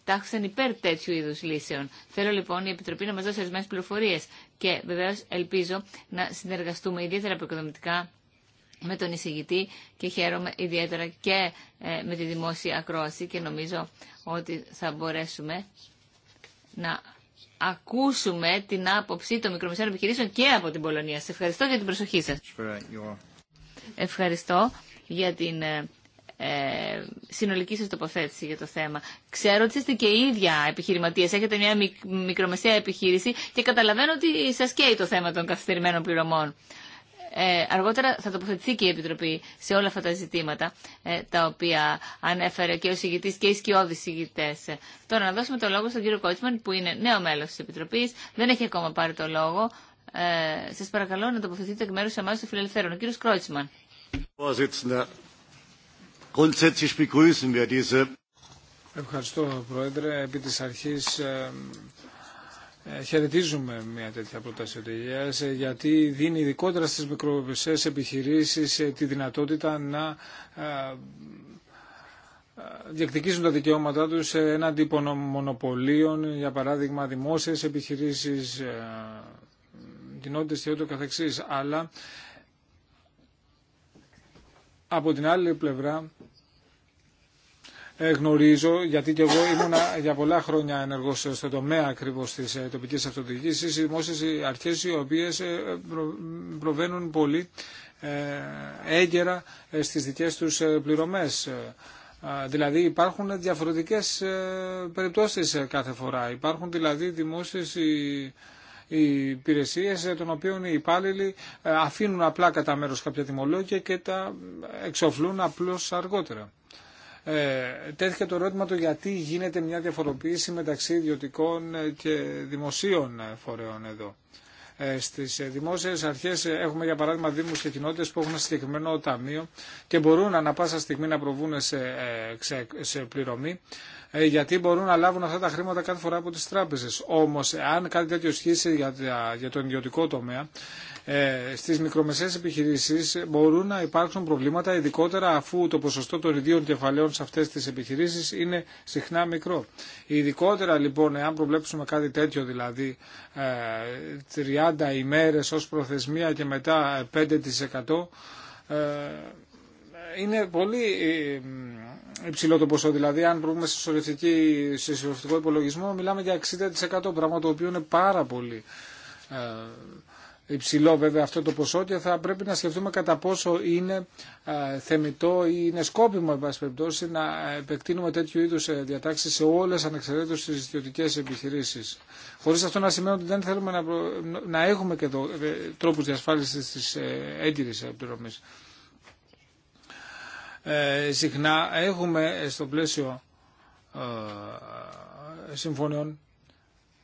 τάχθησαν υπέρ τέτοιου είδου λύσεων. Θέλω λοιπόν η Επιτροπή να μα δώσει ορισμένε πληροφορίε και βεβαίω ελπίζω να συνεργαστούμε ιδιαίτερα προοικοδομητικά με τον εισηγητή και χαίρομαι ιδιαίτερα και ε, με τη δημόσια ακρόαση και νομίζω ότι θα μπορέσουμε να ακούσουμε την άποψη των μικρομεσαίων επιχειρήσεων και από την Πολωνία. Σε ευχαριστώ για την προσοχή σας. Ευχαριστώ για την ε, ε, συνολική σας τοποθέτηση για το θέμα. Ξέρω ότι είστε και ίδια επιχειρηματίες, έχετε μια μικρομεσαία επιχείρηση και καταλαβαίνω ότι σας καίει το θέμα των καθυστερημένων πληρωμών. Ε, αργότερα θα τοποθετηθεί και η Επιτροπή σε όλα αυτά τα ζητήματα ε, τα οποία ανέφερε και ο συγητή και οι σκιώδει συγητέ. Τώρα να δώσουμε το λόγο στον κύριο Κότσμαν που είναι νέο μέλο τη Επιτροπή, δεν έχει ακόμα πάρει το λόγο. Ε, Σα παρακαλώ να τοποθετείτε εκ μέρου εμά του φιλελευθέρων. Ο κύριο Κρότσμαν. Ευχαριστώ, Πρόεδρε. Επί της αρχής ε, ε, χαιρετίζουμε μια τέτοια πρόταση οδηγία, ε, γιατί δίνει ειδικότερα στις μικρομεσαίες επιχειρήσεις ε, τη δυνατότητα να διεκδικήσουν τα δικαιώματά τους τύπο μονοπωλίων, για παράδειγμα δημόσιες επιχειρήσεις, κοινότητες και ούτω καθεξής. Αλλά από την άλλη πλευρά ε, γνωρίζω, γιατί και εγώ ήμουνα για πολλά χρόνια ενεργό στο τομέα ακριβώ τη ε, τοπική αυτοδιοίκηση, οι δημόσιε αρχέ οι οποίε ε, προβαίνουν πολύ έγκαιρα στι δικέ του πληρωμέ. Δηλαδή υπάρχουν διαφορετικές περιπτώσεις κάθε φορά. Υπάρχουν δηλαδή δημόσιες οι υπηρεσίε των οποίων οι υπάλληλοι αφήνουν απλά κατά μέρο κάποια τιμολόγια και τα εξοφλούν απλώ αργότερα. Ε, τέθηκε το ερώτημα το γιατί γίνεται μια διαφοροποίηση μεταξύ ιδιωτικών ε, και δημοσίων ε, φορέων εδώ. Στι δημόσιε αρχέ έχουμε για παράδειγμα δήμου και κοινότητε που έχουν συγκεκριμένο ταμείο και μπορούν ανα πάσα στιγμή να προβούν σε πληρωμή. Ε, γιατί μπορούν να λάβουν αυτά τα χρήματα κάθε φορά από τις τράπεζες. Όμως, αν κάτι τέτοιο ισχύσει για, το ιδιωτικό τομέα, ε, στις μικρομεσαίες επιχειρήσεις μπορούν να υπάρξουν προβλήματα, ειδικότερα αφού το ποσοστό των ιδίων κεφαλαίων σε αυτές τις επιχειρήσεις είναι συχνά μικρό. Ειδικότερα λοιπόν, εάν προβλέψουμε κάτι τέτοιο, δηλαδή 30 ε, ημέρες ως προθεσμία και μετά 5% ε, είναι πολύ ε, υψηλό το ποσό. Δηλαδή, αν προβούμε σε συσσωρευτικό υπολογισμό, μιλάμε για 60%, πράγμα το οποίο είναι πάρα πολύ ε, υψηλό βέβαια αυτό το ποσό και θα πρέπει να σκεφτούμε κατά πόσο είναι ε, θεμητό ή είναι σκόπιμο εν να επεκτείνουμε τέτοιου είδους διατάξεις σε όλες ανεξαρτήτως τις ιδιωτικέ επιχειρήσεις. Χωρίς αυτό να σημαίνει ότι δεν θέλουμε να, να έχουμε και εδώ τρόπους διασφάλισης της έγκυρης πληρωμή. Ε, συχνά έχουμε στο πλαίσιο ε, συμφωνιών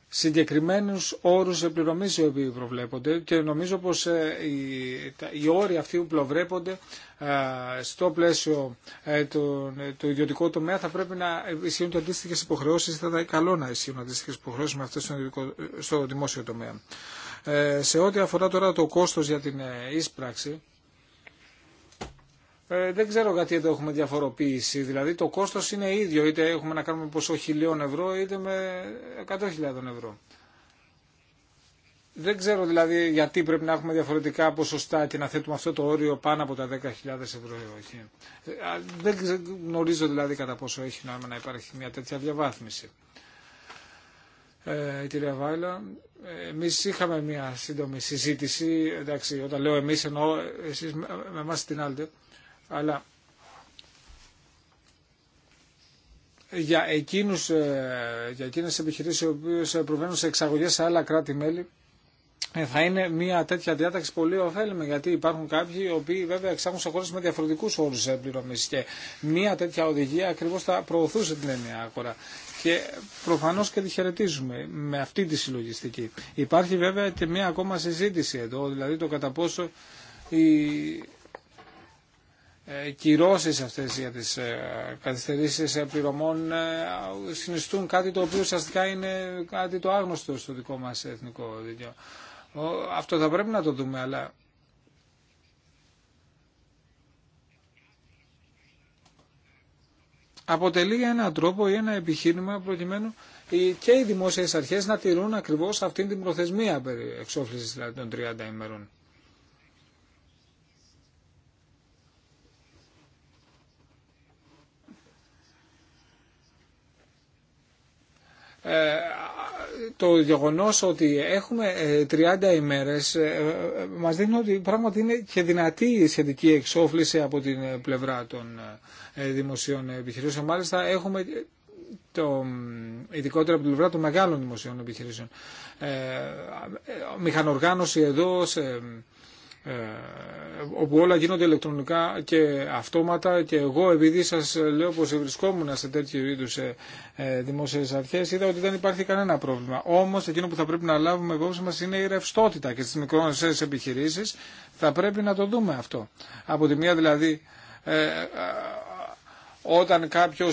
συγκεκριμένους όρους επιπληρωμής οι οποίοι προβλέπονται και νομίζω πως ε, οι, τα, οι όροι αυτοί που προβλέπονται στο πλαίσιο του, το ιδιωτικού τομέα θα πρέπει να ισχύουν και αντίστοιχε υποχρεώσει. Θα ήταν καλό να ισχύουν αντίστοιχε υποχρεώσεις με αυτές στο δημόσιο τομέα. σε ό,τι αφορά τώρα το κόστος για την εισπράξη, ε, δεν ξέρω γιατί εδώ έχουμε διαφοροποίηση. Δηλαδή το κόστος είναι ίδιο, είτε έχουμε να κάνουμε ποσό χιλιών ευρώ είτε με 100.000 ευρώ. Δεν ξέρω δηλαδή γιατί πρέπει να έχουμε διαφορετικά ποσοστά και να θέτουμε αυτό το όριο πάνω από τα 10.000 ευρώ ή όχι. Ε, δεν γνωρίζω δηλαδή κατά πόσο έχει νόημα να υπάρχει μια τέτοια διαβάθμιση. Ε, κυρία Βάιλα, εμεί είχαμε μια σύντομη συζήτηση. Εντάξει, όταν λέω εμεί εννοώ εσεί με εμά την άλλη αλλά για, εκείνους, ε, για εκείνες επιχειρήσεις οι οποίες προβαίνουν σε εξαγωγές σε άλλα κράτη-μέλη ε, θα είναι μια τέτοια διάταξη πολύ ωφέλιμη γιατί υπάρχουν κάποιοι οι οποίοι βέβαια εξάγουν σε χώρες με διαφορετικούς όρους πληρωμής και μια τέτοια οδηγία ακριβώς θα προωθούσε την ενιαία άκορα. και προφανώς και τη χαιρετίζουμε με αυτή τη συλλογιστική. Υπάρχει βέβαια και μια ακόμα συζήτηση εδώ, δηλαδή το κατά πόσο η ε, κυρώσεις αυτές για τις ε, καθυστερήσεις ε, πληρωμών συνιστούν κάτι το οποίο ουσιαστικά είναι κάτι το άγνωστο στο δικό μας εθνικό δίκαιο. Αυτό θα πρέπει να το δούμε, αλλά αποτελεί ένα τρόπο ή ένα επιχείρημα προκειμένου και οι δημόσιες αρχές να τηρούν ακριβώς αυτήν την προθεσμία περί εξόφλησης δηλαδή των 30 ημερών. Ε, το γεγονός ότι έχουμε 30 ε, ημέρες ε, μας δείχνει ότι πράγματι είναι και δυνατή η σχετική εξόφληση από την πλευρά των δημοσίων επιχειρήσεων. Μάλιστα έχουμε το ειδικότερα από την πλευρά των μεγάλων δημοσίων επιχειρήσεων. Ε, μηχανοργάνωση εδώ ε, όπου όλα γίνονται ηλεκτρονικά και αυτόματα και εγώ επειδή σας λέω πως βρισκόμουν σε τέτοιου είδους ε, ε, δημόσιες αρχές είδα ότι δεν υπάρχει κανένα πρόβλημα. Όμως εκείνο που θα πρέπει να λάβουμε υπόψη μας είναι η ρευστότητα και στις μικρόνες επιχειρήσεις θα πρέπει να το δούμε αυτό. Από τη μία δηλαδή όταν κάποιο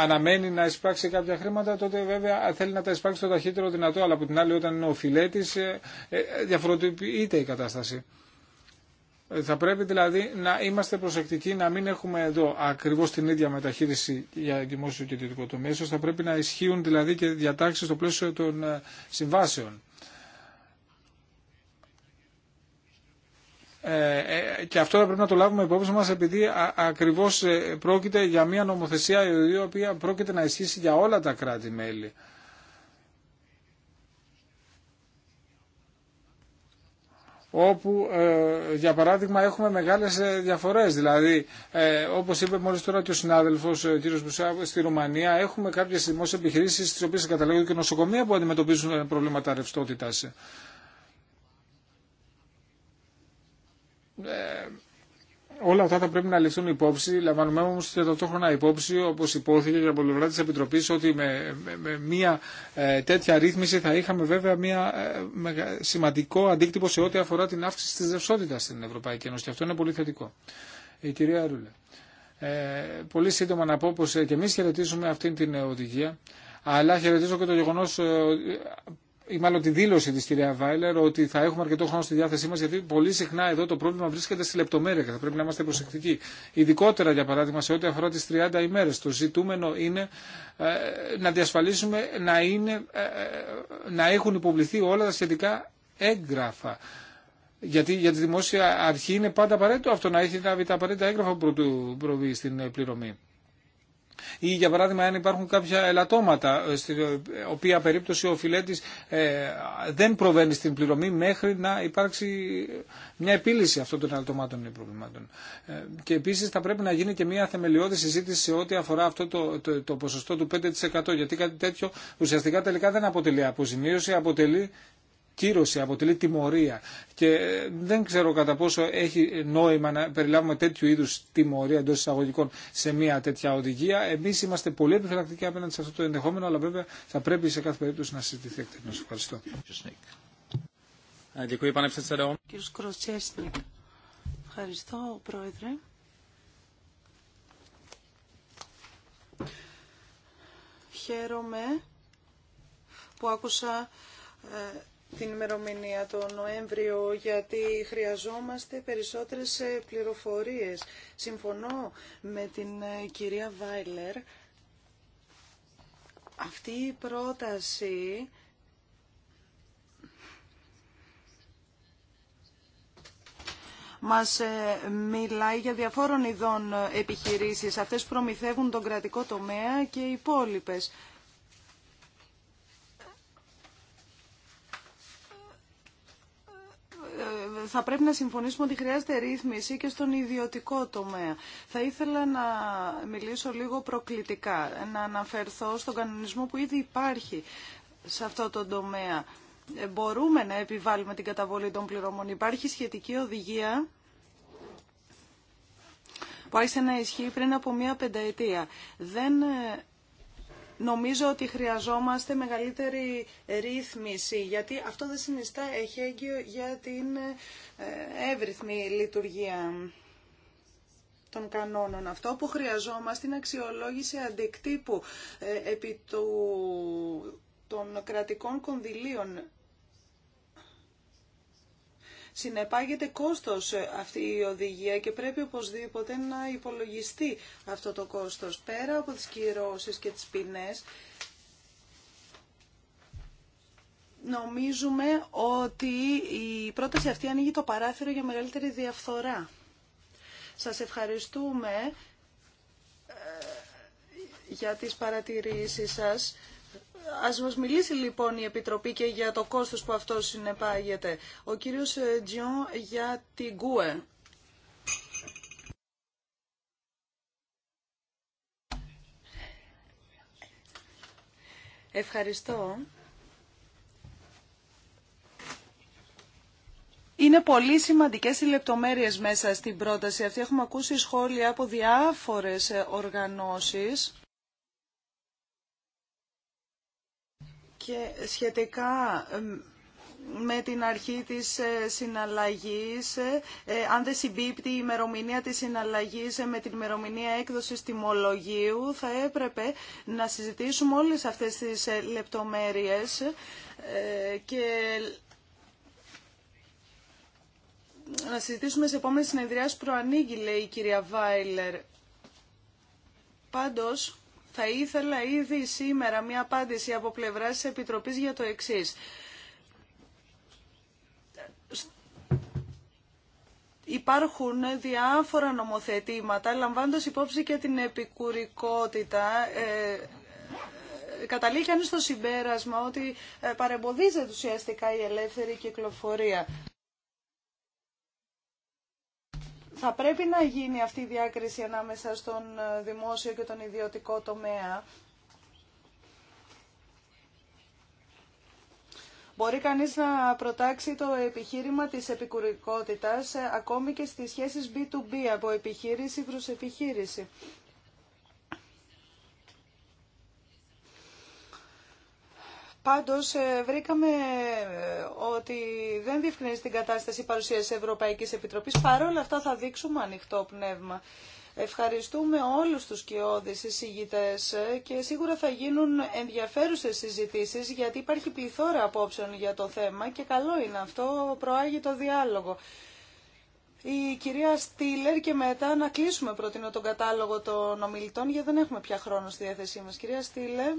αναμένει να εισπράξει κάποια χρήματα, τότε βέβαια θέλει να τα εισπράξει το ταχύτερο δυνατό. Αλλά από την άλλη, όταν είναι ο φιλέτη, διαφοροποιείται η κατάσταση. Θα πρέπει δηλαδή να είμαστε προσεκτικοί να μην έχουμε εδώ ακριβώς την ίδια μεταχείριση για δημόσιο και ιδιωτικό τομέα. Ίσως θα πρέπει να ισχύουν δηλαδή και διατάξεις στο πλαίσιο των ε, συμβάσεων. Ε, ε, και αυτό θα πρέπει να το λάβουμε υπόψη μας επειδή ακριβώς πρόκειται για μια νομοθεσία η οποία πρόκειται να ισχύσει για όλα τα κράτη-μέλη. όπου ε, για παράδειγμα έχουμε μεγάλες ε, διαφορές. Δηλαδή, ε, όπως είπε μόλις τώρα και ο συνάδελφος κ. Μπουσά, στη Ρουμανία έχουμε κάποιες δημόσιες επιχειρήσεις στις οποίες καταλήγουν και νοσοκομεία που αντιμετωπίζουν προβλήματα ρευστότητας όλα αυτά θα πρέπει να ληφθούν υπόψη. Λαμβάνουμε όμω και ταυτόχρονα υπόψη, όπω υπόθηκε και από πλευρά τη Επιτροπή, ότι με, μια ε, τέτοια ρύθμιση θα είχαμε βέβαια μια, ε, σημαντικό αντίκτυπο σε ό,τι αφορά την αύξηση τη δευσότητα στην Ευρωπαϊκή Ένωση. Και αυτό είναι πολύ θετικό. Η κυρία Ρούλε. Ε, πολύ σύντομα να πω πω ε, και εμεί χαιρετίζουμε αυτή την οδηγία, αλλά χαιρετίζω και το γεγονό ε, ή μάλλον τη δήλωση τη κυρία Βάιλερ ότι θα έχουμε αρκετό χρόνο στη διάθεσή μα γιατί πολύ συχνά εδώ το πρόβλημα βρίσκεται στη λεπτομέρεια και θα πρέπει να είμαστε προσεκτικοί. Ειδικότερα για παράδειγμα σε ό,τι αφορά τι 30 ημέρε, Το ζητούμενο είναι ε, να διασφαλίσουμε να, είναι, ε, ε, να έχουν υποβληθεί όλα τα σχετικά έγγραφα. Γιατί για τη δημόσια αρχή είναι πάντα απαραίτητο αυτό να έχει λάβει τα απαραίτητα έγγραφα που προβεί στην πληρωμή. Ή για παράδειγμα αν υπάρχουν κάποια ελαττώματα, ε, στην οποία περίπτωση ο φιλέτης ε, δεν προβαίνει στην πληρωμή μέχρι να υπάρξει μια επίλυση αυτών των ελαττωμάτων ή προβλημάτων. Ε, και επίσης θα πρέπει να γίνει και μια θεμελιώδη συζήτηση σε ό,τι αφορά αυτό το, το, το ποσοστό του 5% γιατί κάτι τέτοιο ουσιαστικά τελικά δεν αποτελεί αποζημίωση, αποτελεί κύρωση, αποτελεί τιμωρία. Και δεν ξέρω κατά πόσο έχει νόημα να περιλάβουμε τέτοιου είδου τιμωρία εντό εισαγωγικών σε μια τέτοια οδηγία. Εμεί είμαστε πολύ επιφυλακτικοί απέναντι σε αυτό το ενδεχόμενο, αλλά βέβαια θα πρέπει σε κάθε περίπτωση να συζητηθεί εκτενώ. Ευχαριστώ. Ε, Ευχαριστώ, Πρόεδρε. Χαίρομαι που άκουσα ε, την ημερομηνία τον Νοέμβριο γιατί χρειαζόμαστε περισσότερες ε, πληροφορίες. Συμφωνώ με την ε, κυρία Βάιλερ. Αυτή η πρόταση μας ε, μιλάει για διαφόρων ειδών επιχειρήσεις. Αυτές προμηθεύουν τον κρατικό τομέα και οι υπόλοιπες. θα πρέπει να συμφωνήσουμε ότι χρειάζεται ρύθμιση και στον ιδιωτικό τομέα. Θα ήθελα να μιλήσω λίγο προκλητικά, να αναφερθώ στον κανονισμό που ήδη υπάρχει σε αυτό το τομέα. Ε, μπορούμε να επιβάλλουμε την καταβολή των πληρωμών. Υπάρχει σχετική οδηγία που άρχισε να ισχύει πριν από μία πενταετία. Δεν ε, Νομίζω ότι χρειαζόμαστε μεγαλύτερη ρύθμιση, γιατί αυτό δεν συνιστά έχει για την ε, εύρυθμη λειτουργία των κανόνων. Αυτό που χρειαζόμαστε είναι αξιολόγηση αντικτύπου ε, επί του, των κρατικών κονδυλίων Συνεπάγεται κόστος ε, αυτή η οδηγία και πρέπει οπωσδήποτε να υπολογιστεί αυτό το κόστος. Πέρα από τις κυρώσεις και τις ποινές, νομίζουμε ότι η πρόταση αυτή ανοίγει το παράθυρο για μεγαλύτερη διαφθορά. Σας ευχαριστούμε ε, για τις παρατηρήσεις σας. Ας μας μιλήσει λοιπόν η Επιτροπή και για το κόστος που αυτό συνεπάγεται. Ο κύριος ε, Τζιόν για την ΚΟΕ. Ευχαριστώ. Είναι πολύ σημαντικές οι λεπτομέρειες μέσα στην πρόταση αυτή. Έχουμε ακούσει σχόλια από διάφορες ε, οργανώσεις. και σχετικά με την αρχή της ε, συναλλαγής, ε, ε, αν δεν συμπίπτει η ημερομηνία της συναλλαγής με την ημερομηνία έκδοσης τιμολογίου, θα έπρεπε να συζητήσουμε όλες αυτές τις λεπτομέρειες και να συζητήσουμε σε επόμενη συνεδριά που λέει η κυρία Βάιλερ. Πάντως, θα ήθελα ήδη σήμερα μια απάντηση από πλευρά τη Επιτροπής για το εξή. Υπάρχουν διάφορα νομοθετήματα, λαμβάνοντας υπόψη και την επικουρικότητα, ε, ε, καταλήγει κανείς στο συμπέρασμα ότι ε, παρεμποδίζεται ουσιαστικά η ελεύθερη κυκλοφορία. Θα πρέπει να γίνει αυτή η διάκριση ανάμεσα στον ε, δημόσιο και τον ιδιωτικό τομέα. Μπορεί κανείς να προτάξει το επιχείρημα της επικουρικότητας ε, ακόμη και στις σχέσεις B2B από επιχείρηση προς επιχείρηση. Πάντως ε, βρήκαμε ε, ότι δεν διευκρινίζει την κατάσταση η παρουσία της Ευρωπαϊκής Επιτροπής. Παρόλα αυτά θα δείξουμε ανοιχτό πνεύμα. Ευχαριστούμε όλους τους κοιόδης εισηγητές ε, και σίγουρα θα γίνουν ενδιαφέρουσες συζητήσεις γιατί υπάρχει πληθώρα απόψεων για το θέμα και καλό είναι αυτό, προάγει το διάλογο. Η κυρία Στήλερ και μετά να κλείσουμε προτείνω τον κατάλογο των ομιλητών γιατί δεν έχουμε πια χρόνο στη διάθεσή μας. Κυρία Στήλερ,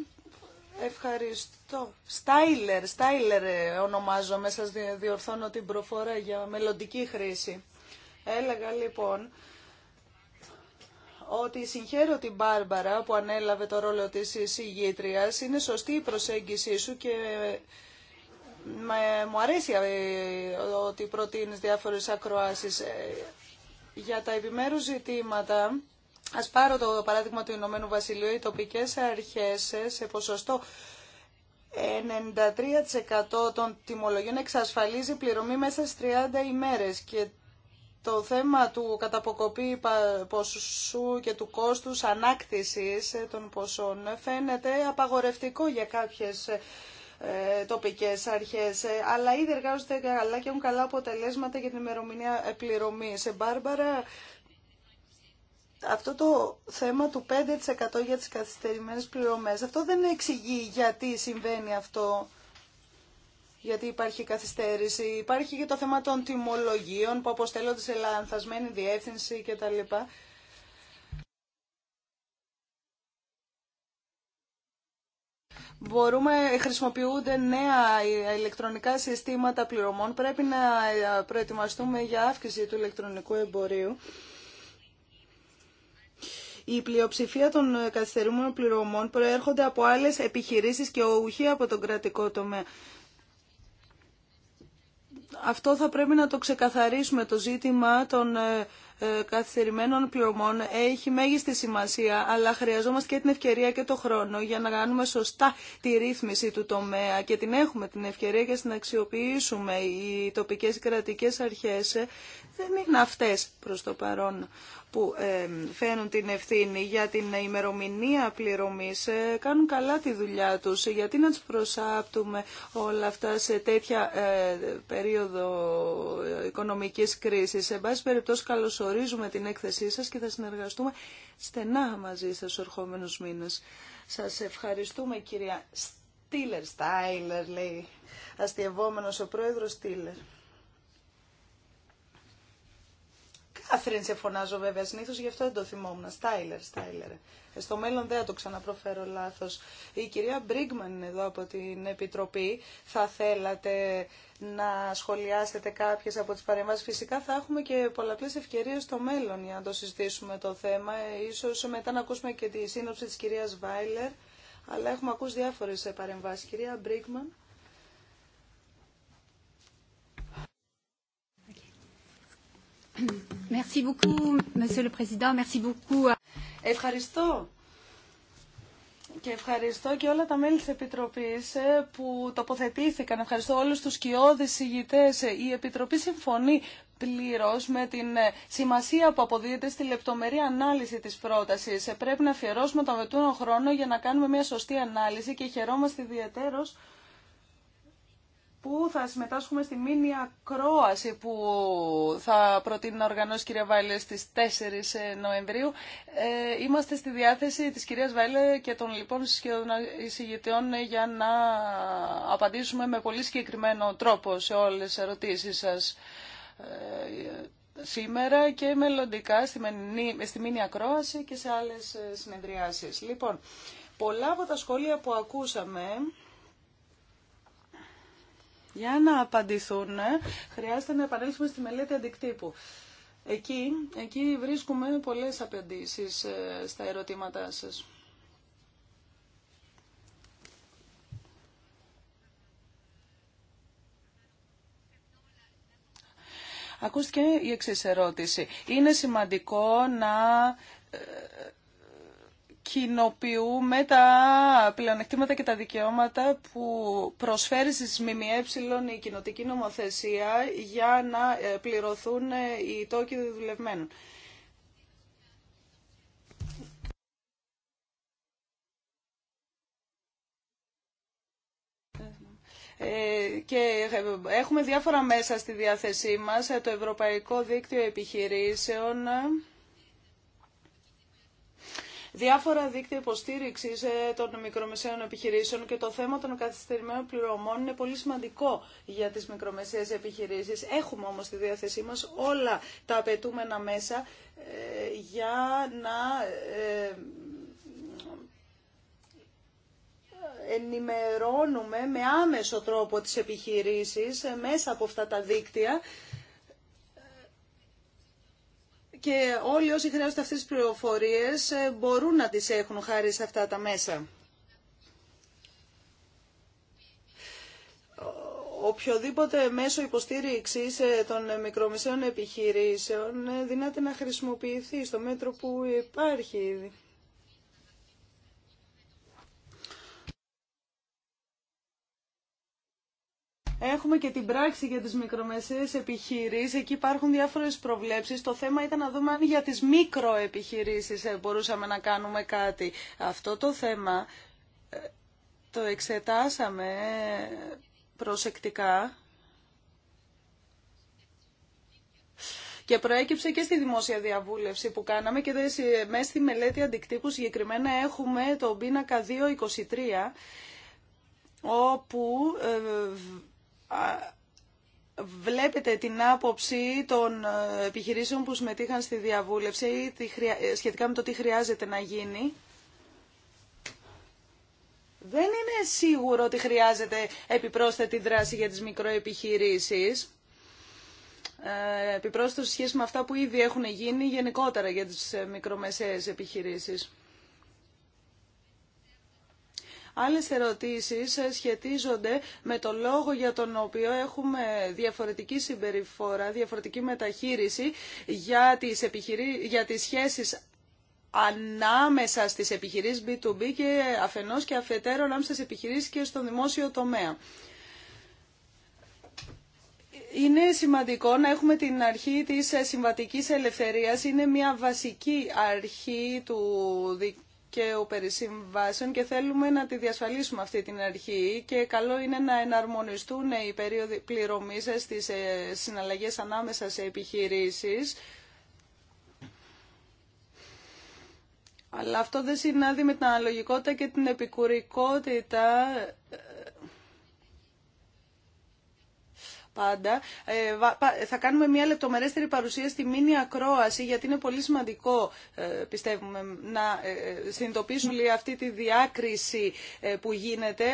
Ευχαριστώ. Στάιλερ, Στάιλερ ε, ονομάζομαι, σας διορθώνω την προφορά για μελλοντική χρήση. Έλεγα λοιπόν ότι συγχαίρω την Μπάρμπαρα που ανέλαβε το ρόλο της συγγήτριας. Είναι σωστή η προσέγγιση σου και ε, μου αρέσει ε, ότι προτείνεις διάφορες ακροάσεις. Για τα επιμέρους ζητήματα Α πάρω το παράδειγμα του Ηνωμένου Βασιλείου, οι τοπικές αρχές σε ποσοστό 93% των τιμολογιών εξασφαλίζει πληρωμή μέσα στι 30 ημέρε. και το θέμα του καταποκοπή ποσού και του κόστους ανάκτησης των ποσών φαίνεται απαγορευτικό για κάποιες ε, τοπικές αρχές, αλλά ήδη εργάζονται καλά και έχουν καλά αποτελέσματα για την ημερομηνία πληρωμή. Σε Μπάρμπαρα, αυτό το θέμα του 5% για τις καθυστερημένες πληρωμές, αυτό δεν εξηγεί γιατί συμβαίνει αυτό, γιατί υπάρχει καθυστέρηση. Υπάρχει και το θέμα των τιμολογίων που αποστέλλονται σε λανθασμένη διεύθυνση κτλ. Μπορούμε, χρησιμοποιούνται νέα ηλεκτρονικά συστήματα πληρωμών. Πρέπει να προετοιμαστούμε για αύξηση του ηλεκτρονικού εμπορίου. Η πλειοψηφία των καθυστερούμενων πληρωμών προέρχονται από άλλε επιχειρήσεις και όχι από τον κρατικό τομέα. Αυτό θα πρέπει να το ξεκαθαρίσουμε. Το ζήτημα των ε, ε, καθυστερημένων πληρωμών έχει μέγιστη σημασία, αλλά χρειαζόμαστε και την ευκαιρία και το χρόνο για να κάνουμε σωστά τη ρύθμιση του τομέα και την έχουμε την ευκαιρία και να αξιοποιήσουμε. Οι τοπικές κρατικές αρχές ε, δεν είναι αυτές προς το παρόν που φαίνουν την ευθύνη για την ημερομηνία πληρωμής ε, κάνουν καλά τη δουλειά τους. Γιατί να τους προσάπτουμε όλα αυτά σε τέτοια ε, περίοδο οικονομικής κρίσης. Σε πάση περιπτώσει καλωσορίζουμε την έκθεσή σας και θα συνεργαστούμε στενά μαζί σας ερχόμενους μήνες. Σας ευχαριστούμε κυρία Στήλερ, Στάιλερ λέει, ο πρόεδρος Στήλερ. Κάθριν σε φωνάζω βέβαια συνήθω γι' αυτό δεν το θυμόμουν. Στάιλερ, Στάιλερ. Ε, στο μέλλον δεν θα το ξαναπροφέρω λάθος. Η κυρία Μπρίγκμαν εδώ από την Επιτροπή θα θέλατε να σχολιάσετε κάποιες από τις παρεμβάσει. Φυσικά θα έχουμε και πολλαπλές ευκαιρίες στο μέλλον για να το συζητήσουμε το θέμα. Ε, ίσως μετά να ακούσουμε και τη σύνοψη της κυρία Βάιλερ. Αλλά έχουμε ακούσει διάφορε παρεμβάσει. Κυρία Μπρίγκμαν. Ευχαριστώ. Και ευχαριστώ και όλα τα μέλη της Επιτροπής ε, που τοποθετήθηκαν. Ευχαριστώ όλους τους κοιόδης ηγητές. Η Επιτροπή συμφωνεί πλήρως με την ε, σημασία που αποδίδεται στη λεπτομερή ανάλυση της πρότασης. Ε, πρέπει να αφιερώσουμε τον βετούνο χρόνο για να κάνουμε μια σωστή ανάλυση και χαιρόμαστε ιδιαίτερως που θα συμμετάσχουμε στη μήνυα ακρόαση που θα προτείνει να οργανώσει η κυρία Βάιλε στις 4 ε, Νοεμβρίου. Ε, είμαστε στη διάθεση της κυρίας Βάιλε και των λοιπόν εισηγητών για να απαντήσουμε με πολύ συγκεκριμένο τρόπο σε όλες τις ερωτήσεις σας ε, σήμερα και μελλοντικά στη, στη μήνυα ακρόαση και σε άλλες ε, συνεδριάσεις. Λοιπόν, πολλά από τα σχόλια που ακούσαμε για να απαντηθούν ε, χρειάζεται να επανέλθουμε στη μελέτη αντικτύπου. Εκεί, εκεί βρίσκουμε πολλές απαντήσεις ε, στα ερωτήματά σας. Ακούστηκε η εξής ερώτηση. Είναι σημαντικό να ε, κοινοποιούμε τα πλεονεκτήματα και τα δικαιώματα που προσφέρει στις ΜΜΕ η κοινοτική νομοθεσία για να ε, πληρωθούν ε, οι τόκοι δουλευμένων. Ε, και έχουμε διάφορα μέσα στη διάθεσή μας, το Ευρωπαϊκό Δίκτυο Επιχειρήσεων, διάφορα δίκτυα υποστήριξη ε, των μικρομεσαίων επιχειρήσεων και το θέμα των καθυστερημένων πληρωμών είναι πολύ σημαντικό για τι μικρομεσαίες επιχειρήσει. Έχουμε όμω στη διάθεσή μα όλα τα απαιτούμενα μέσα ε, για να ε, ενημερώνουμε με άμεσο τρόπο τις επιχειρήσεις μέσα από αυτά τα δίκτυα και όλοι όσοι χρειάζονται αυτές τις πληροφορίες ε, μπορούν να τις έχουν χάρη σε αυτά τα μέσα. οποιοδήποτε μέσο υποστήριξης ε, των μικρομεσαίων επιχειρήσεων ε, δύναται να χρησιμοποιηθεί στο μέτρο που υπάρχει. Έχουμε και την πράξη για τις μικρομεσαίες επιχειρήσεις. Εκεί υπάρχουν διάφορες προβλέψεις. Το θέμα ήταν να δούμε αν για τις μικροεπιχειρήσεις ε, μπορούσαμε να κάνουμε κάτι. Αυτό το θέμα ε, το εξετάσαμε προσεκτικά και προέκυψε και στη δημόσια διαβούλευση που κάναμε και μέσα στη μελέτη αντικτύπου συγκεκριμένα έχουμε τον πίνακα 223 όπου ε, βλέπετε την άποψη των ε, επιχειρήσεων που συμμετείχαν στη διαβούλευση ε, σχετικά με το τι χρειάζεται να γίνει. Δεν είναι σίγουρο ότι χρειάζεται επιπρόσθετη δράση για τις μικροεπιχειρήσεις. Ε, επιπρόσθετη σχέση με αυτά που ήδη έχουν γίνει γενικότερα για τις μικρομεσαίες επιχειρήσεις. Άλλες ερωτήσεις ε, σχετίζονται με το λόγο για τον οποίο έχουμε διαφορετική συμπεριφορά, διαφορετική μεταχείριση για τις, επιχειρή... για τις σχέσεις ανάμεσα στις επιχειρήσεις B2B και αφενός και αφετέρου ανάμεσα στις επιχειρήσεις και στον δημόσιο τομέα. Είναι σημαντικό να έχουμε την αρχή της συμβατικής ελευθερίας. Είναι μια βασική αρχή του δικαίου και περί συμβάσεων και θέλουμε να τη διασφαλίσουμε αυτή την αρχή και καλό είναι να εναρμονιστούν οι περίοδοι πληρωμής στις ε, συναλλαγές ανάμεσα σε επιχειρήσεις. Αλλά αυτό δεν συνάδει με την αναλογικότητα και την επικουρικότητα πάντα. Ε, θα κάνουμε μια λεπτομερέστερη παρουσία στη μήνυα ακρόαση, γιατί είναι πολύ σημαντικό, ε, πιστεύουμε, να ε, συνειδητοποιήσουμε αυτή τη διάκριση που γίνεται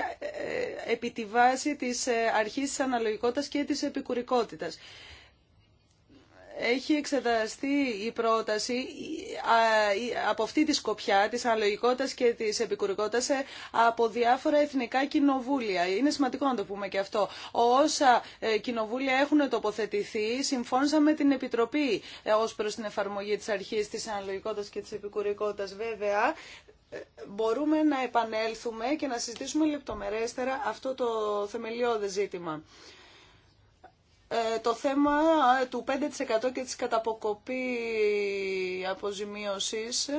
επί τη βάση της αρχής της αναλογικότητας και της επικουρικότητας έχει εξεταστεί η πρόταση από αυτή τη σκοπιά της αναλογικότητας και της επικουρικότητας από διάφορα εθνικά κοινοβούλια. Είναι σημαντικό να το πούμε και αυτό. Όσα ε, κοινοβούλια έχουν τοποθετηθεί, συμφώνησα με την Επιτροπή ε, ως προς την εφαρμογή της αρχής της αναλογικότητας και της επικουρικότητας βέβαια ε, μπορούμε να επανέλθουμε και να συζητήσουμε λεπτομερέστερα αυτό το θεμελιώδε ζήτημα. Ε, το θέμα του 5% και της καταποκοπή αποζημίωσης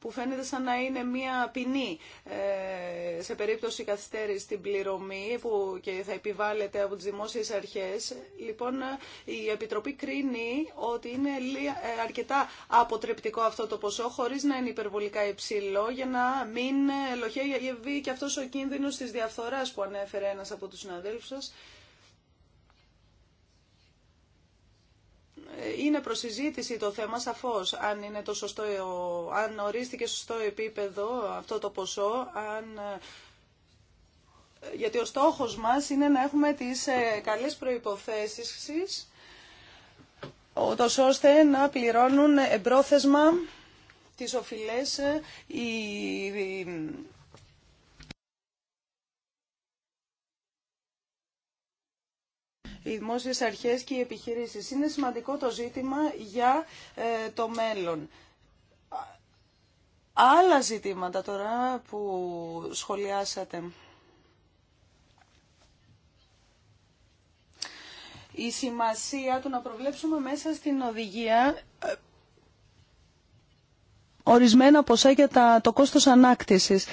που φαίνεται σαν να είναι μια ποινή ε, σε περίπτωση καθυστέρηση στην πληρωμή που και θα επιβάλλεται από τις δημόσιες αρχές. Λοιπόν, η Επιτροπή κρίνει ότι είναι ε, αρκετά αποτρεπτικό αυτό το ποσό χωρίς να είναι υπερβολικά υψηλό για να μην λοχεύει και αυτός ο κίνδυνος της διαφθοράς που ανέφερε ένας από τους συναδέλφους σας. είναι προσυζήτηση το θέμα σαφώς αν, είναι το σωστό, αν ορίστηκε σωστό επίπεδο αυτό το ποσό, αν ε, γιατί ο στόχος μας είναι να έχουμε τις ε, καλές προϋποθέσεις ώστε να πληρώνουν εμπρόθεσμα τις οφειλές ε, οι οι δημόσιες αρχές και οι επιχειρήσεις. Είναι σημαντικό το ζήτημα για ε, το μέλλον. Άλλα ζητήματα τώρα που σχολιάσατε. Η σημασία του να προβλέψουμε μέσα στην οδηγία ε, ορισμένα ποσά για τα, το κόστος ανάκτησης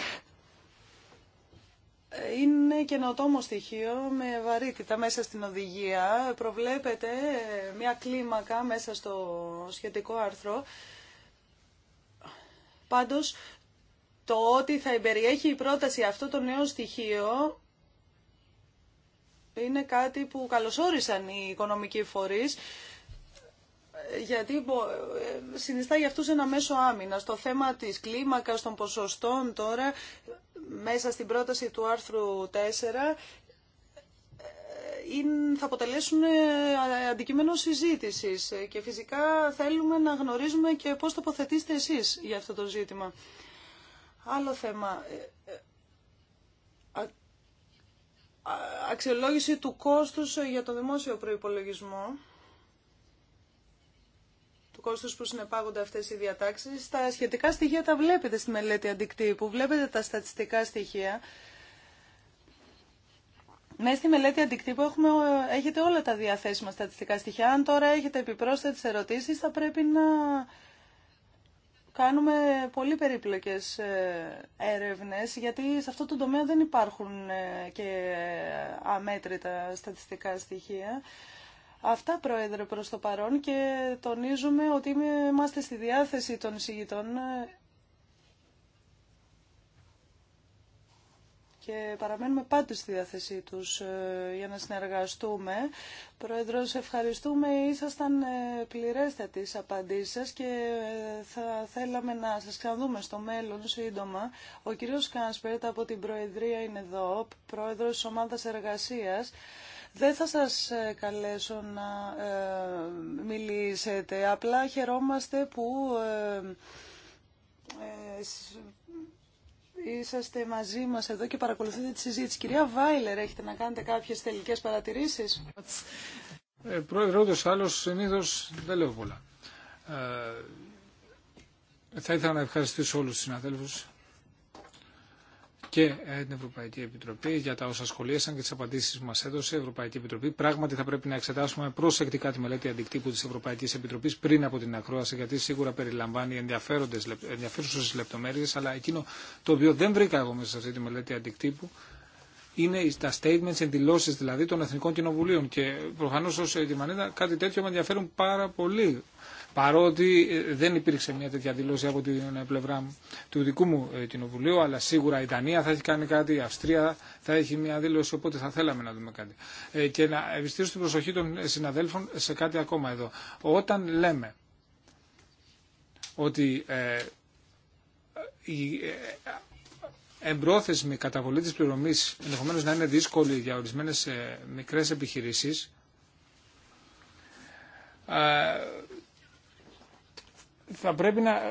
είναι καινοτόμο στοιχείο με βαρύτητα μέσα στην οδηγία. Προβλέπεται μια κλίμακα μέσα στο σχετικό άρθρο. Πάντως, το ότι θα υπεριέχει η πρόταση αυτό το νέο στοιχείο είναι κάτι που καλωσόρισαν οι οικονομικοί φορείς γιατί ε, συνιστά για αυτούς ένα μέσο άμυνα. Στο θέμα της κλίμακας των ποσοστών τώρα, μέσα στην πρόταση του άρθρου 4, ε, θα αποτελέσουν ε, αντικείμενο συζήτησης και φυσικά θέλουμε να γνωρίζουμε και πώς τοποθετήσετε εσείς για αυτό το ζήτημα. Άλλο θέμα, αξιολόγηση του κόστους για το δημόσιο προϋπολογισμό κόστος που συνεπάγονται αυτές οι διατάξεις. Τα σχετικά στοιχεία τα βλέπετε στη μελέτη αντικτύπου, βλέπετε τα στατιστικά στοιχεία. Ναι στη μελέτη αντικτύπου έχουμε, έχετε όλα τα διαθέσιμα στατιστικά στοιχεία. Αν τώρα έχετε επιπρόσθετες ερωτήσεις θα πρέπει να κάνουμε πολύ περίπλοκες ε, έρευνες γιατί σε αυτό το τομέα δεν υπάρχουν ε, και ε, αμέτρητα στατιστικά στοιχεία. Αυτά, Πρόεδρε, προς το παρόν και τονίζουμε ότι είμαστε στη διάθεση των εισηγητών ε, και παραμένουμε πάντα στη διάθεσή τους ε, για να συνεργαστούμε. Πρόεδρος, ευχαριστούμε. Ήσασταν ε, πληρέστατοι τις απαντήσεις και θα θέλαμε να σας ξαναδούμε στο μέλλον σύντομα. Ο κύριος Κάνσπερτ από την Προεδρία είναι εδώ, πρόεδρος της Ομάδας Εργασίας. Δεν θα σας ε, καλέσω να ε, μιλήσετε. Απλά χαιρόμαστε που ε, είσαστε μαζί μας εδώ και παρακολουθείτε τη συζήτηση. Κυρία Βάιλερ, έχετε να κάνετε κάποιες τελικές παρατηρήσεις. Ε, πρόεδρε, ούτως άλλως συνήθως δεν λέω πολλά. Ε, θα ήθελα να ευχαριστήσω όλους τους συναδέλφους και ε, την Ευρωπαϊκή Επιτροπή για τα όσα σχολίασαν και τι απαντήσει που μα έδωσε η Ευρωπαϊκή Επιτροπή. Πράγματι, θα πρέπει να εξετάσουμε προσεκτικά τη μελέτη αντικτύπου τη Ευρωπαϊκή Επιτροπή πριν από την ακρόαση, γιατί σίγουρα περιλαμβάνει ενδιαφέρουσε λεπτομέρειε. Αλλά εκείνο το οποίο δεν βρήκα εγώ μέσα σε αυτή τη μελέτη αντικτύπου είναι τα statements, οι δηλώσει δηλαδή των Εθνικών Κοινοβουλίων. Και προφανώ ω Γερμανίδα κάτι τέτοιο με ενδιαφέρουν πάρα πολύ παρότι ε, δεν υπήρξε μια τέτοια δήλωση από την ε, πλευρά του δικού μου ε, κοινοβουλίου, αλλά σίγουρα η Δανία θα έχει κάνει κάτι, η Αυστρία θα έχει μια δήλωση, οπότε θα θέλαμε να δούμε κάτι. Και να ευστήσω την προσοχή των συναδέλφων σε κάτι ακόμα εδώ. Όταν λέμε ότι η εμπρόθεσμη καταβολή της πληρωμής ενδεχομένως να είναι δύσκολη για ορισμένες μικρές επιχειρήσεις, θα πρέπει να ε,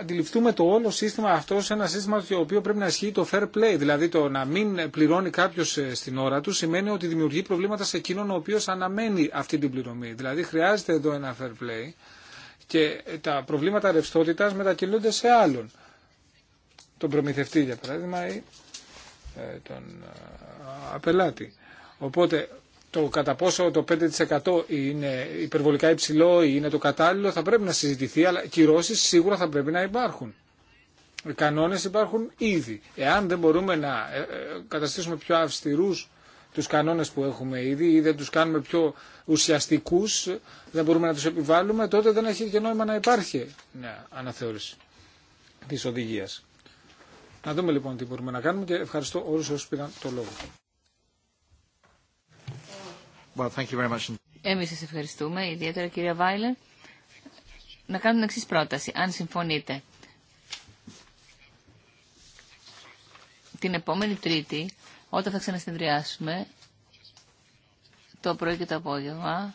αντιληφθούμε το όλο σύστημα αυτό σε ένα σύστημα το οποίο πρέπει να ισχύει το fair play. Δηλαδή το να μην πληρώνει κάποιο ε, στην ώρα του σημαίνει ότι δημιουργεί προβλήματα σε εκείνον ο οποίο αναμένει αυτή την πληρωμή. Δηλαδή χρειάζεται εδώ ένα fair play και τα προβλήματα ρευστότητα μετακινούνται σε άλλον. Τον προμηθευτή για παράδειγμα ή ε, τον απελάτη. Οπότε το κατά πόσο το 5% είναι υπερβολικά υψηλό ή είναι το κατάλληλο θα πρέπει να συζητηθεί, αλλά κυρώσεις σίγουρα θα πρέπει να υπάρχουν. Οι κανόνες υπάρχουν ήδη. Εάν δεν μπορούμε να ε, ε, καταστήσουμε πιο αυστηρούς τους κανόνες που έχουμε ήδη ή δεν τους κάνουμε πιο ουσιαστικούς, δεν μπορούμε να τους επιβάλλουμε, τότε δεν έχει και νόημα να υπάρχει μια αναθεώρηση της οδηγίας. Να δούμε λοιπόν τι μπορούμε να κάνουμε και ευχαριστώ όλους όσους πήραν το λόγο. Well, thank Εμείς σας ευχαριστούμε, ιδιαίτερα κυρία Βάιλερ. Να κάνουμε την εξής πρόταση, αν συμφωνείτε. Την επόμενη Τρίτη, όταν θα ξανασυνδριάσουμε, το πρωί και το απόγευμα,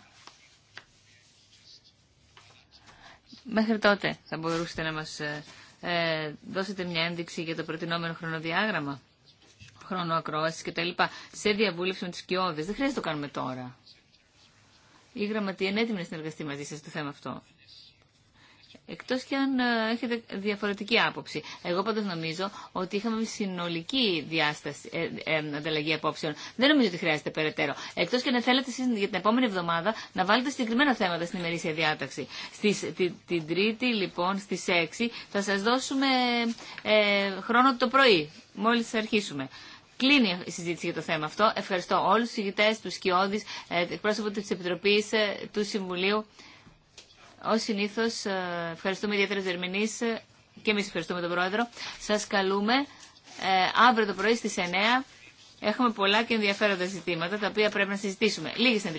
μέχρι τότε θα μπορούσατε να μας ε, ε δώσετε μια ένδειξη για το προτινόμενο χρονοδιάγραμμα χρόνο ακρόαση λοιπά σε διαβούλευση με του κοιόδε. Δεν χρειάζεται να το κάνουμε τώρα. Η γραμματεία είναι έτοιμη να συνεργαστεί μαζί σα στο θέμα αυτό. Εκτό κι αν ε, έχετε διαφορετική άποψη. Εγώ πάντω νομίζω ότι είχαμε συνολική διάσταση, ε, ε, ανταλλαγή απόψεων. Δεν νομίζω ότι χρειάζεται περαιτέρω. Εκτό και αν θέλετε εσεί για την επόμενη εβδομάδα να βάλετε συγκεκριμένα θέματα στην ημερήσια διάταξη. Στις, την, την Τρίτη, λοιπόν, στι 6 θα σα δώσουμε ε, ε, χρόνο το πρωί, μόλι αρχίσουμε. Κλείνει η συζήτηση για το θέμα αυτό. Ευχαριστώ όλου του ηγητέ, του σκιώδει, ε, εκπρόσωπο τη Επιτροπής, ε, του Συμβουλίου. Ως συνήθως, ε, ευχαριστούμε ιδιαίτερα Ζερμινή και εμείς ευχαριστούμε τον Πρόεδρο. Σας καλούμε αύριο το πρωί στις 9. Έχουμε πολλά και ενδιαφέροντα ζητήματα τα οποία πρέπει να συζητήσουμε. Λίγη